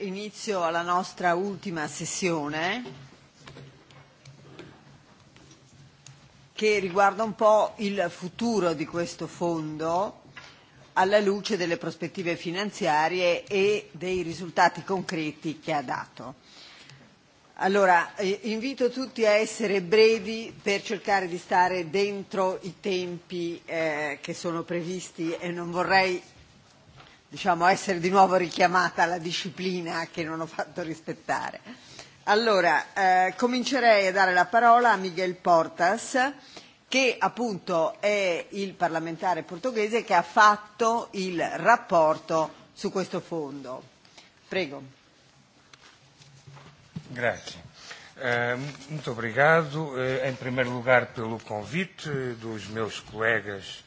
inizio alla nostra ultima sessione che riguarda un po' il futuro di questo fondo alla luce delle prospettive finanziarie e dei risultati concreti che ha dato. Allora, invito tutti a essere brevi per cercare di stare dentro i tempi che sono previsti e non vorrei diciamo essere di nuovo richiamata alla disciplina che non ho fatto rispettare. Allora, comincerei a dare la parola a Miguel Portas che appunto è il parlamentare portoghese che ha fatto il rapporto su questo fondo. Prego. Grazie. Muito obrigado, in primo lugar, pelo convite dos meus colegas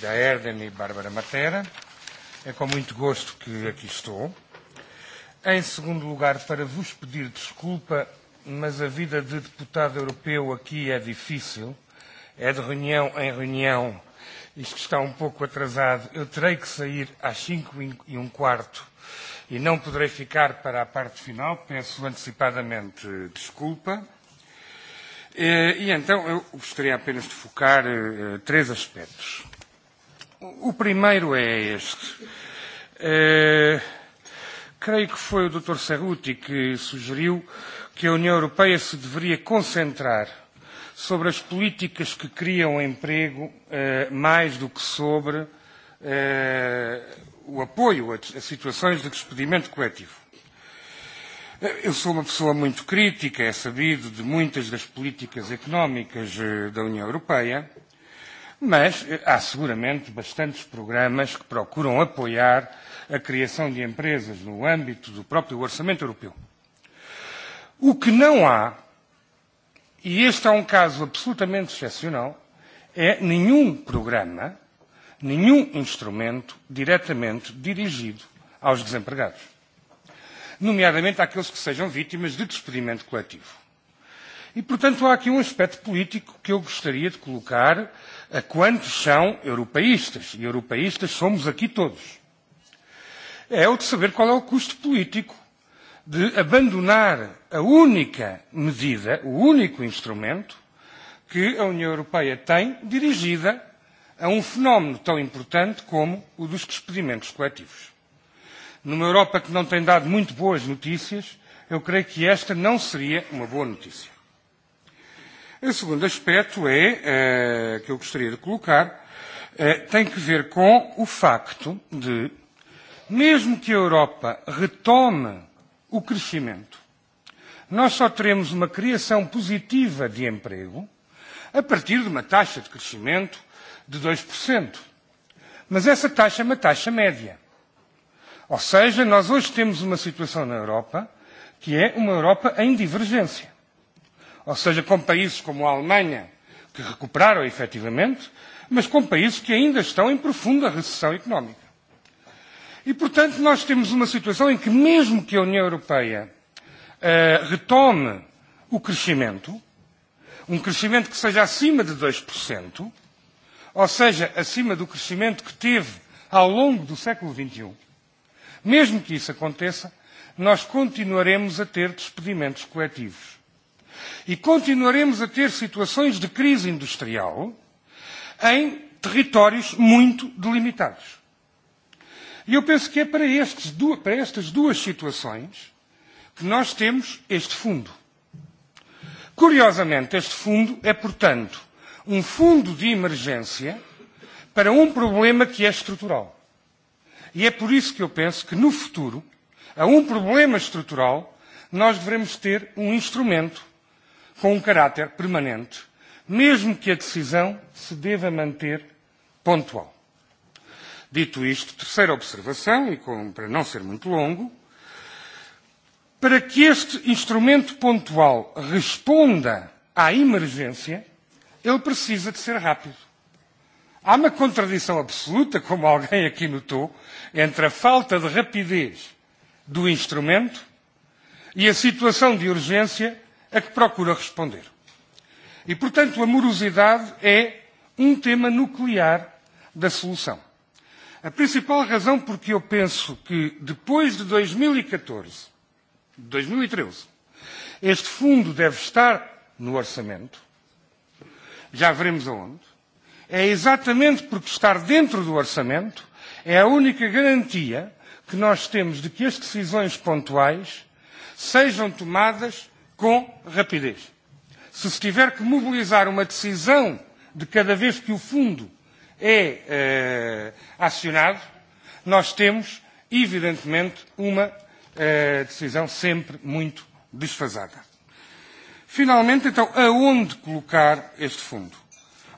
da Erden e Bárbara Matera É com muito gosto que aqui estou. Em segundo lugar, para vos pedir desculpa, mas a vida de deputado europeu aqui é difícil. É de reunião em reunião. Isto está um pouco atrasado. Eu terei que sair às cinco e um quarto e não poderei ficar para a parte final. Peço antecipadamente desculpa. E então eu gostaria apenas de focar três aspectos. O primeiro é este. Creio que foi o Dr. Serruti que sugeriu que a União Europeia se deveria concentrar sobre as políticas que criam emprego mais do que sobre o apoio a situações de despedimento coletivo. Eu sou uma pessoa muito crítica, é sabido, de muitas das políticas económicas da União Europeia mas há seguramente bastantes programas que procuram apoiar a criação de empresas no âmbito do próprio orçamento europeu. O que não há, e este é um caso absolutamente excepcional, é nenhum programa, nenhum instrumento diretamente dirigido aos desempregados, nomeadamente àqueles que sejam vítimas de despedimento coletivo. E, portanto, há aqui um aspecto político que eu gostaria de colocar a quantos são europeístas. E europeístas somos aqui todos. É o de saber qual é o custo político de abandonar a única medida, o único instrumento que a União Europeia tem dirigida a um fenómeno tão importante como o dos despedimentos coletivos. Numa Europa que não tem dado muito boas notícias, eu creio que esta não seria uma boa notícia. O segundo aspecto é, que eu gostaria de colocar, tem que ver com o facto de, mesmo que a Europa retome o crescimento, nós só teremos uma criação positiva de emprego a partir de uma taxa de crescimento de 2%. Mas essa taxa é uma taxa média. Ou seja, nós hoje temos uma situação na Europa que é uma Europa em divergência. Ou seja, com países como a Alemanha, que recuperaram efetivamente, mas com países que ainda estão em profunda recessão económica. E, portanto, nós temos uma situação em que, mesmo que a União Europeia retome o crescimento, um crescimento que seja acima de 2%, ou seja, acima do crescimento que teve ao longo do século XXI, mesmo que isso aconteça, nós continuaremos a ter despedimentos coletivos e continuaremos a ter situações de crise industrial em territórios muito delimitados. E eu penso que é para, estes, para estas duas situações que nós temos este fundo. Curiosamente, este fundo é, portanto, um fundo de emergência para um problema que é estrutural. E é por isso que eu penso que, no futuro, a um problema estrutural, nós devemos ter um instrumento com um caráter permanente, mesmo que a decisão se deva manter pontual. Dito isto, terceira observação, e para não ser muito longo, para que este instrumento pontual responda à emergência, ele precisa de ser rápido. Há uma contradição absoluta, como alguém aqui notou, entre a falta de rapidez do instrumento e a situação de urgência a que procura responder. E, portanto, a morosidade é um tema nuclear da solução. A principal razão porque eu penso que, depois de 2014, 2013, este fundo deve estar no orçamento, já veremos aonde, é exatamente porque estar dentro do orçamento é a única garantia que nós temos de que as decisões pontuais sejam tomadas com rapidez. Se se tiver que mobilizar uma decisão de cada vez que o fundo é acionado, nós temos, evidentemente, uma decisão sempre muito desfasada. Finalmente, então, aonde colocar este fundo?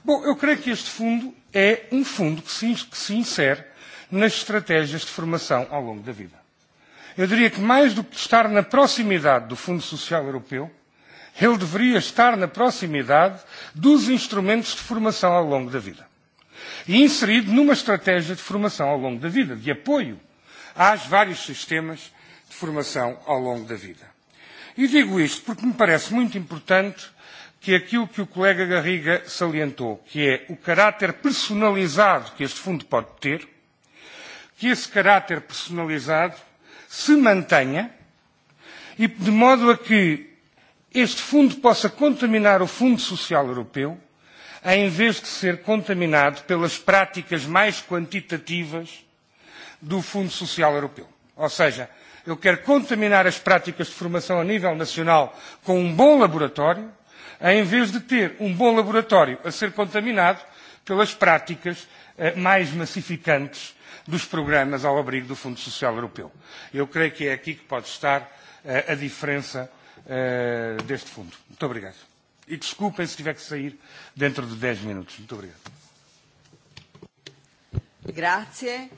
Bom, eu creio que este fundo é um fundo que se insere nas estratégias de formação ao longo da vida. Eu diria que mais do que estar na proximidade do Fundo Social Europeu, ele deveria estar na proximidade dos instrumentos de formação ao longo da vida. E inserido numa estratégia de formação ao longo da vida, de apoio aos vários sistemas de formação ao longo da vida. E digo isto porque me parece muito importante que aquilo que o colega Garriga salientou, que é o caráter personalizado que este fundo pode ter, que esse caráter personalizado se mantenha e de modo a que este fundo possa contaminar o Fundo Social Europeu, em vez de ser contaminado pelas práticas mais quantitativas do Fundo Social Europeu. Ou seja, eu quero contaminar as práticas de formação a nível nacional com um bom laboratório, em vez de ter um bom laboratório a ser contaminado pelas práticas mais massificantes dos programas ao abrigo do Fundo Social Europeu. Eu creio que é aqui que pode estar a diferença deste fundo. Muito obrigado. E desculpem se tiver que sair dentro de 10 minutos. Muito obrigado. Grazie.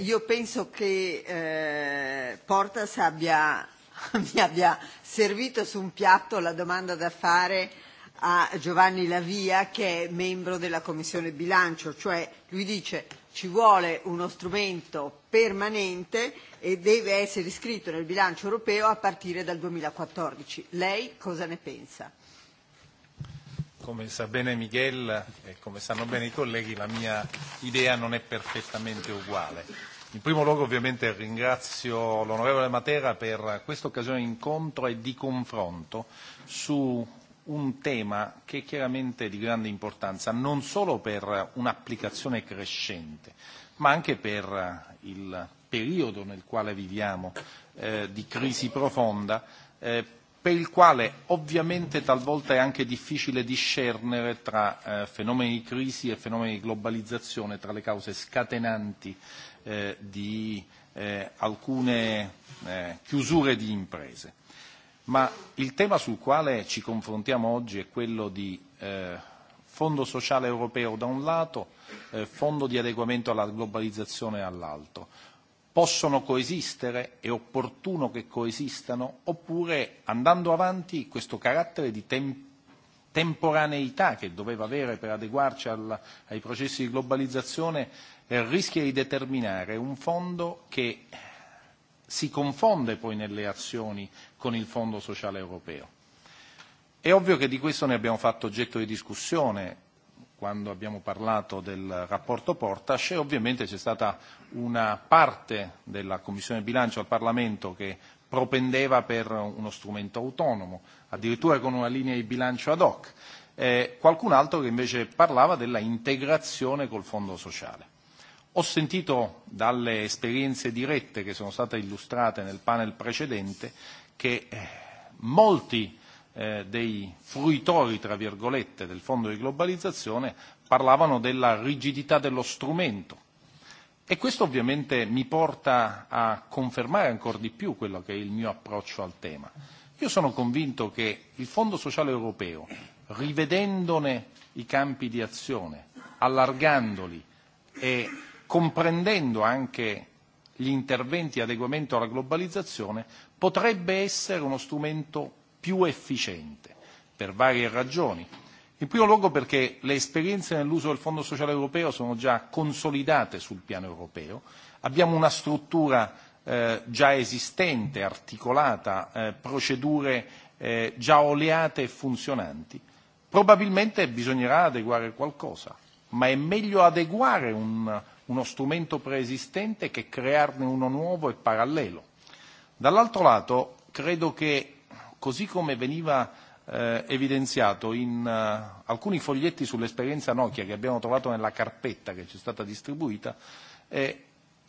Io penso che Portas abbia mi abbia servito su un piatto la domanda da fare a Giovanni Lavia che è membro della Commissione bilancio, cioè lui dice ci vuole uno strumento permanente e deve essere iscritto nel bilancio europeo a partire dal 2014. Lei cosa ne pensa? Come sa bene Miguel e come sanno bene i colleghi, la mia idea non è perfettamente uguale. In primo luogo ovviamente ringrazio l'onorevole Matera per questa occasione di incontro e di confronto su un tema che è chiaramente di grande importanza non solo per un'applicazione crescente, ma anche per il periodo nel quale viviamo di crisi profonda, per il quale ovviamente talvolta è anche difficile discernere tra fenomeni di crisi e fenomeni di globalizzazione, tra le cause scatenanti di alcune chiusure di imprese. Ma il tema sul quale ci confrontiamo oggi è quello di Fondo sociale europeo da un lato, Fondo di adeguamento alla globalizzazione dall'altro. Possono coesistere, è opportuno che coesistano, oppure andando avanti questo carattere di temporaneità che doveva avere per adeguarci ai processi di globalizzazione rischia di determinare un fondo che si confonde poi nelle azioni con il Fondo sociale europeo. È ovvio che di questo ne abbiamo fatto oggetto di discussione quando abbiamo parlato del rapporto Portas e ovviamente c'è stata una parte della Commissione bilancio al Parlamento che propendeva per uno strumento autonomo, addirittura con una linea di bilancio ad hoc, qualcun altro che invece parlava della integrazione col Fondo sociale. Ho sentito dalle esperienze dirette che sono state illustrate nel panel precedente che molti dei fruitori, tra virgolette, del fondo di globalizzazione parlavano della rigidità dello strumento. E questo ovviamente mi porta a confermare ancora di più quello che è il mio approccio al tema. Io sono convinto che il Fondo sociale europeo, rivedendone i campi di azione, allargandoli e comprendendo anche gli interventi di adeguamento alla globalizzazione, potrebbe essere uno strumento più efficiente, per varie ragioni. In primo luogo perché le esperienze nell'uso del Fondo sociale europeo sono già consolidate sul piano europeo, abbiamo una struttura già esistente, articolata, procedure già oleate e funzionanti. Probabilmente bisognerà adeguare qualcosa, ma è meglio adeguare un uno strumento preesistente che crearne uno nuovo e parallelo. Dall'altro lato, credo che, così come veniva evidenziato in alcuni foglietti sull'esperienza Nokia che abbiamo trovato nella carpetta che ci è stata distribuita,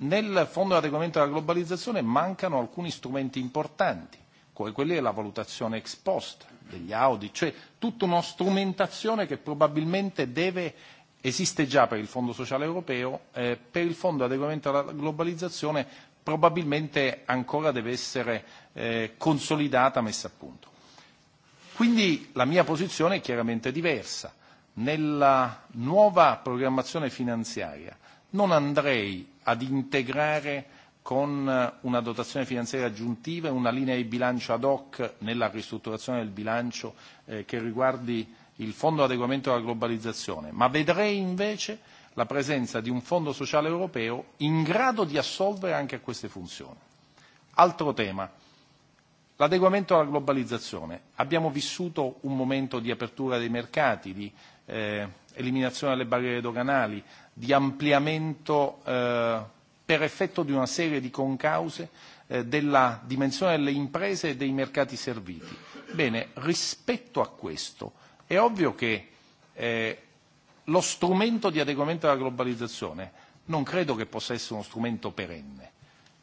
nel Fondo di adeguamento alla globalizzazione mancano alcuni strumenti importanti, come quelli della valutazione ex post, degli Audi, cioè tutta una strumentazione che probabilmente deve esiste già per il Fondo sociale europeo, per il Fondo adeguamento alla globalizzazione probabilmente ancora deve essere consolidata, messa a punto. Quindi la mia posizione è chiaramente diversa. Nella nuova programmazione finanziaria non andrei ad integrare con una dotazione finanziaria aggiuntiva e una linea di bilancio ad hoc nella ristrutturazione del bilancio che riguardi il fondo adeguamento alla globalizzazione, ma vedrei invece la presenza di un fondo sociale europeo in grado di assolvere anche a queste funzioni. Altro tema, l'adeguamento alla globalizzazione. Abbiamo vissuto un momento di apertura dei mercati, di eliminazione delle barriere doganali, di ampliamento per effetto di una serie di concause della dimensione delle imprese e dei mercati serviti. Bene, rispetto a questo È ovvio che lo strumento di adeguamento alla globalizzazione non credo che possa essere uno strumento perenne.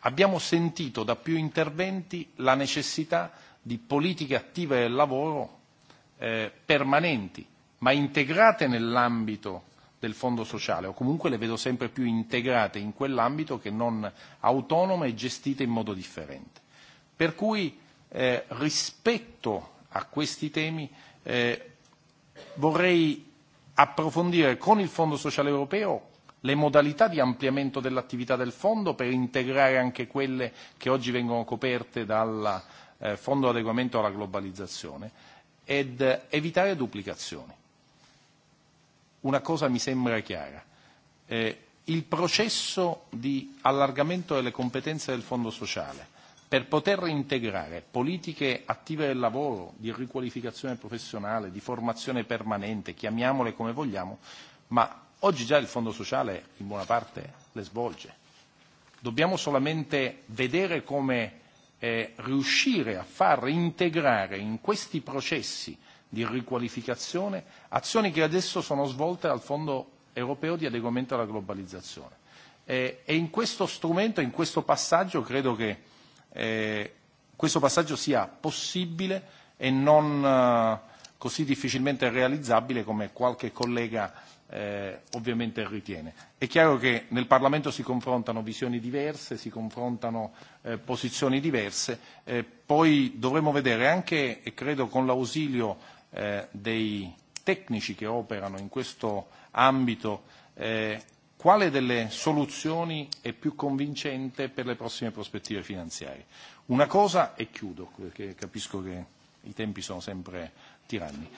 Abbiamo sentito da più interventi la necessità di politiche attive del lavoro permanenti, ma integrate nell'ambito del fondo sociale, o comunque le vedo sempre più integrate in quell'ambito che non autonome e gestite in modo differente. Per cui rispetto a questi temi vorrei approfondire con il Fondo sociale europeo le modalità di ampliamento dell'attività del Fondo per integrare anche quelle che oggi vengono coperte dal Fondo adeguamento alla globalizzazione ed evitare duplicazioni. Una cosa mi sembra chiara. Il processo di allargamento delle competenze del Fondo sociale per poter integrare politiche attive del lavoro, di riqualificazione professionale, di formazione permanente, chiamiamole come vogliamo, ma oggi già il Fondo sociale in buona parte le svolge. Dobbiamo solamente vedere come riuscire a far integrare in questi processi di riqualificazione azioni che adesso sono svolte dal Fondo europeo di adeguamento alla globalizzazione. E in questo strumento, in questo passaggio, credo che questo passaggio sia possibile e non così difficilmente realizzabile come qualche collega ovviamente ritiene. È chiaro che nel Parlamento si confrontano visioni diverse, si confrontano posizioni diverse, poi dovremo vedere anche, e credo con l'ausilio dei tecnici che operano in questo ambito, quale delle soluzioni è più convincente per le prossime prospettive finanziarie. Una cosa, e chiudo perché capisco che i tempi sono sempre tiranni,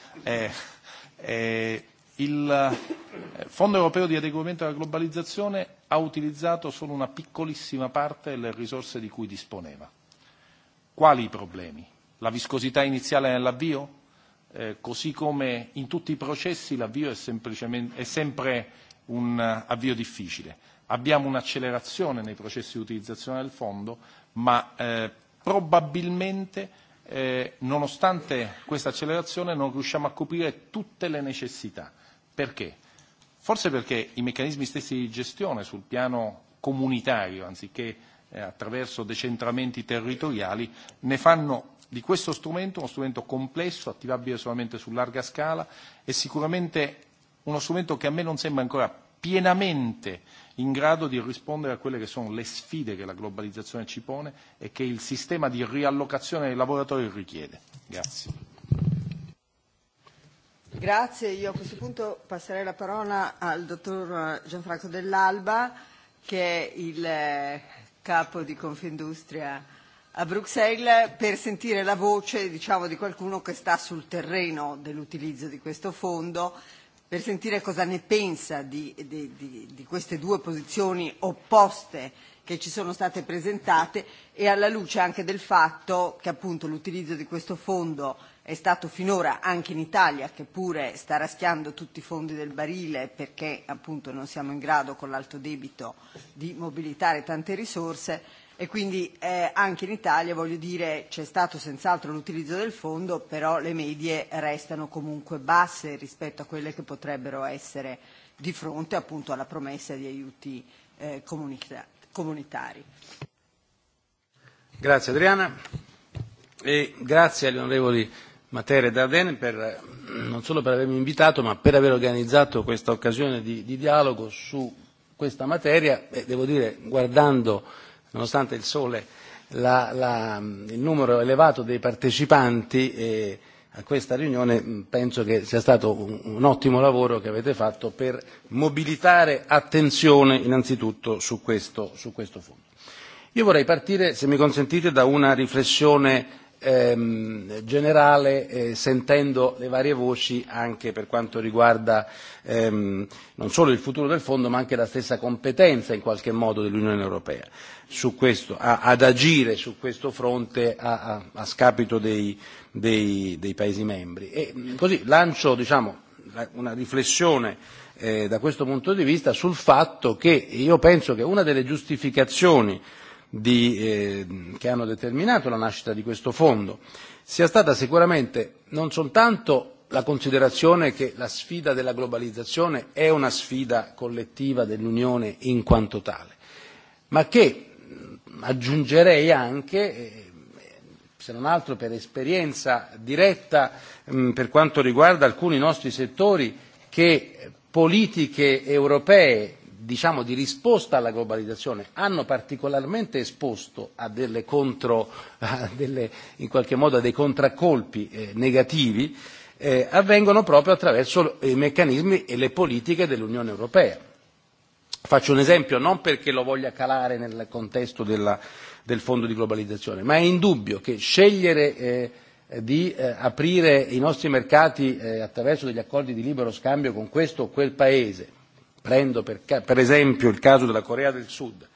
il Fondo europeo di adeguamento alla globalizzazione ha utilizzato solo una piccolissima parte delle risorse di cui disponeva. Quali i problemi? La viscosità iniziale nell'avvio? Così come in tutti i processi l'avvio è sempre un avvio difficile. Abbiamo un'accelerazione nei processi di utilizzazione del fondo, ma probabilmente nonostante questa accelerazione non riusciamo a coprire tutte le necessità. Perché? Forse perché i meccanismi stessi di gestione sul piano comunitario, anziché attraverso decentramenti territoriali, ne fanno di questo strumento uno strumento complesso, attivabile solamente su larga scala e sicuramente uno strumento che a me non sembra ancora pienamente in grado di rispondere a quelle che sono le sfide che la globalizzazione ci pone e che il sistema di riallocazione dei lavoratori richiede. Grazie. Grazie, io a questo punto passerei la parola al dottor Gianfranco Dell'Alba che è il capo di Confindustria a Bruxelles per sentire la voce diciamo, di qualcuno che sta sul terreno dell'utilizzo di questo fondo per sentire cosa ne pensa di, di, di, queste due posizioni opposte che ci sono state presentate e alla luce anche del fatto che appunto l'utilizzo di questo fondo è stato finora anche in Italia, che pure sta raschiando tutti i fondi del barile perché appunto non siamo in grado con l'alto debito di mobilitare tante risorse, e quindi anche in Italia voglio dire c'è stato senz'altro l'utilizzo del fondo, però le medie restano comunque basse rispetto a quelle che potrebbero essere di fronte appunto alla promessa di aiuti comunitari. Grazie Adriana e grazie agli onorevoli Matera e Darden per, non solo per avermi invitato ma per aver organizzato questa occasione di, di dialogo su questa materia e devo dire guardando nonostante il sole, il numero elevato dei partecipanti a questa riunione penso che sia stato un ottimo lavoro che avete fatto per mobilitare attenzione innanzitutto su questo fondo. Io vorrei partire, se mi consentite, da una riflessione generale sentendo le varie voci anche per quanto riguarda non solo il futuro del fondo ma anche la stessa competenza in qualche modo dell'Unione Europea su questo ad agire su questo fronte a a scapito dei dei dei paesi membri e così lancio diciamo una riflessione da questo punto di vista sul fatto che io penso che una delle giustificazioni che hanno determinato la nascita di questo fondo sia stata sicuramente non soltanto la considerazione che la sfida della globalizzazione è una sfida collettiva dell'Unione in quanto tale, ma che aggiungerei anche, se non altro per esperienza diretta per quanto riguarda alcuni nostri settori, che politiche europee diciamo di risposta alla globalizzazione hanno particolarmente esposto a delle contro delle in qualche modo a dei contraccolpi negativi avvengono proprio attraverso i meccanismi e le politiche dell'Unione Europea faccio un esempio non perché lo voglia calare nel contesto della del fondo di globalizzazione ma è indubbio che scegliere di aprire i nostri mercati attraverso degli accordi di libero scambio con questo o quel paese prendo per esempio il caso della Corea del Sud,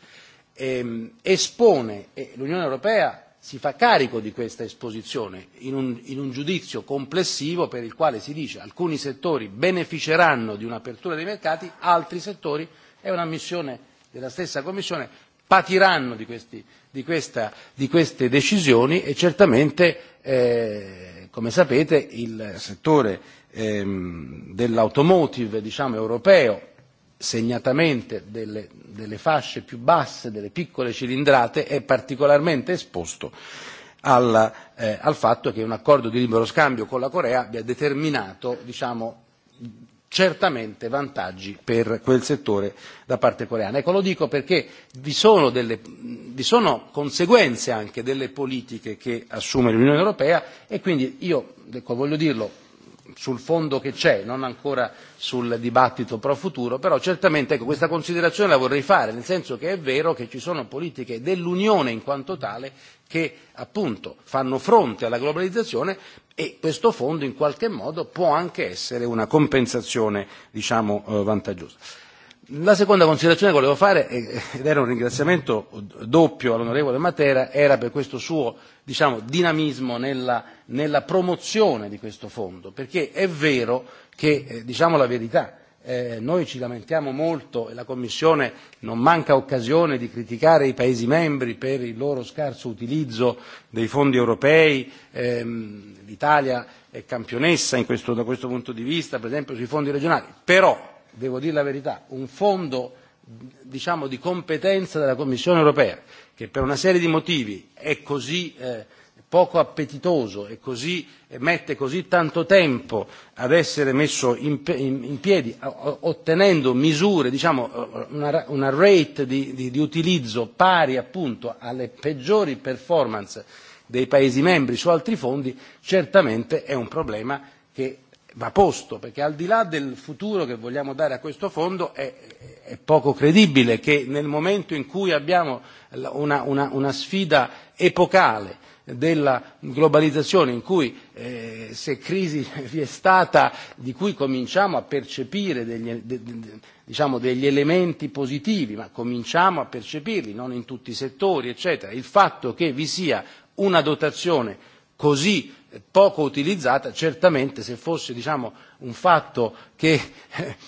espone e l'Unione Europea si fa carico di questa esposizione in un giudizio complessivo per il quale si dice alcuni settori beneficeranno di un'apertura dei mercati, altri settori, è una missione della stessa Commissione, patiranno di queste decisioni e certamente, come sapete, il settore dell'automotive diciamo europeo segnatamente delle, delle fasce più basse, delle piccole cilindrate, è particolarmente esposto al, al fatto che un accordo di libero scambio con la Corea abbia determinato diciamo, certamente vantaggi per quel settore da parte coreana. Ecco, lo dico perché vi sono, delle, vi sono conseguenze anche delle politiche che assume l'Unione Europea e quindi io, ecco, voglio dirlo, sul fondo che c'è, non ancora sul dibattito pro futuro, però certamente ecco, questa considerazione la vorrei fare, nel senso che è vero che ci sono politiche dell'Unione in quanto tale che appunto fanno fronte alla globalizzazione e questo fondo in qualche modo può anche essere una compensazione diciamo vantaggiosa. La seconda considerazione che volevo fare, ed era un ringraziamento doppio all'onorevole Matera, era per questo suo diciamo, dinamismo nella, nella promozione di questo fondo, perché è vero che, diciamo la verità, noi ci lamentiamo molto e la Commissione non manca occasione di criticare i Paesi membri per il loro scarso utilizzo dei fondi europei, l'Italia è campionessa da questo punto di vista, per esempio sui fondi regionali, però devo dire la verità, un fondo diciamo di competenza della Commissione europea, che per una serie di motivi è così poco appetitoso e così mette così tanto tempo ad essere messo in piedi, ottenendo misure, diciamo una rate di utilizzo pari appunto alle peggiori performance dei Paesi membri su altri fondi, certamente è un problema che va posto, perché al di là del futuro che vogliamo dare a questo fondo è, è poco credibile che nel momento in cui abbiamo una, una, una sfida epocale della globalizzazione in cui se crisi vi è stata di cui cominciamo a percepire degli, diciamo, degli elementi positivi ma cominciamo a percepirli non in tutti i settori eccetera il fatto che vi sia una dotazione così poco utilizzata, certamente se fosse diciamo, un fatto che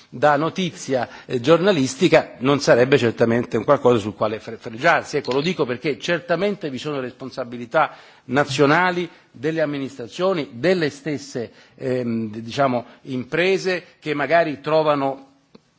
dà notizia giornalistica non sarebbe certamente un qualcosa sul quale fregiarsi. Ecco, lo dico perché certamente vi sono responsabilità nazionali delle amministrazioni, delle stesse diciamo, imprese che magari trovano,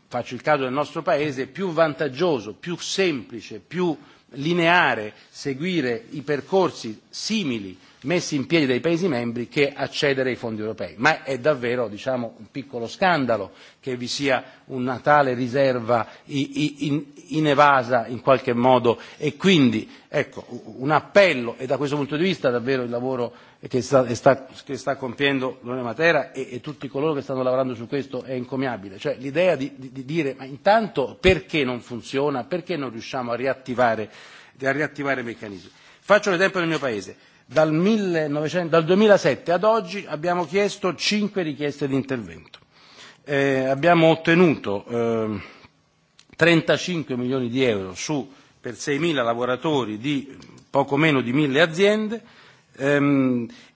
faccio il caso del nostro Paese, più vantaggioso, più semplice, più lineare seguire i percorsi simili messi in piedi dai Paesi membri che accedere ai fondi europei. Ma è davvero diciamo, un piccolo scandalo che vi sia una tale riserva inevasa in qualche modo e quindi ecco, un appello e da questo punto di vista davvero il lavoro che sta, compiendo l'Unione Matera e, tutti coloro che stanno lavorando su questo è encomiabile. Cioè l'idea di, dire ma intanto perché non funziona, perché non riusciamo a riattivare, a riattivare i meccanismi. Faccio l'esempio del mio Paese Dal, 1900, dal 2007 ad oggi abbiamo chiesto cinque richieste di intervento. abbiamo ottenuto eh, 35 milioni di euro su, per 6.000 lavoratori di poco meno di 1.000 aziende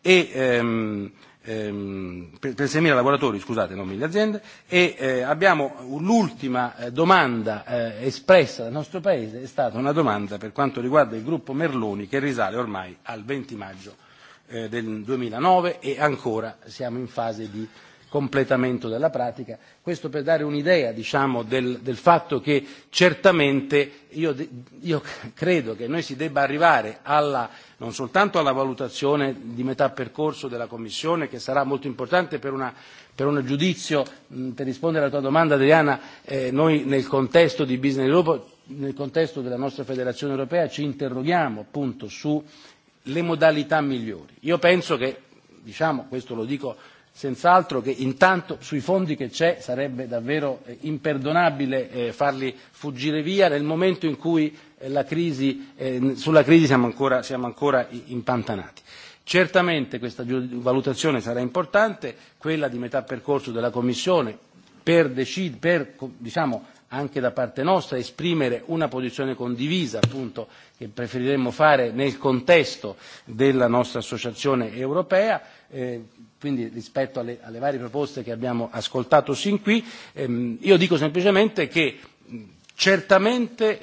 e per 6.000 lavoratori, scusate, non 1.000 aziende, e abbiamo l'ultima domanda espressa dal nostro Paese, è stata una domanda per quanto riguarda il gruppo Merloni che risale ormai al 20 maggio del 2009 e ancora siamo in fase di completamento della pratica. Questo per dare un'idea diciamo, del, del fatto che certamente io, io credo che noi si debba arrivare alla non soltanto alla valutazione di metà percorso della Commissione, che sarà molto importante per una per un giudizio per rispondere alla tua domanda Adriana noi nel contesto di Business Europe nel contesto della nostra federazione europea ci interroghiamo appunto sulle modalità migliori io penso che diciamo questo lo dico senz'altro che intanto sui fondi che c'è sarebbe davvero imperdonabile farli fuggire via nel momento in cui la crisi, sulla crisi siamo ancora, siamo ancora impantanati. Certamente questa valutazione sarà importante, quella di metà percorso della Commissione, per, per diciamo, anche da parte nostra esprimere una posizione condivisa appunto che preferiremmo fare nel contesto della nostra associazione europea quindi rispetto alle alle varie proposte che abbiamo ascoltato sin qui io dico semplicemente che certamente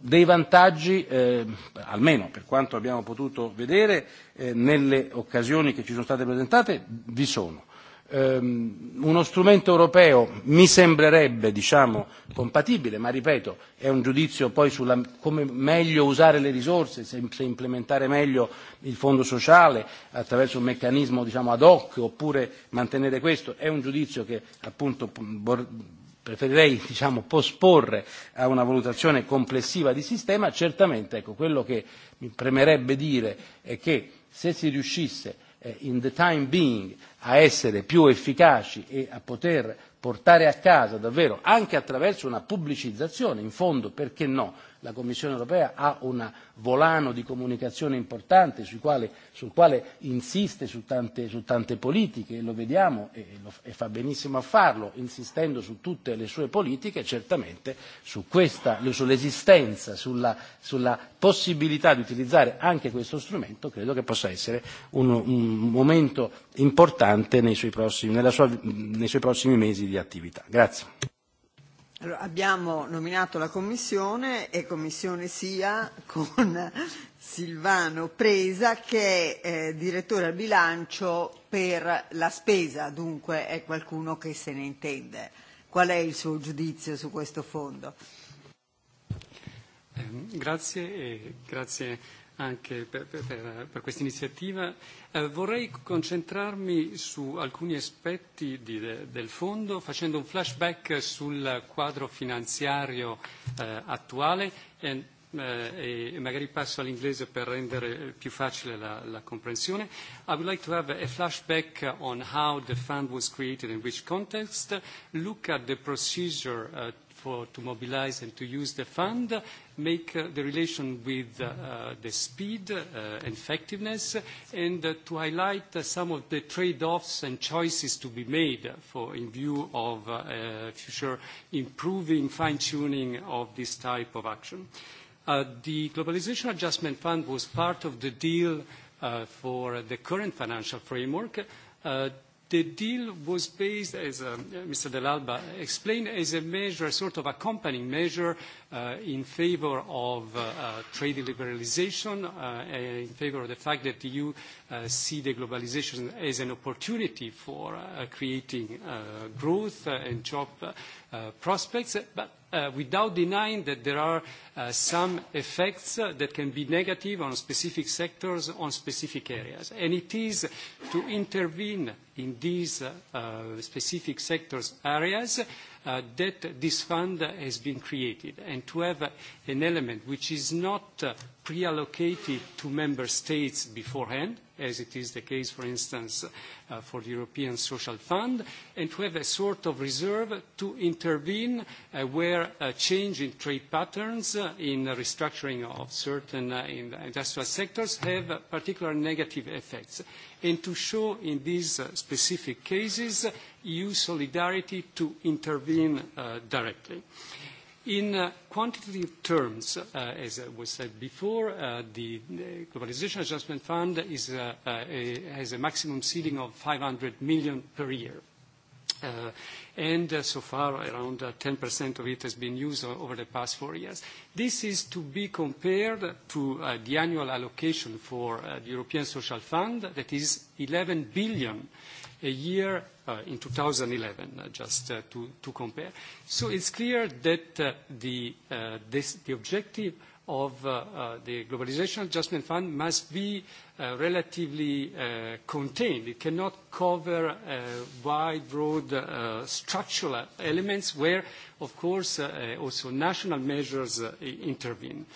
dei vantaggi, almeno per quanto abbiamo potuto vedere, nelle occasioni che ci sono state presentate, vi sono. Uno strumento europeo mi sembrerebbe, diciamo, compatibile, ma ripeto, è un giudizio poi su come meglio usare le risorse, se implementare meglio il fondo sociale attraverso un meccanismo, diciamo, ad hoc, oppure mantenere questo. È un giudizio che, appunto, preferirei diciamo, posporre a una valutazione complessiva di sistema, certamente ecco, quello che mi premerebbe dire è che se si riuscisse in the time being a essere più efficaci e a poter portare a casa davvero anche attraverso una pubblicizzazione in fondo perché no la Commissione europea ha un volano di comunicazione importante sul quale insiste su tante politiche e lo vediamo e fa benissimo a farlo, insistendo su tutte le sue politiche, certamente su questa, sull'esistenza, sulla possibilità di utilizzare anche questo strumento, credo che possa essere un momento importante nei suoi prossimi mesi di attività. Grazie. Allora, abbiamo nominato la Commissione e Commissione sia con Silvano Presa che è direttore al bilancio per la spesa, dunque è qualcuno che se ne intende. Qual è il suo giudizio su questo fondo? Grazie e grazie anche per, per, per questa iniziativa. Eh, vorrei concentrarmi su alcuni aspetti di, de, del fondo facendo un flashback sul quadro finanziario eh, attuale e, eh, e magari passo all'inglese per rendere più facile la, la comprensione. I would like to have a flashback on how the fund was created in which context, look at the procedure uh, to mobilize and to use the fund, make the relation with the speed and effectiveness, and to highlight some of the trade-offs and choices to be made for in view of future improving, fine-tuning of this type of action. The Globalization Adjustment Fund was part of the deal for the current financial framework The deal was based, as Mr. Dell'Alba explained, as a measure, sort of accompanying measure in favor of trade liberalization, in favor of the fact that the EU see the globalization as an opportunity for creating growth and job prospects, without denying that there are some effects that can be negative on specific sectors, on specific areas. And it is to intervene in these specific sectors, areas, that this fund has been created, and to have an element which is not pre-allocated to member states beforehand, as it is the case, for instance, for the European Social Fund, and to have a sort of reserve to intervene where a change in trade patterns in restructuring of certain industrial sectors have particular negative effects, and to show in these specific cases EU solidarity to intervene directly. In quantitative terms, as was said before, the Globalization Adjustment Fund has a maximum ceiling of 500 million per year. And so far, around 10% of it has been used over the past four years. This is to be compared to the annual allocation for the European Social Fund, that is 11 billion a year in 2011, just to compare. So it's clear that the objective of the Globalization Adjustment Fund must be relatively contained. It cannot cover wide, broad structural elements where, of course, also national measures intervene.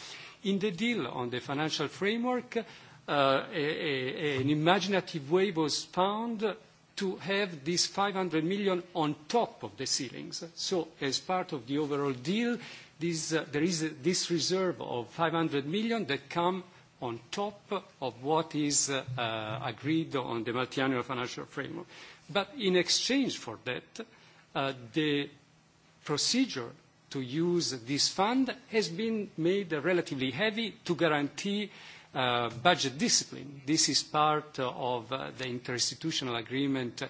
In the deal on the financial framework, an imaginative way was found to have this 500 million on top of the ceilings. So as part of the overall deal, there is this reserve of 500 million that come on top of what is agreed on the multi-annual financial framework. But in exchange for that, the procedure to use this fund has been made relatively heavy to guarantee budget discipline. This is part of the interinstitutional agreement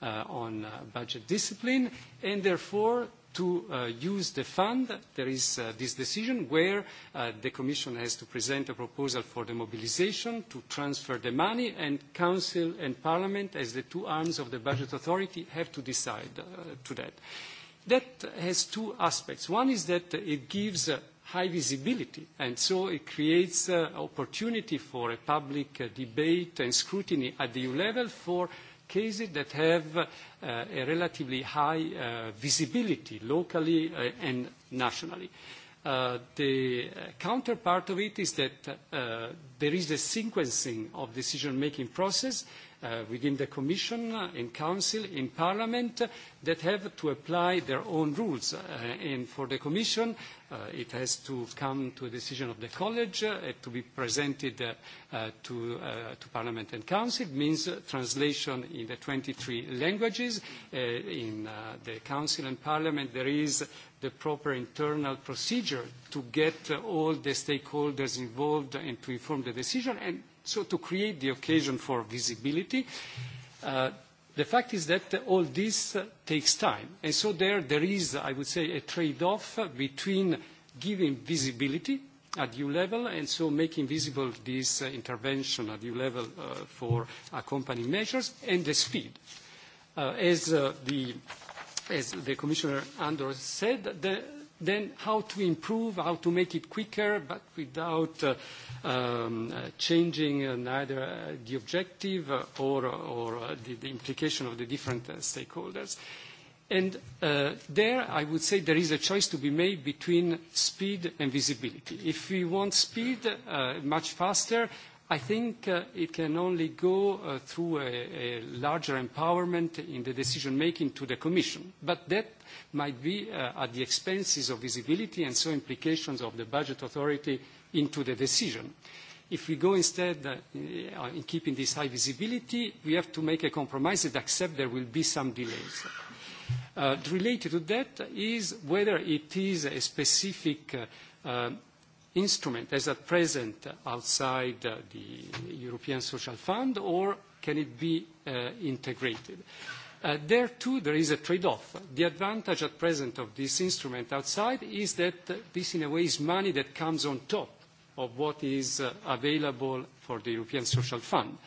on budget discipline, and therefore to use the fund, there is this decision where the Commission has to present a proposal for the mobilization to transfer the money, and Council and Parliament, as the two arms of the budget authority, have to decide to that. That has two aspects. One is that it gives high visibility, and so it creates opportunity for a public debate and scrutiny at the EU level for cases that have a relatively high visibility locally and nationally. The counterpart of it is that there is a sequencing of decision-making process within the Commission, in Council, in Parliament, that have to apply their own rules. And for the Commission, It has to come to a decision of the College, to be presented to Parliament and Council. It Means translation in the 23 languages. In the Council and Parliament, there is the proper internal procedure to get all the stakeholders involved and to inform the decision, and so to create the occasion for visibility The fact is that all this takes time. And so there is, I would say, a trade-off between giving visibility at EU level and so making visible this intervention at EU level for accompanying measures and the speed. As the Commissioner Andor said, then how to improve, how to make it quicker, but without changing neither the objective or the implication of the different stakeholders. And there, I would say there is a choice to be made between speed and visibility. If we want speed much faster, I think it can only go through a larger empowerment in the decision-making to the Commission. But that might be at the expenses of visibility and so implications of the budget authority into the decision. If we go instead in keeping this high visibility, we have to make a compromise and accept there will be some delays. Related to that is whether it is a specific instrument as at present outside the European Social Fund, or can it be integrated? There too, there is a trade-off. The advantage at present of this instrument outside is that this, in a way, is money that comes on top of what is available for the European Social Fund.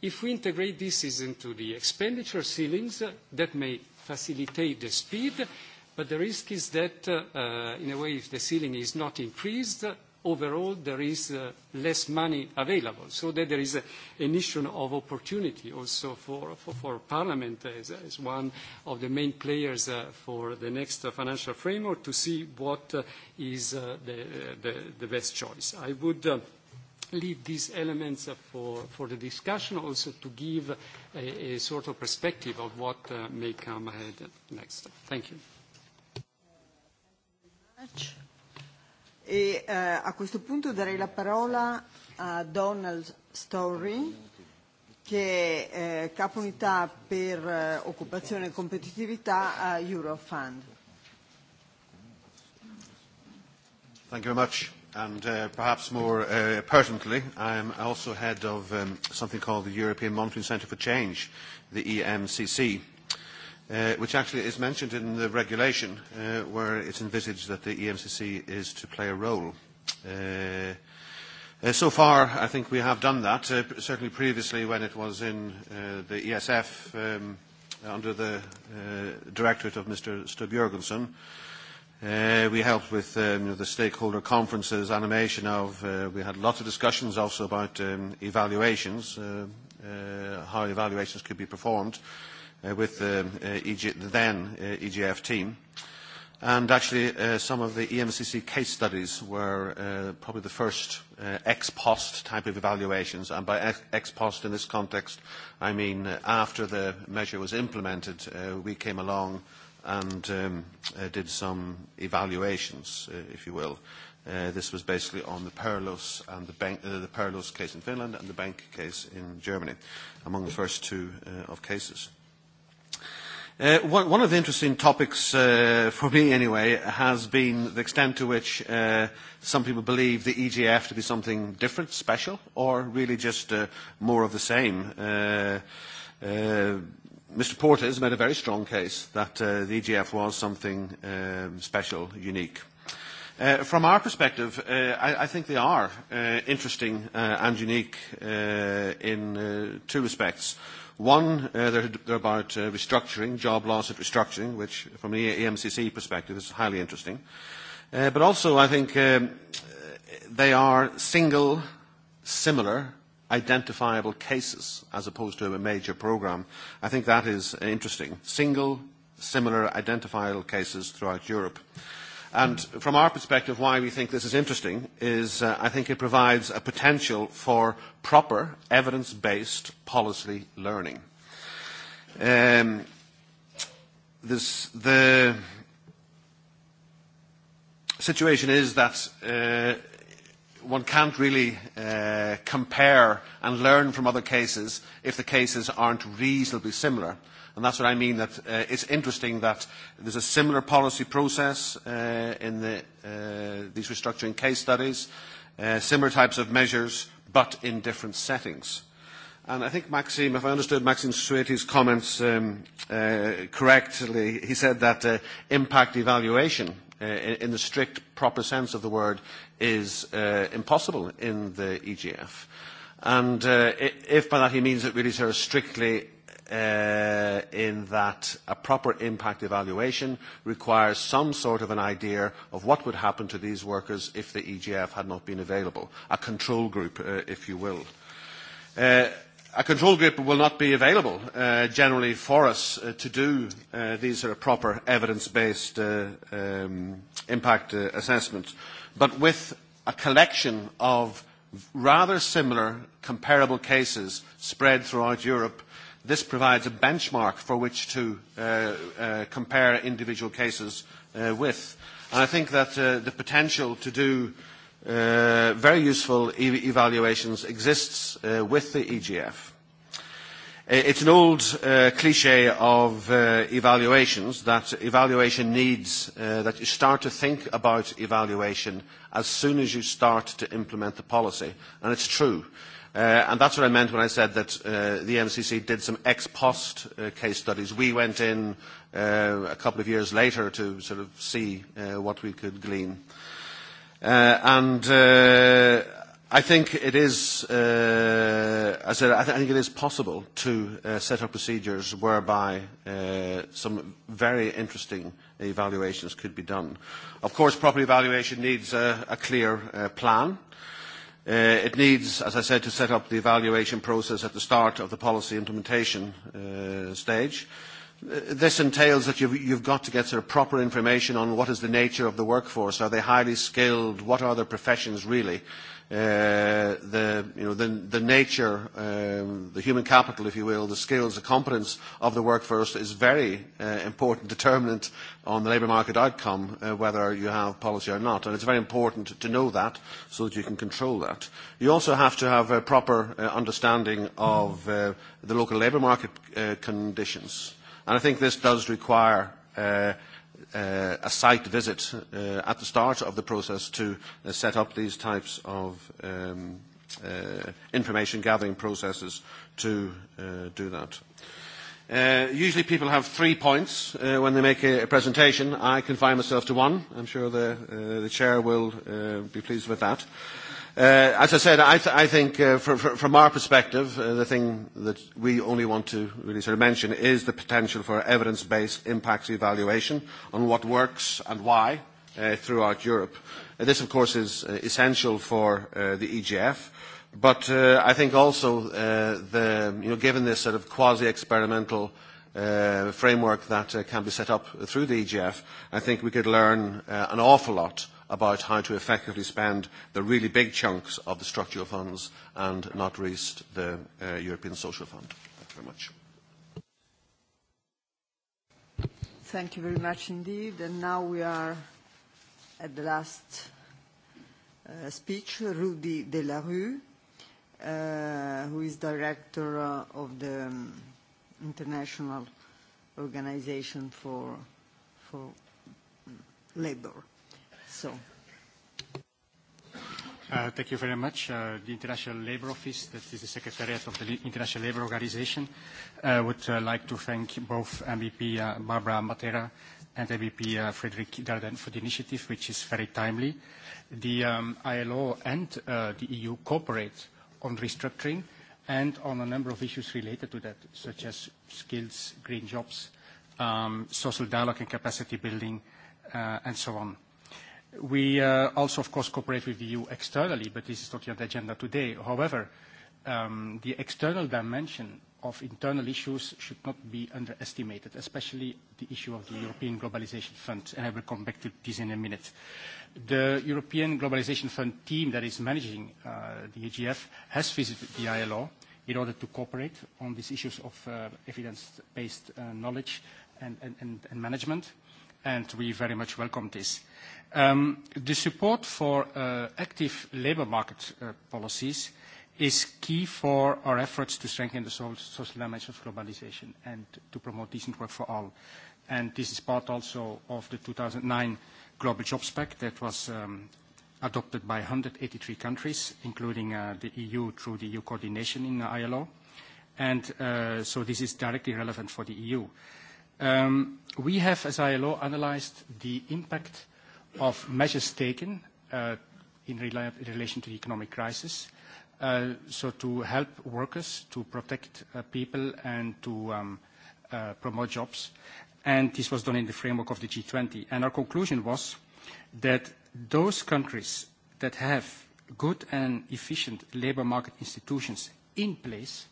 If we integrate this into the expenditure ceilings, that may facilitate the speed But the risk is that, in a way, if the ceiling is not increased, overall there is less money available, so that there is an issue of opportunity also for Parliament as one of the main players for the next financial framework to see what is the best choice. I would leave these elements for the discussion, also to give a sort of perspective of what may come ahead next. Thank you. E a questo punto darei la parola a Donald Story, che è capo unità per occupazione e competitività a Eurofund. Thank you very much. And perhaps more pertinently, I am also head of something called the European Monitoring Centre for Change, the EMCC which actually is mentioned in the regulation where it's envisaged that the EMCC is to play a role. So far, I think we have done that, certainly previously when it was in the ESF under the directorate of Mr. Stubb-Jurgensen. We helped with the stakeholder conferences, animation of. We had lots of discussions also about evaluations, how evaluations could be performed with the then EGF team. And actually, some of the EMCC case studies were probably the first ex post type of evaluations. And by ex post in this context, I mean after the measure was implemented, we came along and did some evaluations, if you will. This was basically on the Perlos and the Perlos case in Finland and the Bank case in Germany, among the first two of cases. One of the interesting topics, for me anyway, has been the extent to which some people believe the EGF to be something different, special, or really just more of the same. Mr. Porter has made a very strong case that the EGF was something special, unique. From our perspective, I think they are interesting and unique in two respects. One, they're about restructuring, job loss at restructuring, which from an EMCC perspective is highly interesting. But also I think they are single, similar, identifiable cases as opposed to a major program. I think that is interesting. Single, similar, identifiable cases throughout Europe. And from our perspective, why we think this is interesting is I think it provides a potential for proper evidence-based policy learning. The situation is that one can't really compare and learn from other cases if the cases aren't reasonably similar And that's what I mean, that it's interesting that there's a similar policy process in these restructuring case studies, similar types of measures, but in different settings. And I think Maxime, if I understood Maxime Sueti's comments correctly, he said that impact evaluation, in the strict proper sense of the word, is impossible in the EGF. And if by that he means that really sort of strictly in that a proper impact evaluation requires some sort of an idea of what would happen to these workers if the EGF had not been available, a control group, if you will. A control group will not be available generally for us to do these proper evidence-based impact assessments, but with a collection of rather similar comparable cases spread throughout Europe This provides a benchmark for which to compare individual cases with. And I think that the potential to do very useful evaluations exists with the EGF. It's an old cliché of evaluations that evaluation needs, that you start to think about evaluation as soon as you start to implement the policy. And it's true. And that's what I meant when I said that the MCC did some ex post case studies. We went in a couple of years later to sort of see what we could glean. And I think it is, I I think it is possible to set up procedures whereby some very interesting evaluations could be done. Of course, property evaluation needs a clear plan. It needs, as I said, to set up the evaluation process at the start of the policy implementation stage. This entails that you've got to get sort of proper information on what is the nature of the workforce. Are they highly skilled? What are their professions really? The nature, the human capital, if you will, the skills, the competence of the workforce is very important determinant on the labour market outcome, whether you have policy or not. And it's very important to know that so that you can control that. You also have to have a proper understanding of the local labour market conditions. And I think this does require a site visit at the start of the process to set up these types of information gathering processes to do that. Usually people have three points when they make a presentation. I confine myself to one. I'm sure the chair will be pleased with that. As I said, I I think from our perspective, the thing that we only want to really sort of mention is the potential for evidence-based impact evaluation on what works and why throughout Europe. This, of course, is essential for the EGF But I think also, the, you know, given this sort of quasi-experimental framework that can be set up through the EGF, I think we could learn an awful lot about how to effectively spend the really big chunks of the structural funds and not least the European Social Fund. Thank you very much. Thank you very much indeed. And now we are at the last speech, Rudy Delarue who is director of the International Organization for for Labor. So. Thank you very much. The International Labour Office, that is the Secretariat of the International Labour Organization, would like to thank both MVP Barbara Matera and MVP Frederick Darden for the initiative, which is very timely. The ILO and the EU cooperate on restructuring and on a number of issues related to that, such as skills, green jobs, social dialogue and capacity building, and so on. We also, of course, cooperate with the EU externally, but this is not on the agenda today. However, the external dimension of internal issues should not be underestimated, especially the issue of the European Globalization Fund, and I will come back to this in a minute. The European Globalization Fund team that is managing the EGF has visited the ILO in order to cooperate on these issues of evidence-based knowledge and management, and we very much welcome this. The support for active labor market policies is key for our efforts to strengthen the social dimension of globalization and to promote decent work for all. And this is part also of the 2009 Global Jobs Pact that was adopted by 183 countries, including the EU through the EU coordination in the ILO. And so this is directly relevant for the EU. We have, as ILO, analyzed the impact of measures taken in relation to the economic crisis so to help workers, to protect people and to promote jobs. And this was done in the framework of the G20. And our conclusion was that those countries that have good and efficient labour market institutions in place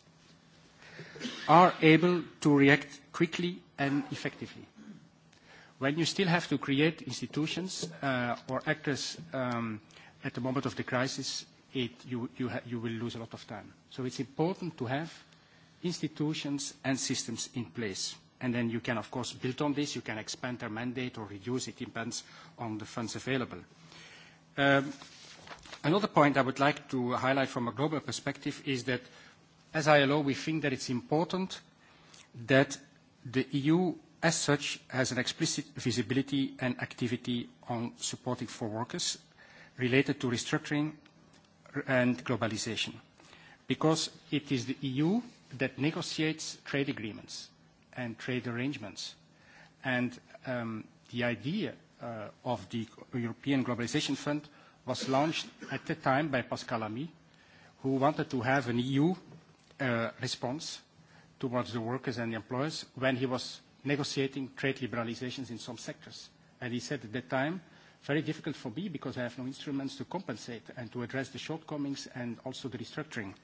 are able to react quickly and effectively. When you still have to create institutions or actors at the moment of the crisis, you you will lose a lot of time. So it's important to have institutions and systems in place. And then you can, of course, build on this. You can expand their mandate or reduce. It depends on the funds available. Another point I would like to highlight from a global perspective is that, as ILO, we think that it's important that the EU, as such, has an explicit visibility and activity on supporting for workers related to restructuring and globalization, because it is the EU that negotiates trade agreements and trade arrangements. And the idea of the European Globalization Fund was launched at the time by Pascal Ami, who wanted to have an EU response towards the workers and the employers when he was negotiating trade liberalizations in some sectors. And he said at that time very difficult for me because I have no instruments to compensate and to address the shortcomings and also the restructuring.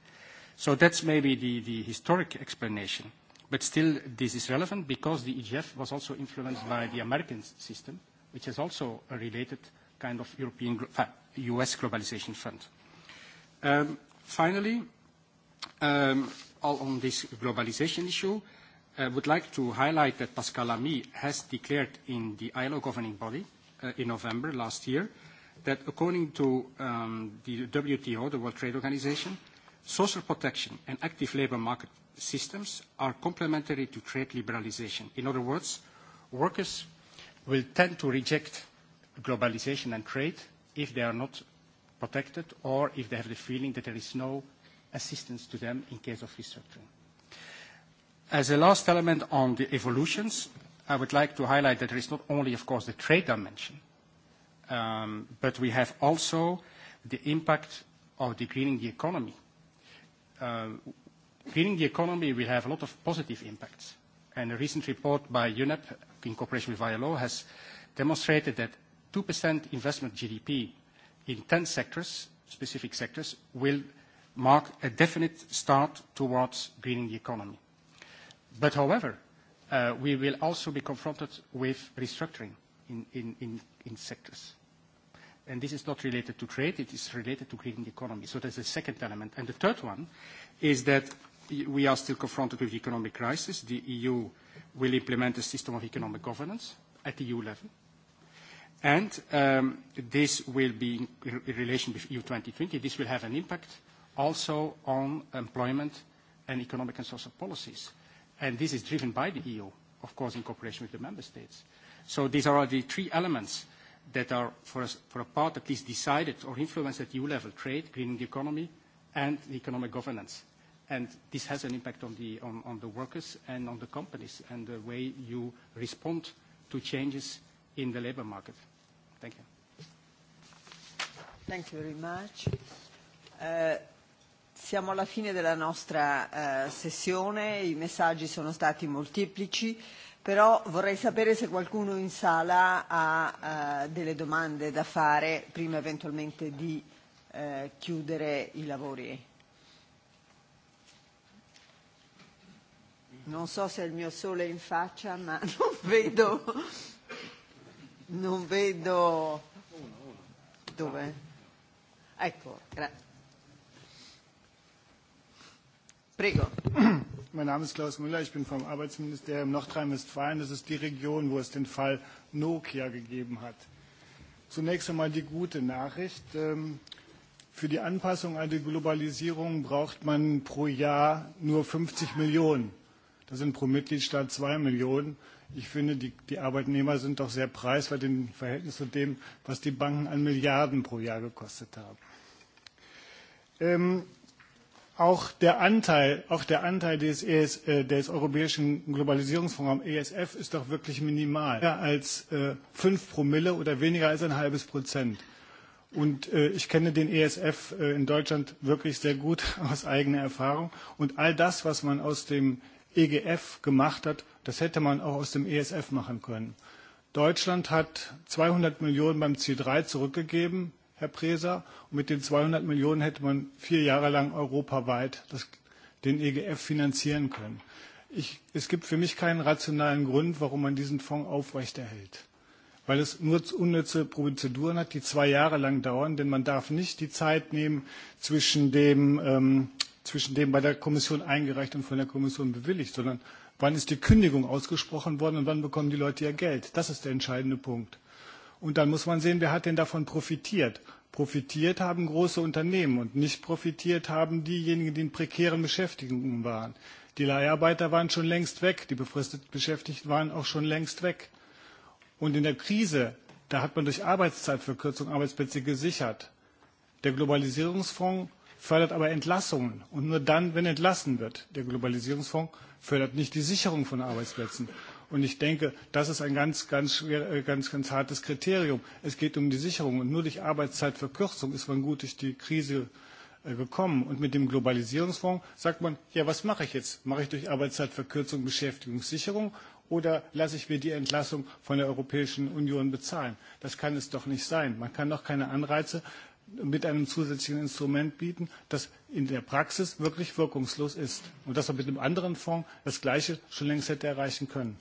So that's maybe the historic explanation. But still, this is relevant because the EGF was also influenced by the American system, which is also a related kind of European, U.S. globalization fund. Finally, all on this globalization issue, I would like to highlight that Pascal Lamy has declared in the ILO governing body in November last year that according to the WTO, the World Trade Organization, social protection and active labor market systems are complementary to trade liberalization. In other words, workers will tend to reject globalization and trade if they are not protected or if they have the feeling that there is no assistance to them in case of restructuring. As a last element on the evolutions, I would like to highlight that there is not only, of course, the trade dimension, but we have also the impact of the greening the economy. Greening the economy will have a lot of positive impacts. And a recent report by UNEP in cooperation with ILO has demonstrated that 2% investment GDP in 10 sectors, specific sectors, will mark a definite start towards greening the economy. But however, we will also be confronted with restructuring in sectors. And this is not related to trade, it is related to green economy. So that's the second element. And the third one is that we are still confronted with economic crisis. The EU will implement a system of economic governance at the EU level. And this will be in relation with EU 2020. This will have an impact also on employment and economic and social policies and this is driven by the EU, of course, in cooperation with the member states. So these are the three elements that are, for a part at least, decided or influenced at EU level: trade, greening the economy, and economic governance. And this has an impact on the on the workers and on the companies and the way you respond to changes in the labor market. Thank you. Thank you very much. Siamo alla fine della nostra sessione, i messaggi sono stati molteplici, però vorrei sapere se qualcuno in sala ha delle domande da fare prima eventualmente di chiudere i lavori. Non so se il mio sole è in faccia, ma non vedo non vedo dove. Ecco, Prego. Mein Name ist Klaus Müller, ich bin vom Arbeitsministerium Nordrhein-Westfalen. Das ist die Region, wo es den Fall Nokia gegeben hat. Zunächst einmal die gute Nachricht. Für die Anpassung an die Globalisierung braucht man pro Jahr nur 50 Millionen. Das sind pro Mitgliedstaat 2 Millionen. Ich finde, die Arbeitnehmer sind doch sehr preiswert im Verhältnis zu dem, was die Banken an Milliarden pro Jahr gekostet haben auch der Anteil, auch der Anteil des, des europäischen Globalisierungsfonds ESF ist doch wirklich minimal. Mehr als fünf Promille oder weniger als ein halbes Prozent. Und ich kenne den ESF in Deutschland wirklich sehr gut aus eigener Erfahrung. Und all das, was man aus dem EGF gemacht hat, das hätte man auch aus dem ESF machen können. Deutschland hat 200 Millionen beim Ziel 3 zurückgegeben Herr Preser. Und mit den 200 Millionen hätte man vier Jahre lang europaweit den EGF finanzieren können. Es gibt für mich keinen rationalen Grund, warum man diesen Fonds aufrechterhält. Weil es nur unnütze Prozeduren hat, die zwei Jahre lang dauern. Denn man darf nicht die Zeit nehmen zwischen dem bei der Kommission eingereicht und von der Kommission bewilligt, sondern wann ist die Kündigung ausgesprochen worden und wann bekommen die Leute ihr Geld. Das ist der entscheidende Punkt. Und dann muss man sehen, wer hat denn davon profitiert. Profitiert haben große Unternehmen und nicht profitiert haben diejenigen, die in prekären Beschäftigungen waren. Die Leiharbeiter waren schon längst weg, die befristet Beschäftigten waren auch schon längst weg. Und in der Krise, da hat man durch Arbeitszeitverkürzung Arbeitsplätze gesichert. Der Globalisierungsfonds fördert aber Entlassungen und nur dann, wenn entlassen wird. Der Globalisierungsfonds fördert nicht die Sicherung von Arbeitsplätzen. Und ich denke, das ist ein ganz, ganz, ganz, ganz hartes Kriterium. Es geht um die Sicherung. Und nur durch Arbeitszeitverkürzung ist man gut durch die Krise gekommen. Und mit dem Globalisierungsfonds sagt man, ja, was mache ich jetzt? Mache ich durch Arbeitszeitverkürzung Beschäftigungssicherung oder lasse ich mir die Entlassung von der Europäischen Union bezahlen? Das kann es doch nicht sein. Man kann doch keine Anreize mit einem zusätzlichen Instrument bieten, das in der Praxis wirklich wirkungslos ist. Und dass man mit einem anderen Fonds das Gleiche schon längst hätte erreichen können.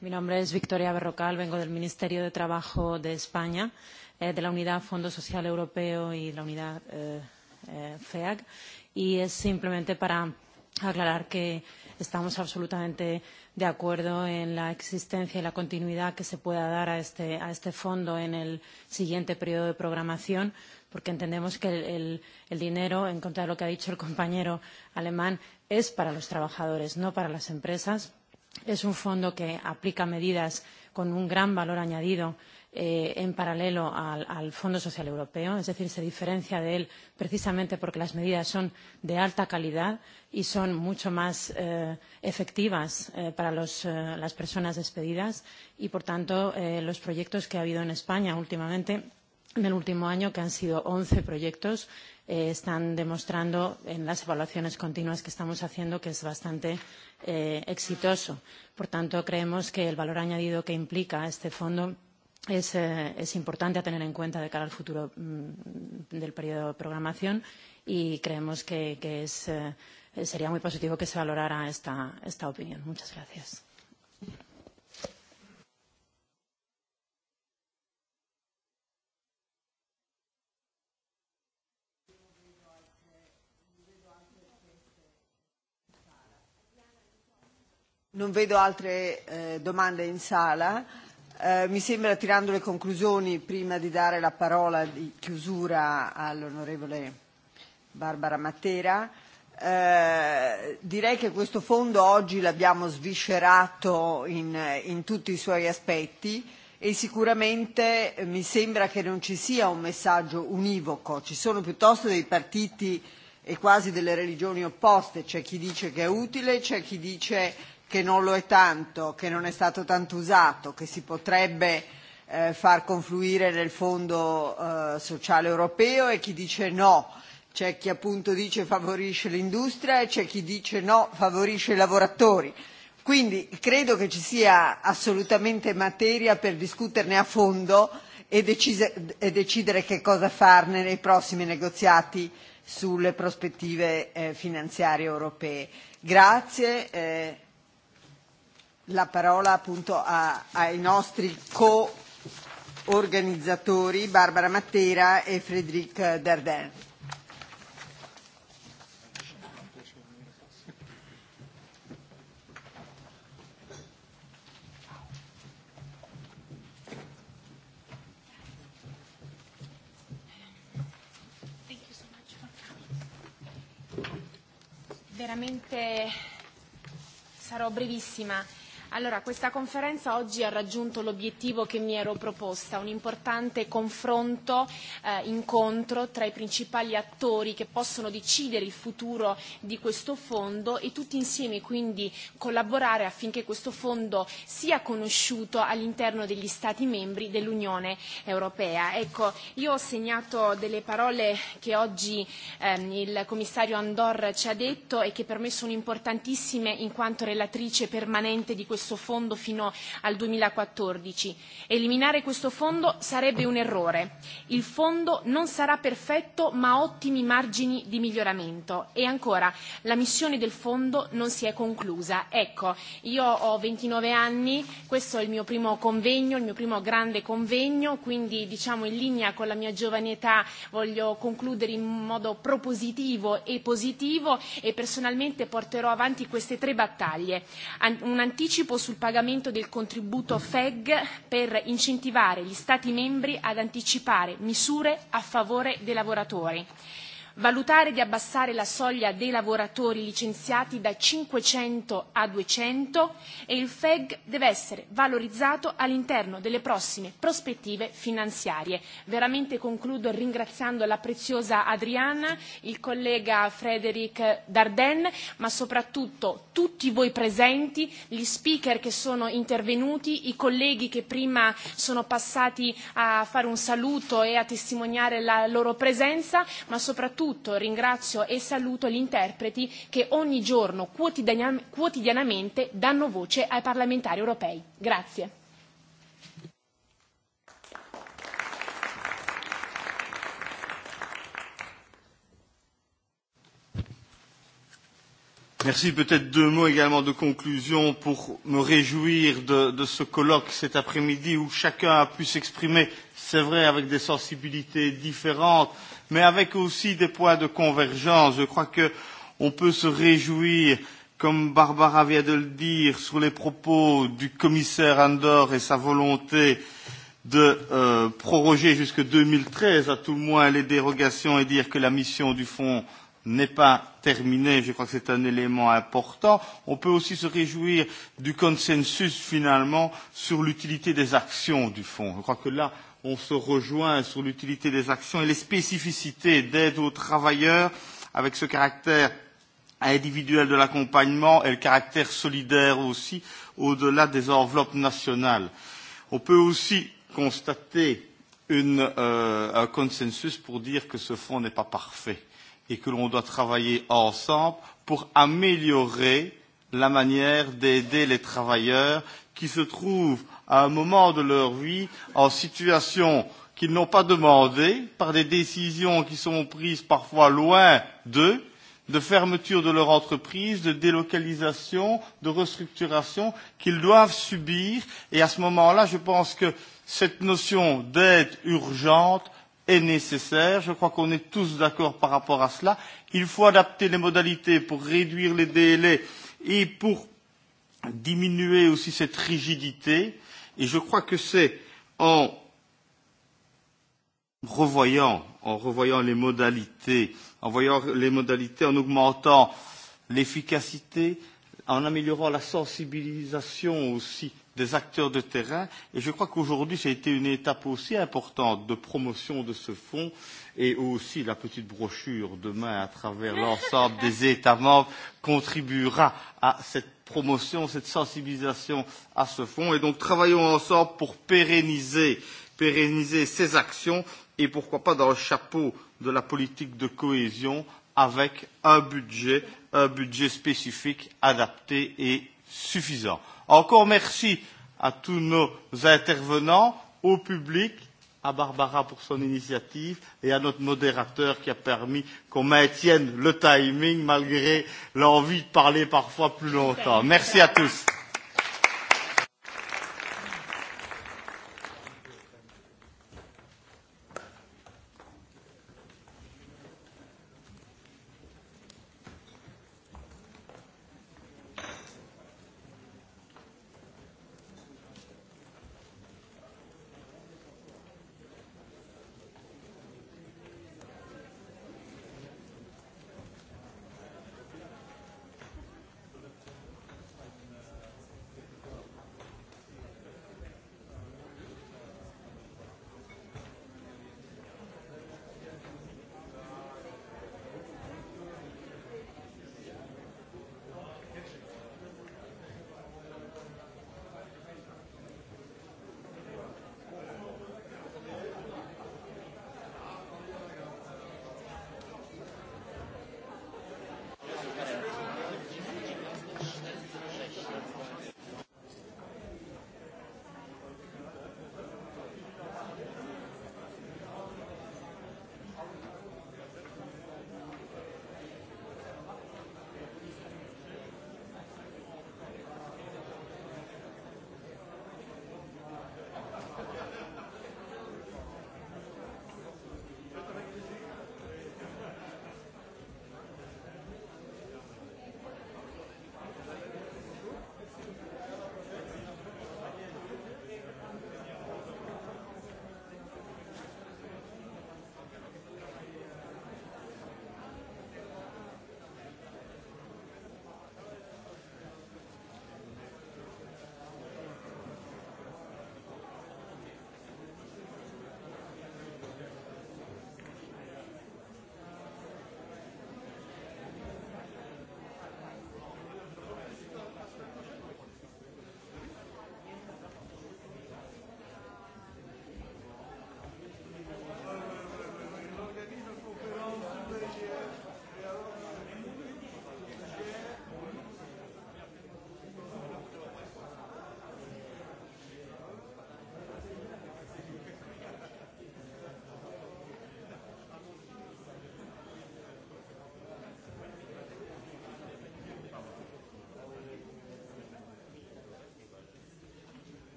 Mi nombre es Victoria Berrocal, vengo del Ministerio de Trabajo de España, de la Unidad Fondo Social Europeo y la Unidad FEAC, y es simplemente para aclarar que estamos absolutamente de acuerdo en la existencia y la continuidad que se pueda dar a este fondo en el siguiente periodo de programación, porque entendemos que el dinero, en contra de lo que ha dicho el compañero alemán, es para los trabajadores, no para las empresas Es un fondo que aplica medidas con un gran valor añadido en paralelo al Fondo Social Europeo, es decir, se diferencia de él precisamente porque las medidas son de alta calidad y son mucho más efectivas para las personas despedidas y, por tanto, los proyectos que ha habido en España últimamente En el último año, que han sido 11 proyectos, están demostrando en las evaluaciones continuas que estamos haciendo que es bastante exitoso. Por tanto, creemos que el valor añadido que implica este fondo es importante a tener en cuenta de cara al futuro del periodo de programación y creemos que sería muy positivo que se valorara esta opinión. Muchas gracias. Non vedo altre domande in sala. Mi sembra, tirando le conclusioni, prima di dare la parola di chiusura all'onorevole Barbara Matera, direi che questo fondo oggi l'abbiamo sviscerato in tutti i suoi aspetti e sicuramente mi sembra che non ci sia un messaggio univoco. Ci sono piuttosto dei partiti e quasi delle religioni opposte. C'è chi dice che è utile, c'è chi dice che non lo è tanto, che non è stato tanto usato, che si potrebbe far confluire nel Fondo sociale europeo e chi dice no. C'è chi appunto dice favorisce l'industria e c'è chi dice no, favorisce i lavoratori. Quindi credo che ci sia assolutamente materia per discuterne a fondo e decidere che cosa farne nei prossimi negoziati sulle prospettive finanziarie europee. Grazie la parola appunto ai nostri co-organizzatori Barbara Matera e Frédéric Dardin. Veramente sarò brevissima Allora, questa conferenza oggi ha raggiunto l'obiettivo che mi ero proposta, un importante confronto, incontro tra i principali attori che possono decidere il futuro di questo fondo e tutti insieme quindi collaborare affinché questo fondo sia conosciuto all'interno degli Stati membri dell'Unione Europea. Ecco, io ho segnato delle parole che oggi il commissario Andor ci ha detto e che per me sono importantissime in quanto relatrice permanente di questo fondo fino al 2014. Eliminare questo fondo sarebbe un errore. Il fondo non sarà perfetto ma ha ottimi margini di miglioramento. E ancora, la missione del fondo non si è conclusa. Ecco, io ho 29 anni, questo è il mio primo convegno, il mio primo grande convegno, quindi diciamo in linea con la mia giovane età voglio concludere in modo propositivo e positivo e personalmente porterò avanti queste tre battaglie. Un anticipo anticipo sul pagamento del contributo FEG per incentivare gli Stati membri ad anticipare misure a favore dei lavoratori valutare di abbassare la soglia dei lavoratori licenziati da 500 a 200 e il FEG deve essere valorizzato all'interno delle prossime prospettive finanziarie. Veramente concludo ringraziando la preziosa Adriana, il collega Frederic Darden, ma soprattutto tutti voi presenti, gli speaker che sono intervenuti, i colleghi che prima sono passati a fare un saluto e a testimoniare la loro presenza, ma soprattutto soprattutto ringrazio e saluto gli interpreti che ogni giorno quotidianamente danno voce ai parlamentari europei. Grazie. Merci. Peut-être deux mots également de conclusion pour me réjouir de ce colloque cet après-midi où chacun a pu s'exprimer c'est vrai, avec des sensibilités différentes, mais avec aussi des points de convergence. Je crois qu'on peut se réjouir, comme Barbara vient de le dire, sur les propos du commissaire Andor et sa volonté de proroger jusqu'en 2013, à tout le moins, les dérogations et dire que la mission du Fonds n'est pas terminée. Je crois que c'est un élément important. On peut aussi se réjouir du consensus, finalement, sur l'utilité des actions du Fonds. Je crois que là, on se rejoint sur l'utilité des actions et les spécificités d'aide aux travailleurs avec ce caractère individuel de l'accompagnement et le caractère solidaire aussi au-delà des enveloppes nationales. On peut aussi constater un consensus pour dire que ce fonds n'est pas parfait et que l'on doit travailler ensemble pour améliorer la manière d'aider les travailleurs qui se trouvent à un moment de leur vie en situation qu'ils n'ont pas demandé par des décisions qui sont prises parfois loin d'eux de fermeture de leur entreprise, de délocalisation, de restructuration qu'ils doivent subir. Et à ce moment-là, je pense que cette notion d'aide urgente est nécessaire. Je crois qu'on est tous d'accord par rapport à cela. Il faut adapter les modalités pour réduire les délais et pour diminuer aussi cette rigidité. Et je crois que c'est en revoyant, en revoyant les modalités, en voyant les modalités, en augmentant l'efficacité, en améliorant la sensibilisation aussi des acteurs de terrain. Et je crois qu'aujourd'hui, ça a été une étape aussi importante de promotion de ce fonds et aussi la petite brochure demain à travers l'ensemble des États membres contribuera à cette promotion, cette sensibilisation à ce fonds. Et donc travaillons ensemble pour pérenniser, pérenniser ces actions et pourquoi pas dans le chapeau de la politique de cohésion avec un budget, un budget spécifique, adapté et suffisant. Encore merci à tous nos intervenants, au public à Barbara pour son initiative et à notre modérateur qui a permis qu'on maintienne le timing malgré l'envie de parler parfois plus longtemps. Merci à tous.